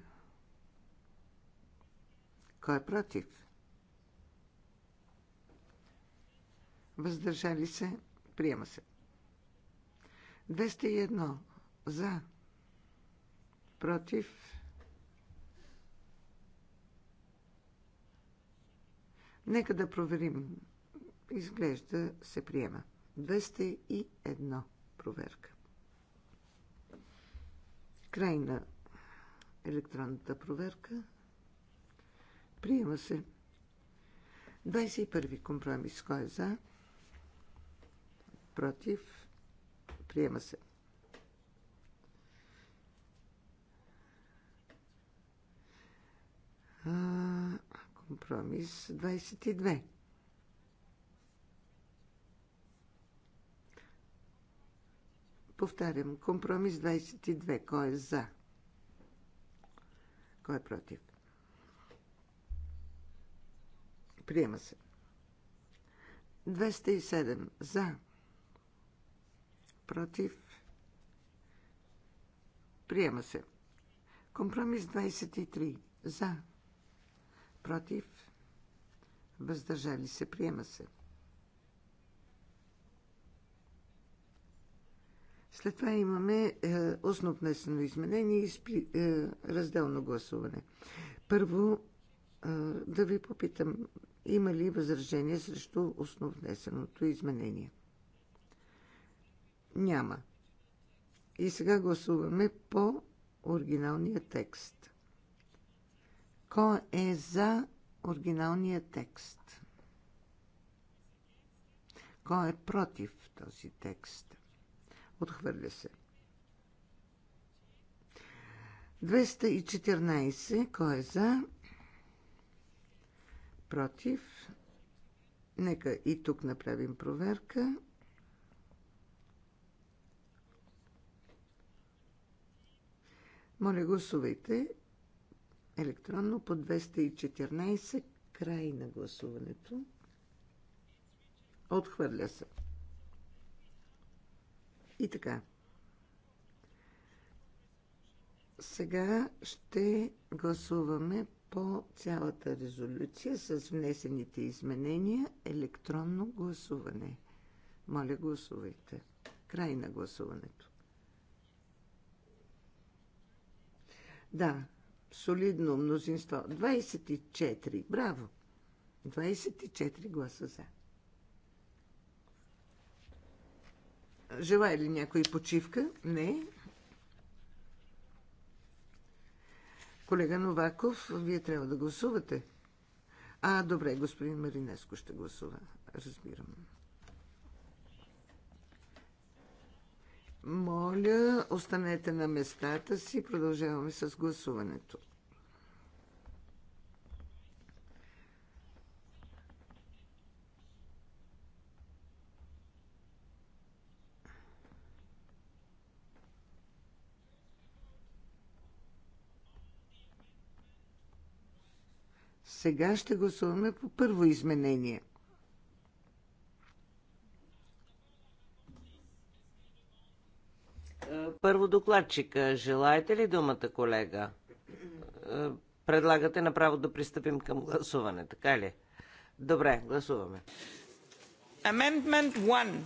Кой е против? въздържали се, приема се. 201 за, против, Нека да проверим. Изглежда се приема. 201 проверка. Край на електронната проверка. Приема се. 21 компромис. Кой е за? против, приема се. А, компромис 22. Повтарям, компромис 22. Кой е за? Кой е против? Приема се. 207 за против, приема се. Компромис 23 за, против, въздържали се, приема се. След това имаме е, устно внесено изменение и спи, е, разделно гласуване. Първо е, да ви попитам, има ли възражение срещу устно внесеното изменение? Няма. И сега гласуваме по оригиналния текст. Кой е за оригиналния текст? Кой е против този текст? Отхвърля се. 214. Кой е за? Против. Нека и тук направим проверка. 214. Моля, гласувайте електронно по 214, край на гласуването. Отхвърля се. И така. Сега ще гласуваме по цялата резолюция с внесените изменения електронно гласуване. Моля, гласувайте. Край на гласуването. Да, солидно мнозинство. 24. Браво! 24 гласа за. Желая ли някой почивка? Не. Колега Новаков, вие трябва да гласувате. А, добре, господин Маринеско ще гласува. Разбирам. Моля, останете на местата си. Продължаваме с гласуването. Сега ще гласуваме по първо изменение – Първо докладчика. Желаете ли думата, колега? Е, предлагате направо да пристъпим към гласуване, така ли? Добре, гласуваме. Amendment 1.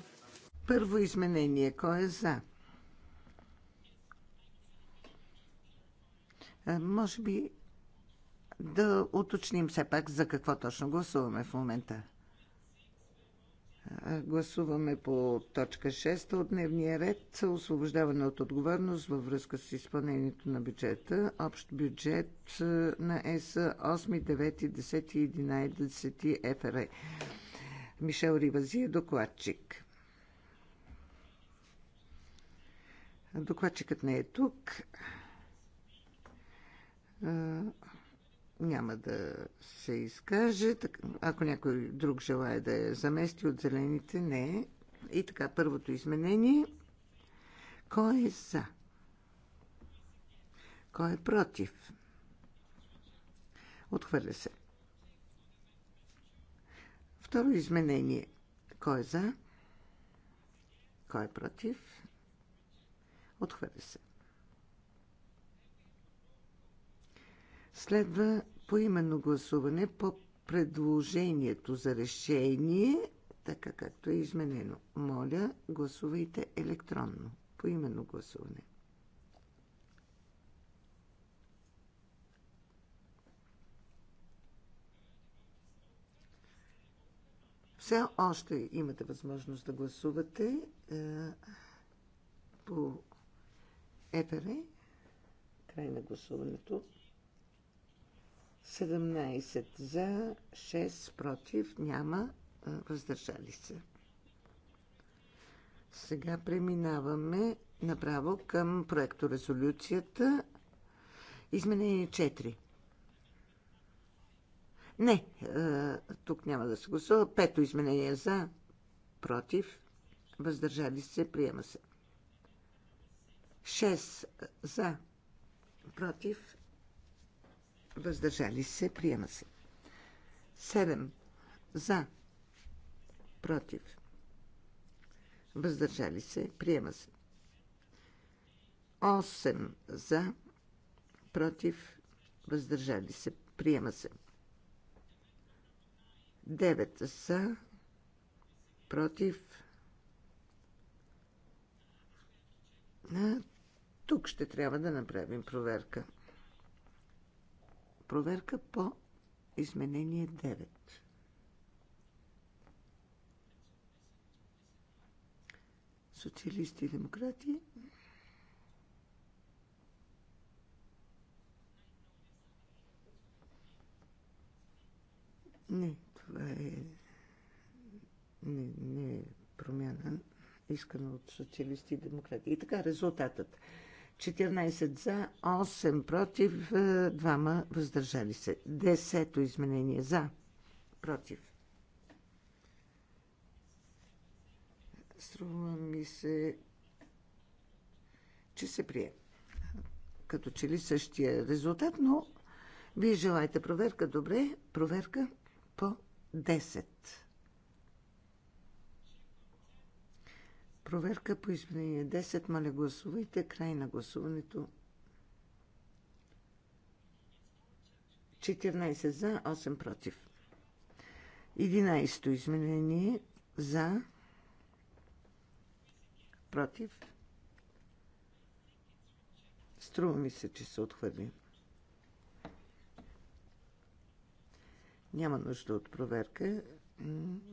Първо изменение. Кой е за? Е, може би да уточним все пак за какво точно гласуваме в момента. Гласуваме по точка 6 от дневния ред освобождаване от отговорност във връзка с изпълнението на бюджета. Общ бюджет на ЕС 8, 9, 10 и 11 ФР. Мишел Ривази е докладчик. Докладчикът не е тук няма да се изкаже. Ако някой друг желая да я замести от зелените, не. И така, първото изменение. Кой е за? Кой е против? Отхвърля се. Второ изменение. Кой е за? Кой е против? Отхвърля се. Следва поименно гласуване по предложението за решение, така както е изменено. Моля, гласувайте електронно. Поименно гласуване. Все още имате възможност да гласувате е, по ЕПР. Край на гласуването. 17 за, 6 против, няма въздържали се. Сега преминаваме направо към проекто резолюцията. Изменение 4. Не, тук няма да се гласува. Пето изменение за, против, въздържали се, приема се. 6 за, против, въздържали се, приема се. 7. За, против, въздържали се, приема се. 8. За, против, въздържали се, приема се. 9. За, против, тук ще трябва да направим проверка проверка по изменение 9. Социалисти и демократи. Не, това е... Не, не е промяна, искана от социалисти и демократи. И така, резултатът. 14 за, 8 против, 2 е, въздържали се. Десето изменение за, против. Струва ми се, че се прие. Като че ли същия резултат, но вие желаете проверка. Добре, проверка по 10. Проверка по изменение 10. Моля гласувайте. Край на гласуването. 14 за, 8 против. 11 изменение за, против. Струва ми се, че се отхвърли. Няма нужда от проверка.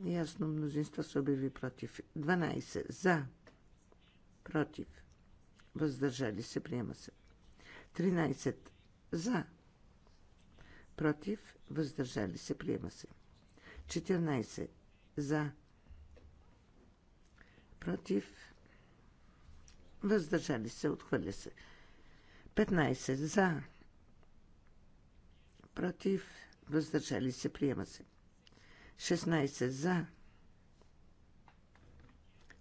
Ясно мнозинство се обяви против. 12. За. Против. Въздържали се. Приема се. 13. За. Против. Въздържали се. Приема се. 14. За. Против. Въздържали се. Отхвърля се. 15. За. Против. Въздържали се. Приема се. 16 за,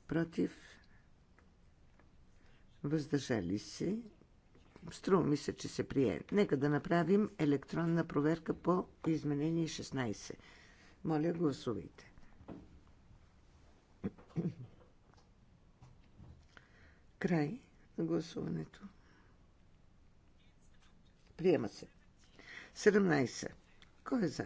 против, въздържали се. Струва ми се, че се прие. Нека да направим електронна проверка по изменение 16. Моля, гласувайте. Край на гласуването. Приема се. 17. Кой е за?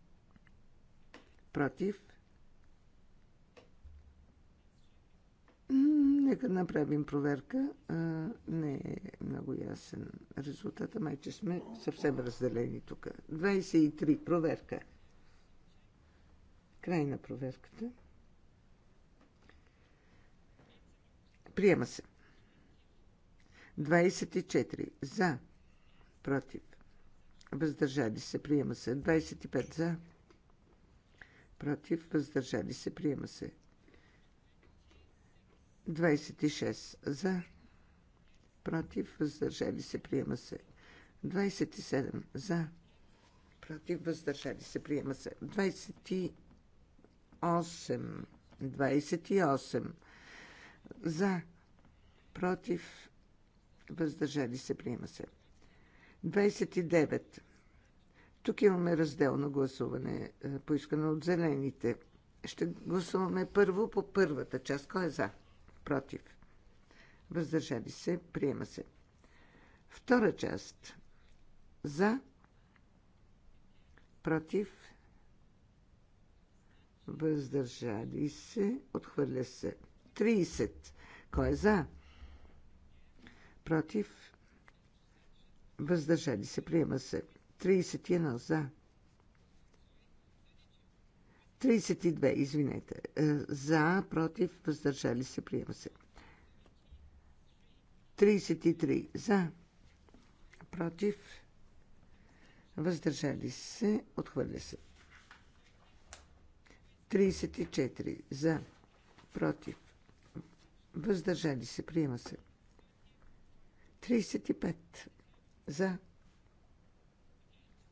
против. Нека направим проверка. А, не е много ясен резултата, май че сме съвсем разделени тук. 23. Проверка. Край на проверката. Приема се. 24. За. Против. Въздържали се. Приема се. 25. За против, въздържали се, приема се. 26 за, против, въздържали се, приема се. 27 за, против, въздържали се, приема се. 28, 28 за, против, въздържали се, приема се. 29 тук имаме разделно гласуване, е, поискано от зелените. Ще гласуваме първо по първата част. Кой е за? Против. Въздържали се. Приема се. Втора част. За. Против. Въздържали се. Отхвърля се. 30. Кой е за? Против. Въздържали се. Приема се. 31 за. 32, извинете. Е, за, против, въздържали се, приема се. 33 за. Против, въздържали се, отхвърля се. 34 за. Против, въздържали се, приема се. 35 за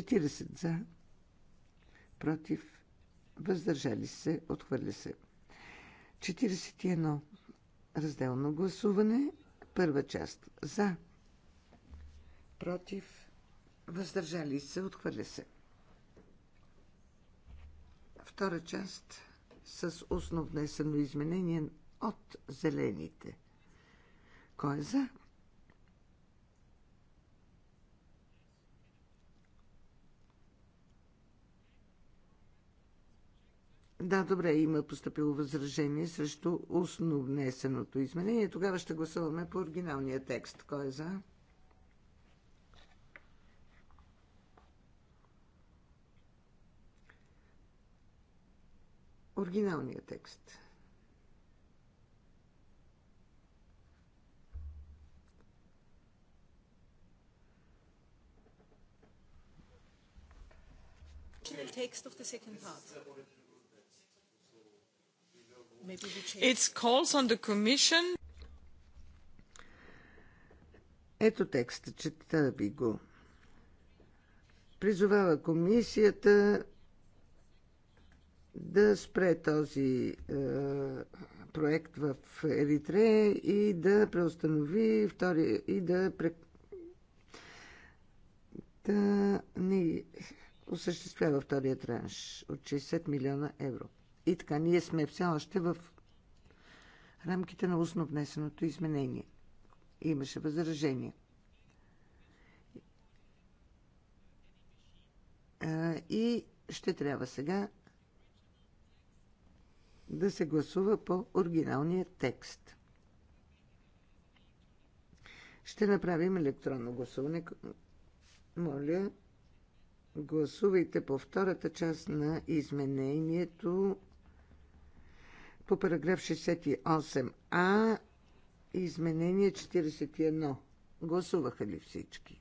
40 за, против, въздържали се, отхвърля се. 41. Разделно гласуване. Първа част. За. Против. Въздържали се. Отхвърля се. Втора част с основнесено изменение от зелените. Кой е за? Да, добре, има поступило възражение срещу устно внесеното изменение. Тогава ще гласуваме по оригиналния текст. Кой е за? Оригиналния текст. Текст of the second part. It's calls on the Commission. Ето текста, чета ви го. Призовава комисията да спре този е, проект в Еритрея и да преустанови втори и да, пре, да не осъществява втория транш от 60 милиона евро. И така, ние сме все още в рамките на устно внесеното изменение. Имаше възражение. И ще трябва сега да се гласува по оригиналния текст. Ще направим електронно гласуване. Моля, гласувайте по втората част на изменението по параграф 68а изменение 41. Гласуваха ли всички?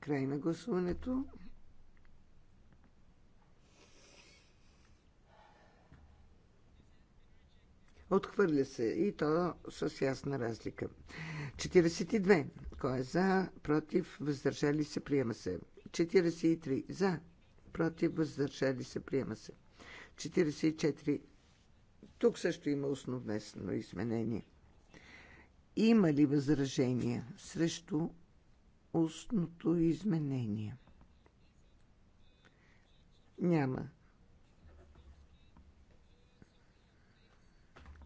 Край на гласуването. Отхвърля се и то с ясна разлика. 42. Кой е за, против, въздържали се, приема се. 43. За, против, въздържали се, приема се. 44. Тук също има основно изменение. Има ли възражения срещу устното изменение? Няма.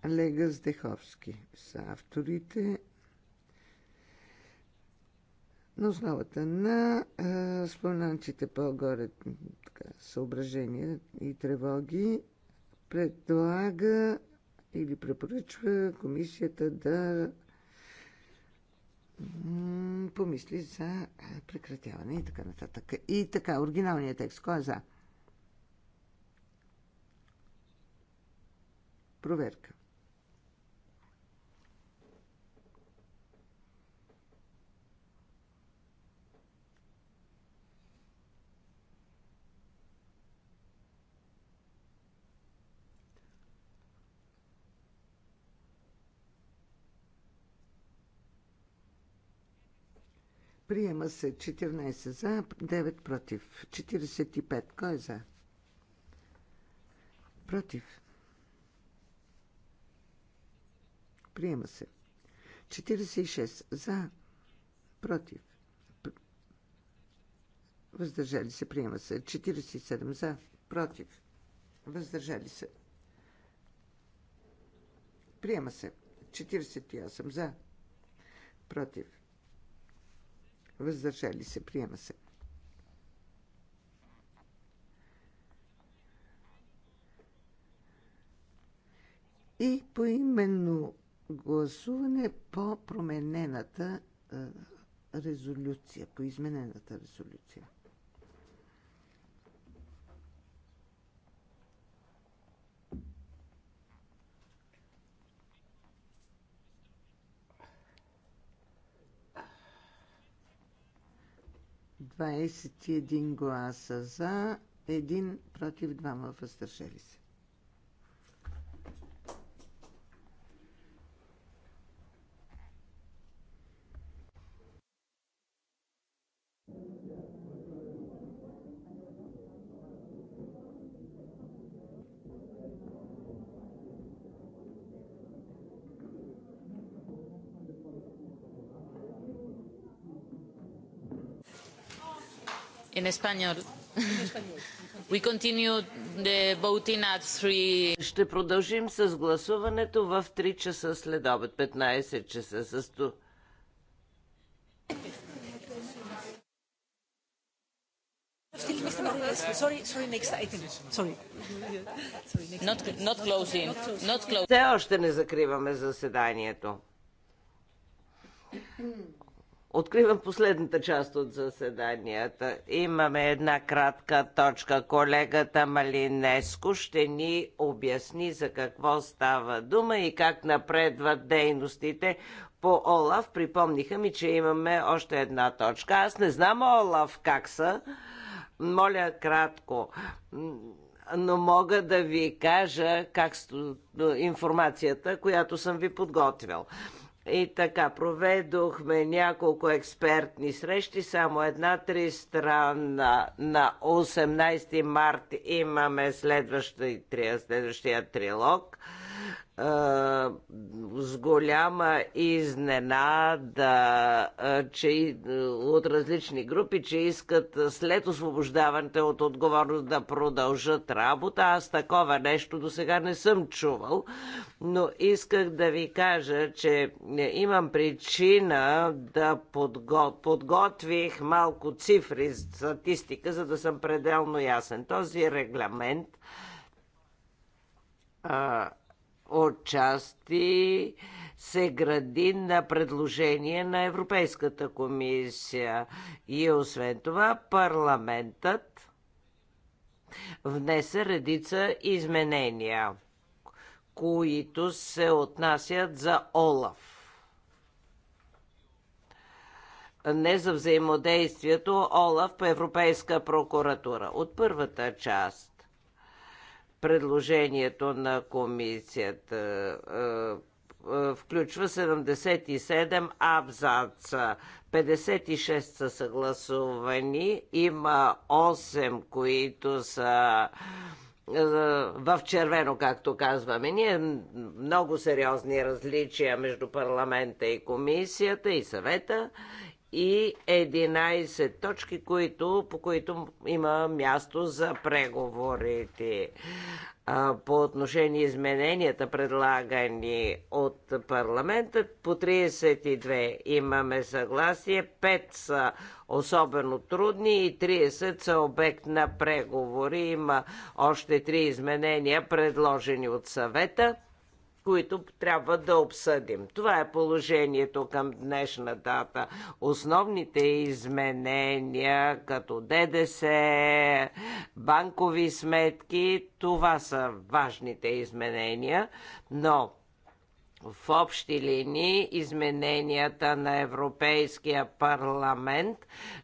Лега Здеховски са авторите на основата на а, споменатите по-горе съображения и тревоги, предлага или препоръчва комисията да помисли за прекратяване и така нататък. И така, оригиналният текст. Кой е за? Проверка. Приема се 14 за, 9 против. 45. Кой е за? Против. Приема се. 46 за, против. Въздържали се. Приема се. 47 за, против. Въздържали се. Приема се. 48 за, против въздържали се, приема се. И поименно гласуване по променената резолюция, по изменената резолюция. 21 гласа за, 1 против, 2 въздържали се. In español. We continue the voting at three. Ще продължим с гласуването в 3 часа след обед, 15 часа с Все още не закриваме заседанието. Откривам последната част от заседанията. Имаме една кратка точка. Колегата Малинеско ще ни обясни за какво става дума и как напредват дейностите по Олаф. Припомниха ми, че имаме още една точка. Аз не знам Олаф как са. Моля кратко. Но мога да ви кажа как информацията, която съм ви подготвил. И така, проведохме няколко експертни срещи, само една три страна. На 18 март имаме следващия, следващия трилог – с голяма изненада че, от различни групи, че искат след освобождаването от отговорност да продължат работа. Аз такова нещо до сега не съм чувал, но исках да ви кажа, че е, имам причина да подго... подготвих малко цифри, статистика, за да съм пределно ясен. Този регламент отчасти се гради на предложение на Европейската комисия. И освен това парламентът внесе редица изменения, които се отнасят за Олаф не за взаимодействието ОЛАФ по Европейска прокуратура. От първата част предложението на комисията е, е, включва 77 абзаца. 56 са съгласувани, има 8, които са е, в червено, както казваме. Ние много сериозни различия между парламента и комисията и съвета и 11 точки, които, по които има място за преговорите. По отношение измененията, предлагани от парламента, по 32 имаме съгласие, 5 са особено трудни и 30 са обект на преговори. Има още 3 изменения, предложени от съвета които трябва да обсъдим. Това е положението към днешна дата. Основните изменения, като ДДС, банкови сметки, това са важните изменения, но в общи линии измененията на Европейския парламент,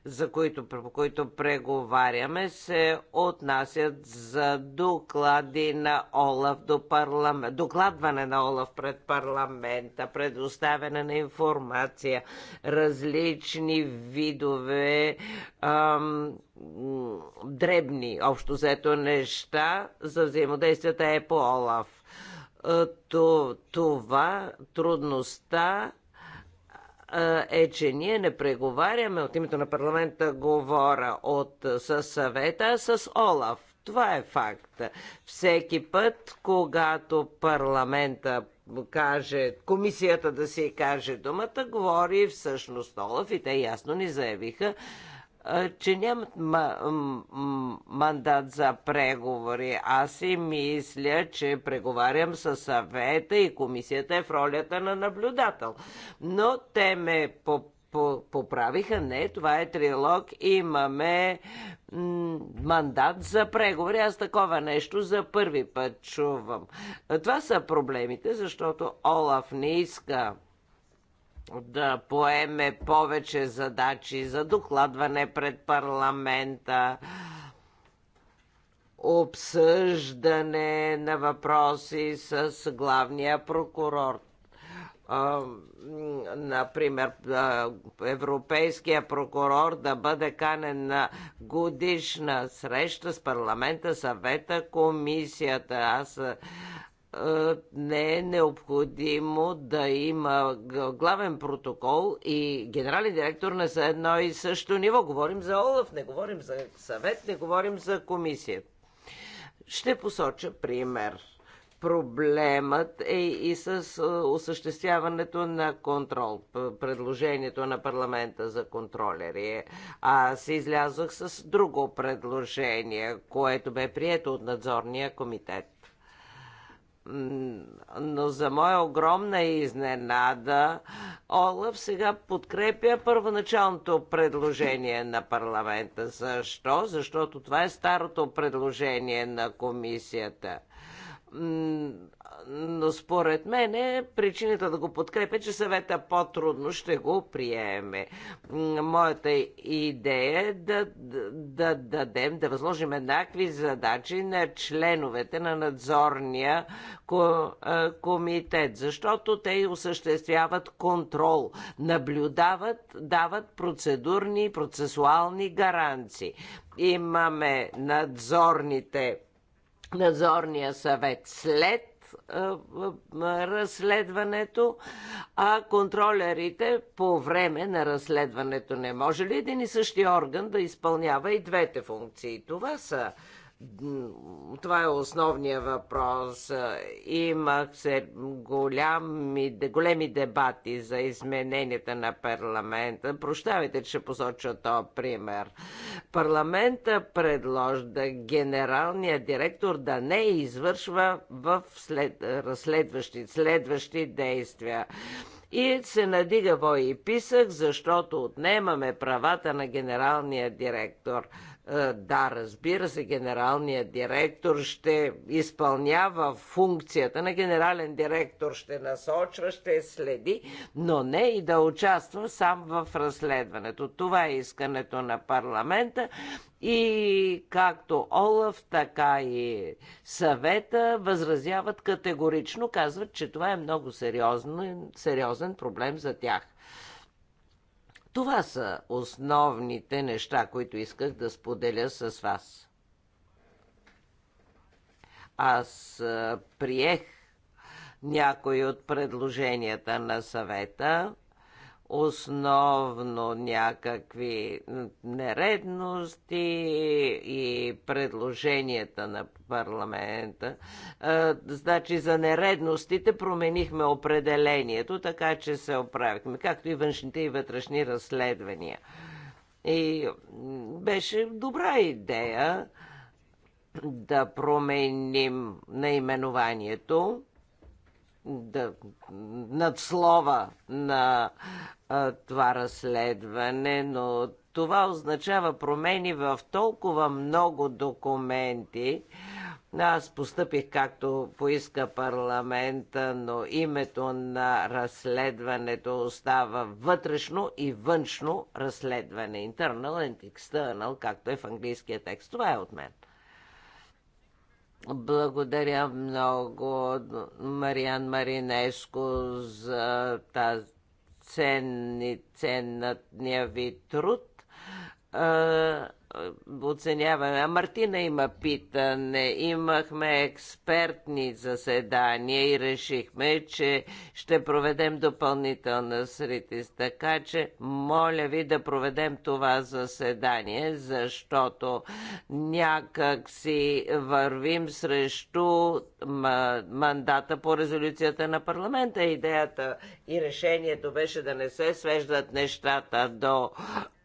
за които, по които преговаряме, се отнасят за доклади на Олаф до парламент, докладване на Олаф пред парламента, предоставяне на информация, различни видове ам, дребни, общо взето неща за взаимодействията е по Олаф е, това трудността е, е, че ние не преговаряме от името на парламента, говоря от, със съвета, а с Олаф. Това е факт. Всеки път, когато парламента каже, комисията да си каже думата, говори всъщност Олаф и те ясно ни заявиха, че нямат мандат за преговори. Аз си мисля, че преговарям с съвета и комисията е в ролята на наблюдател. Но те ме поправиха. Не, това е трилог. Имаме мандат за преговори. Аз такова нещо за първи път чувам. Това са проблемите, защото Олаф не иска да поеме повече задачи за докладване пред парламента, обсъждане на въпроси с главния прокурор. Например, европейския прокурор да бъде канен на годишна среща с парламента, съвета, комисията. Аз не е необходимо да има главен протокол и генерален директор на са едно и също ниво. Говорим за ОЛАФ, не говорим за съвет, не говорим за комисия. Ще посоча пример. Проблемът е и с осъществяването на контрол, предложението на парламента за контролери. Е. Аз излязох с друго предложение, което бе прието от надзорния комитет но за моя огромна изненада, Олаф сега подкрепя първоначалното предложение на парламента. Защо? Защото това е старото предложение на комисията но според мен е, причината да го подкрепя, че съвета по-трудно ще го приеме. Моята идея е да, да, да дадем, да възложим еднакви задачи на членовете на надзорния комитет, защото те осъществяват контрол, наблюдават, дават процедурни и процесуални гаранции. Имаме надзорните надзорния съвет след разследването, а контролерите по време на разследването не може ли един и същи орган да изпълнява и двете функции? Това са това е основният въпрос. Имах се голями, големи дебати за измененията на парламента. Прощавайте, че посоча то пример. Парламента предложда генералния директор да не извършва в след, разследващи, следващи действия и се надига вой и писах, защото отнемаме правата на генералния директор. Е, да, разбира се, генералният директор ще изпълнява функцията на генерален директор, ще насочва, ще следи, но не и да участва сам в разследването. Това е искането на парламента и както Олаф, така и съвета възразяват категорично, казват, че това е много сериозен, сериозен проблем за тях. Това са основните неща, които исках да споделя с вас. Аз приех някои от предложенията на съвета основно някакви нередности и предложенията на парламента. Значи за нередностите променихме определението, така че се оправихме, както и външните и вътрешни разследвания. И беше добра идея да променим наименованието да, слова на а, това разследване, но това означава промени в толкова много документи. Аз постъпих както поиска парламента, но името на разследването остава вътрешно и външно разследване. Internal and external, както е в английския текст. Това е от мен. Благодаря много, Мариан Маринешко, за тази ценни, ценния ви труд оценяване. А Мартина има питане. Имахме експертни заседания и решихме, че ще проведем допълнителна сритис. Така че, моля ви да проведем това заседание, защото някак си вървим срещу мандата по резолюцията на парламента. Идеята и решението беше да не се свеждат нещата до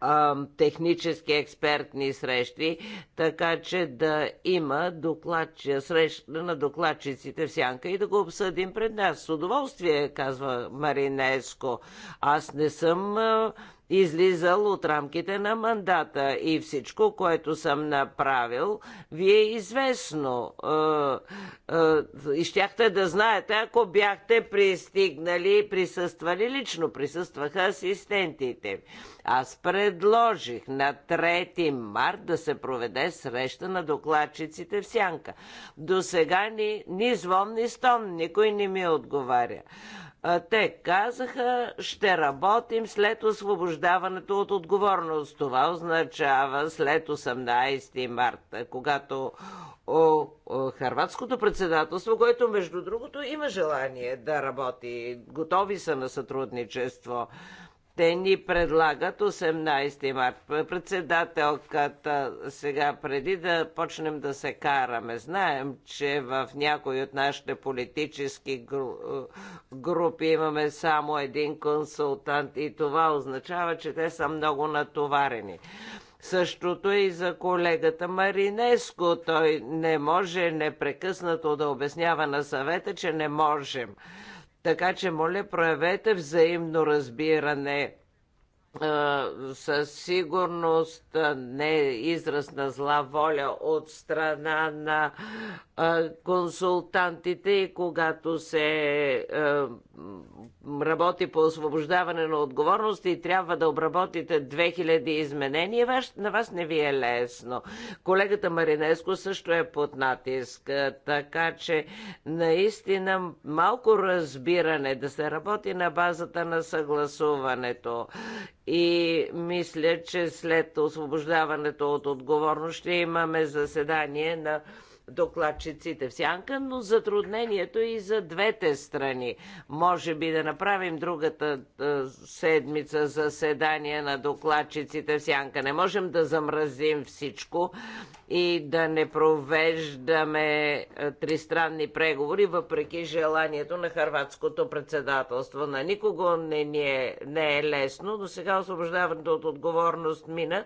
а, технически експертни срещи, така че да има доклад, среща на докладчиците в сянка и да го обсъдим пред нас. С удоволствие, казва Маринеско. Аз не съм а, излизал от рамките на мандата и всичко, което съм направил, ви е известно. Е, е, и щяхте да знаете, ако бяхте пристигнали и присъствали лично. Присъстваха асистентите. Аз предложих на 3 март да се проведе среща на докладчиците в Сянка. До сега ни, ни звон, ни стон. Никой не ми отговаря. Те казаха, ще работим след освобождаването от отговорност. Това означава след 18 марта, когато о, о, Харватското председателство, което между другото има желание да работи, готови са на сътрудничество те ни предлагат 18 март. Председателката, сега преди да почнем да се караме, знаем, че в някои от нашите политически групи имаме само един консултант и това означава, че те са много натоварени. Същото е и за колегата Маринеско. Той не може непрекъснато да обяснява на съвета, че не можем. Така че, моля, проявете взаимно разбиране със сигурност не е израз на зла воля от страна на консултантите и когато се работи по освобождаване на отговорност и трябва да обработите 2000 изменения, на вас не ви е лесно. Колегата Маринеско също е под натиск, така че наистина малко разбиране да се работи на базата на съгласуването и мисля, че след освобождаването от отговорност ще имаме заседание на докладчиците в сянка, но затруднението е и за двете страни. Може би да направим другата седмица заседание на докладчиците в сянка. Не можем да замразим всичко, и да не провеждаме е, тристранни преговори, въпреки желанието на хърватското председателство. На никого не, ни е, не е лесно, но сега освобождаването от отговорност мина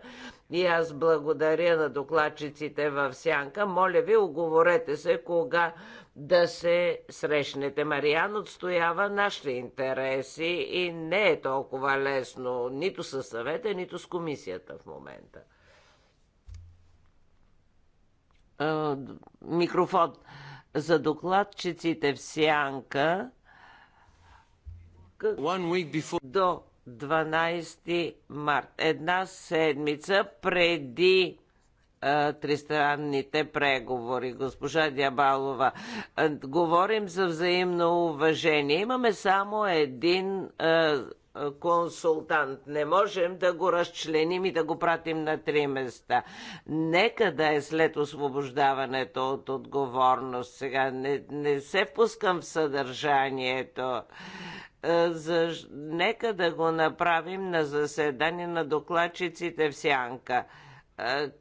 и аз благодаря на докладчиците в Сянка. Моля ви, оговорете се кога да се срещнете. Мариан отстоява нашите интереси и не е толкова лесно нито със съвета, нито с комисията в момента микрофон за докладчиците в Сянка до 12 март. Една седмица преди тристранните преговори. Госпожа Дябалова, говорим за взаимно уважение. Имаме само един а, консултант. Не можем да го разчленим и да го пратим на три места. Нека да е след освобождаването от отговорност. Сега не, не се впускам в съдържанието. За... Нека да го направим на заседание на докладчиците в Сянка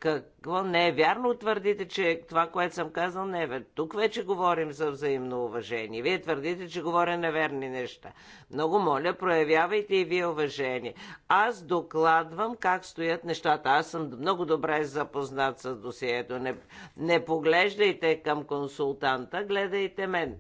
какво не е вярно, твърдите, че това, което съм казал, не е вярно. Тук вече говорим за взаимно уважение. Вие твърдите, че говоря неверни неща. Много моля, проявявайте и вие уважение. Аз докладвам как стоят нещата. Аз съм много добре запознат с досието. Не, не поглеждайте към консултанта, гледайте мен.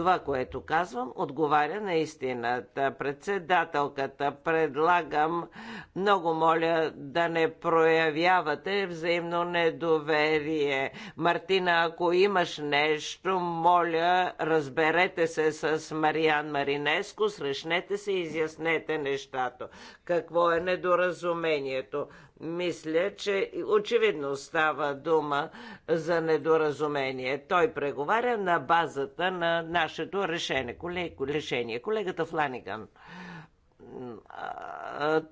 Това, което казвам, отговаря на истината. Председателката предлагам, много моля да не проявявате взаимно недоверие. Мартина, ако имаш нещо, моля, разберете се с Мариан Маринеско, срещнете се и изяснете нещата. Какво е недоразумението? Мисля, че очевидно става дума за недоразумение. Той преговаря на базата на нашето решение. Колег... решение. Колегата Фланиган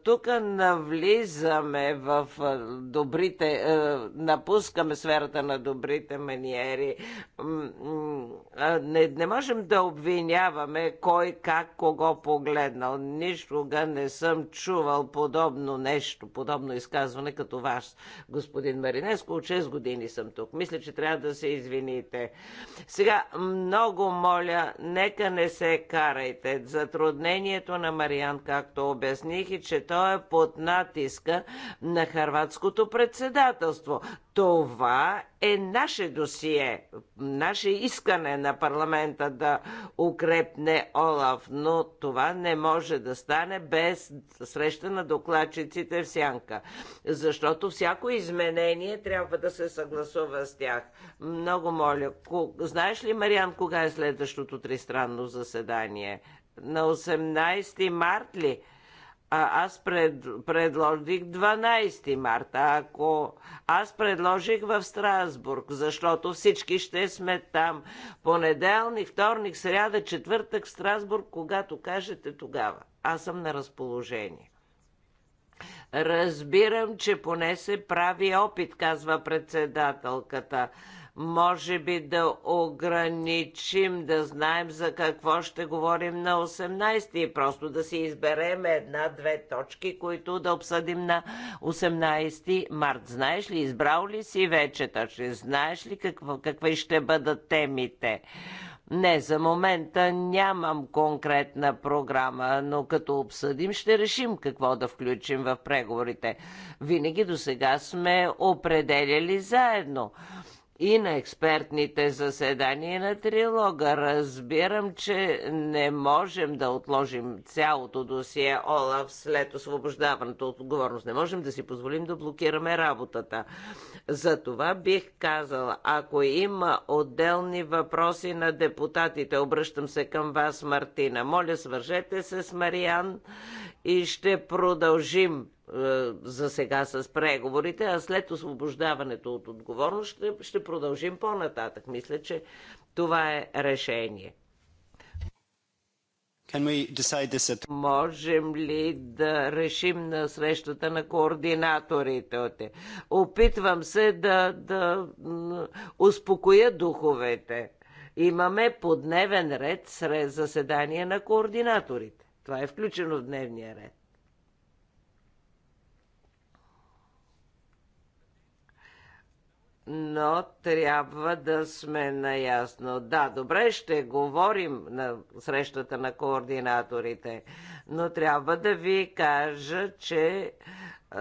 тук навлизаме в добрите, напускаме сферата на добрите маниери. Не, не можем да обвиняваме кой как кого погледнал. Нищога не съм чувал подобно нещо, подобно изказване като ваш, господин Маринеско. От 6 години съм тук. Мисля, че трябва да се извините. Сега, много моля, нека не се карайте. Затруднението на Мариан както обясних, и че той е под натиска на харватското председателство. Това е наше досие, наше искане на парламента да укрепне Олаф, но това не може да стане без среща на докладчиците в сянка, защото всяко изменение трябва да се съгласува с тях. Много моля, знаеш ли, Мариан, кога е следващото тристранно заседание? на 18 март ли? А, аз пред, предложих 12 марта. Ако аз предложих в Страсбург, защото всички ще сме там. Понеделник, вторник, сряда, четвъртък в Страсбург, когато кажете тогава. Аз съм на разположение. Разбирам, че поне се прави опит, казва председателката. Може би да ограничим, да знаем за какво ще говорим на 18 ти просто да си изберем една-две точки, които да обсъдим на 18 март. Знаеш ли, избрал ли си вече точно? Знаеш ли какво, какви ще бъдат темите? Не, за момента нямам конкретна програма, но като обсъдим, ще решим какво да включим в преговорите. Винаги до сега сме определяли заедно и на експертните заседания на трилога. Разбирам, че не можем да отложим цялото досие Олаф след освобождаването от отговорност. Не можем да си позволим да блокираме работата. За това бих казала, ако има отделни въпроси на депутатите, обръщам се към вас, Мартина. Моля, свържете се с Мариан и ще продължим е, за сега с преговорите, а след освобождаването от отговорност ще, ще продължим по-нататък. Мисля, че това е решение. At... Можем ли да решим на срещата на координаторите? Опитвам се да, да успокоя духовете. Имаме по дневен ред сред заседание на координаторите. Това е включено в дневния ред. но трябва да сме наясно. Да, добре, ще говорим на срещата на координаторите, но трябва да ви кажа, че е,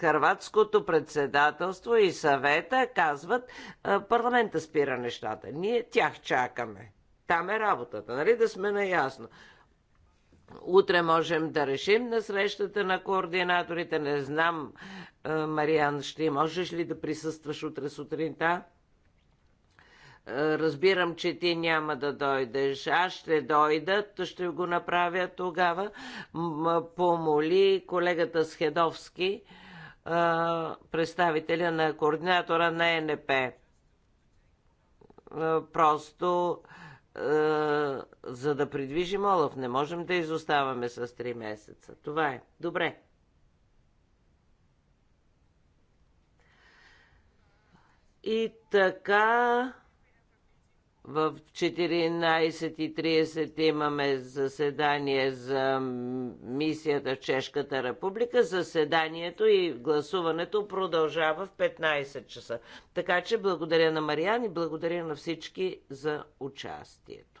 Харватското председателство и съвета казват е, парламента спира нещата. Ние тях чакаме. Там е работата, нали? Да сме наясно. Утре можем да решим на срещата на координаторите. Не знам, е, Мариан, ще можеш ли да присъстваш утре сутринта? Е, разбирам, че ти няма да дойдеш. Аз ще дойда, ще го направя тогава. Помоли колегата Схедовски, е, представителя на координатора на НП. Просто е, за да придвижим Олаф. Не можем да изоставаме с 3 месеца. Това е. Добре. И така в 14.30 имаме заседание за мисията в Чешката република. Заседанието и гласуването продължава в 15 часа. Така че благодаря на Мариан и благодаря на всички за участието.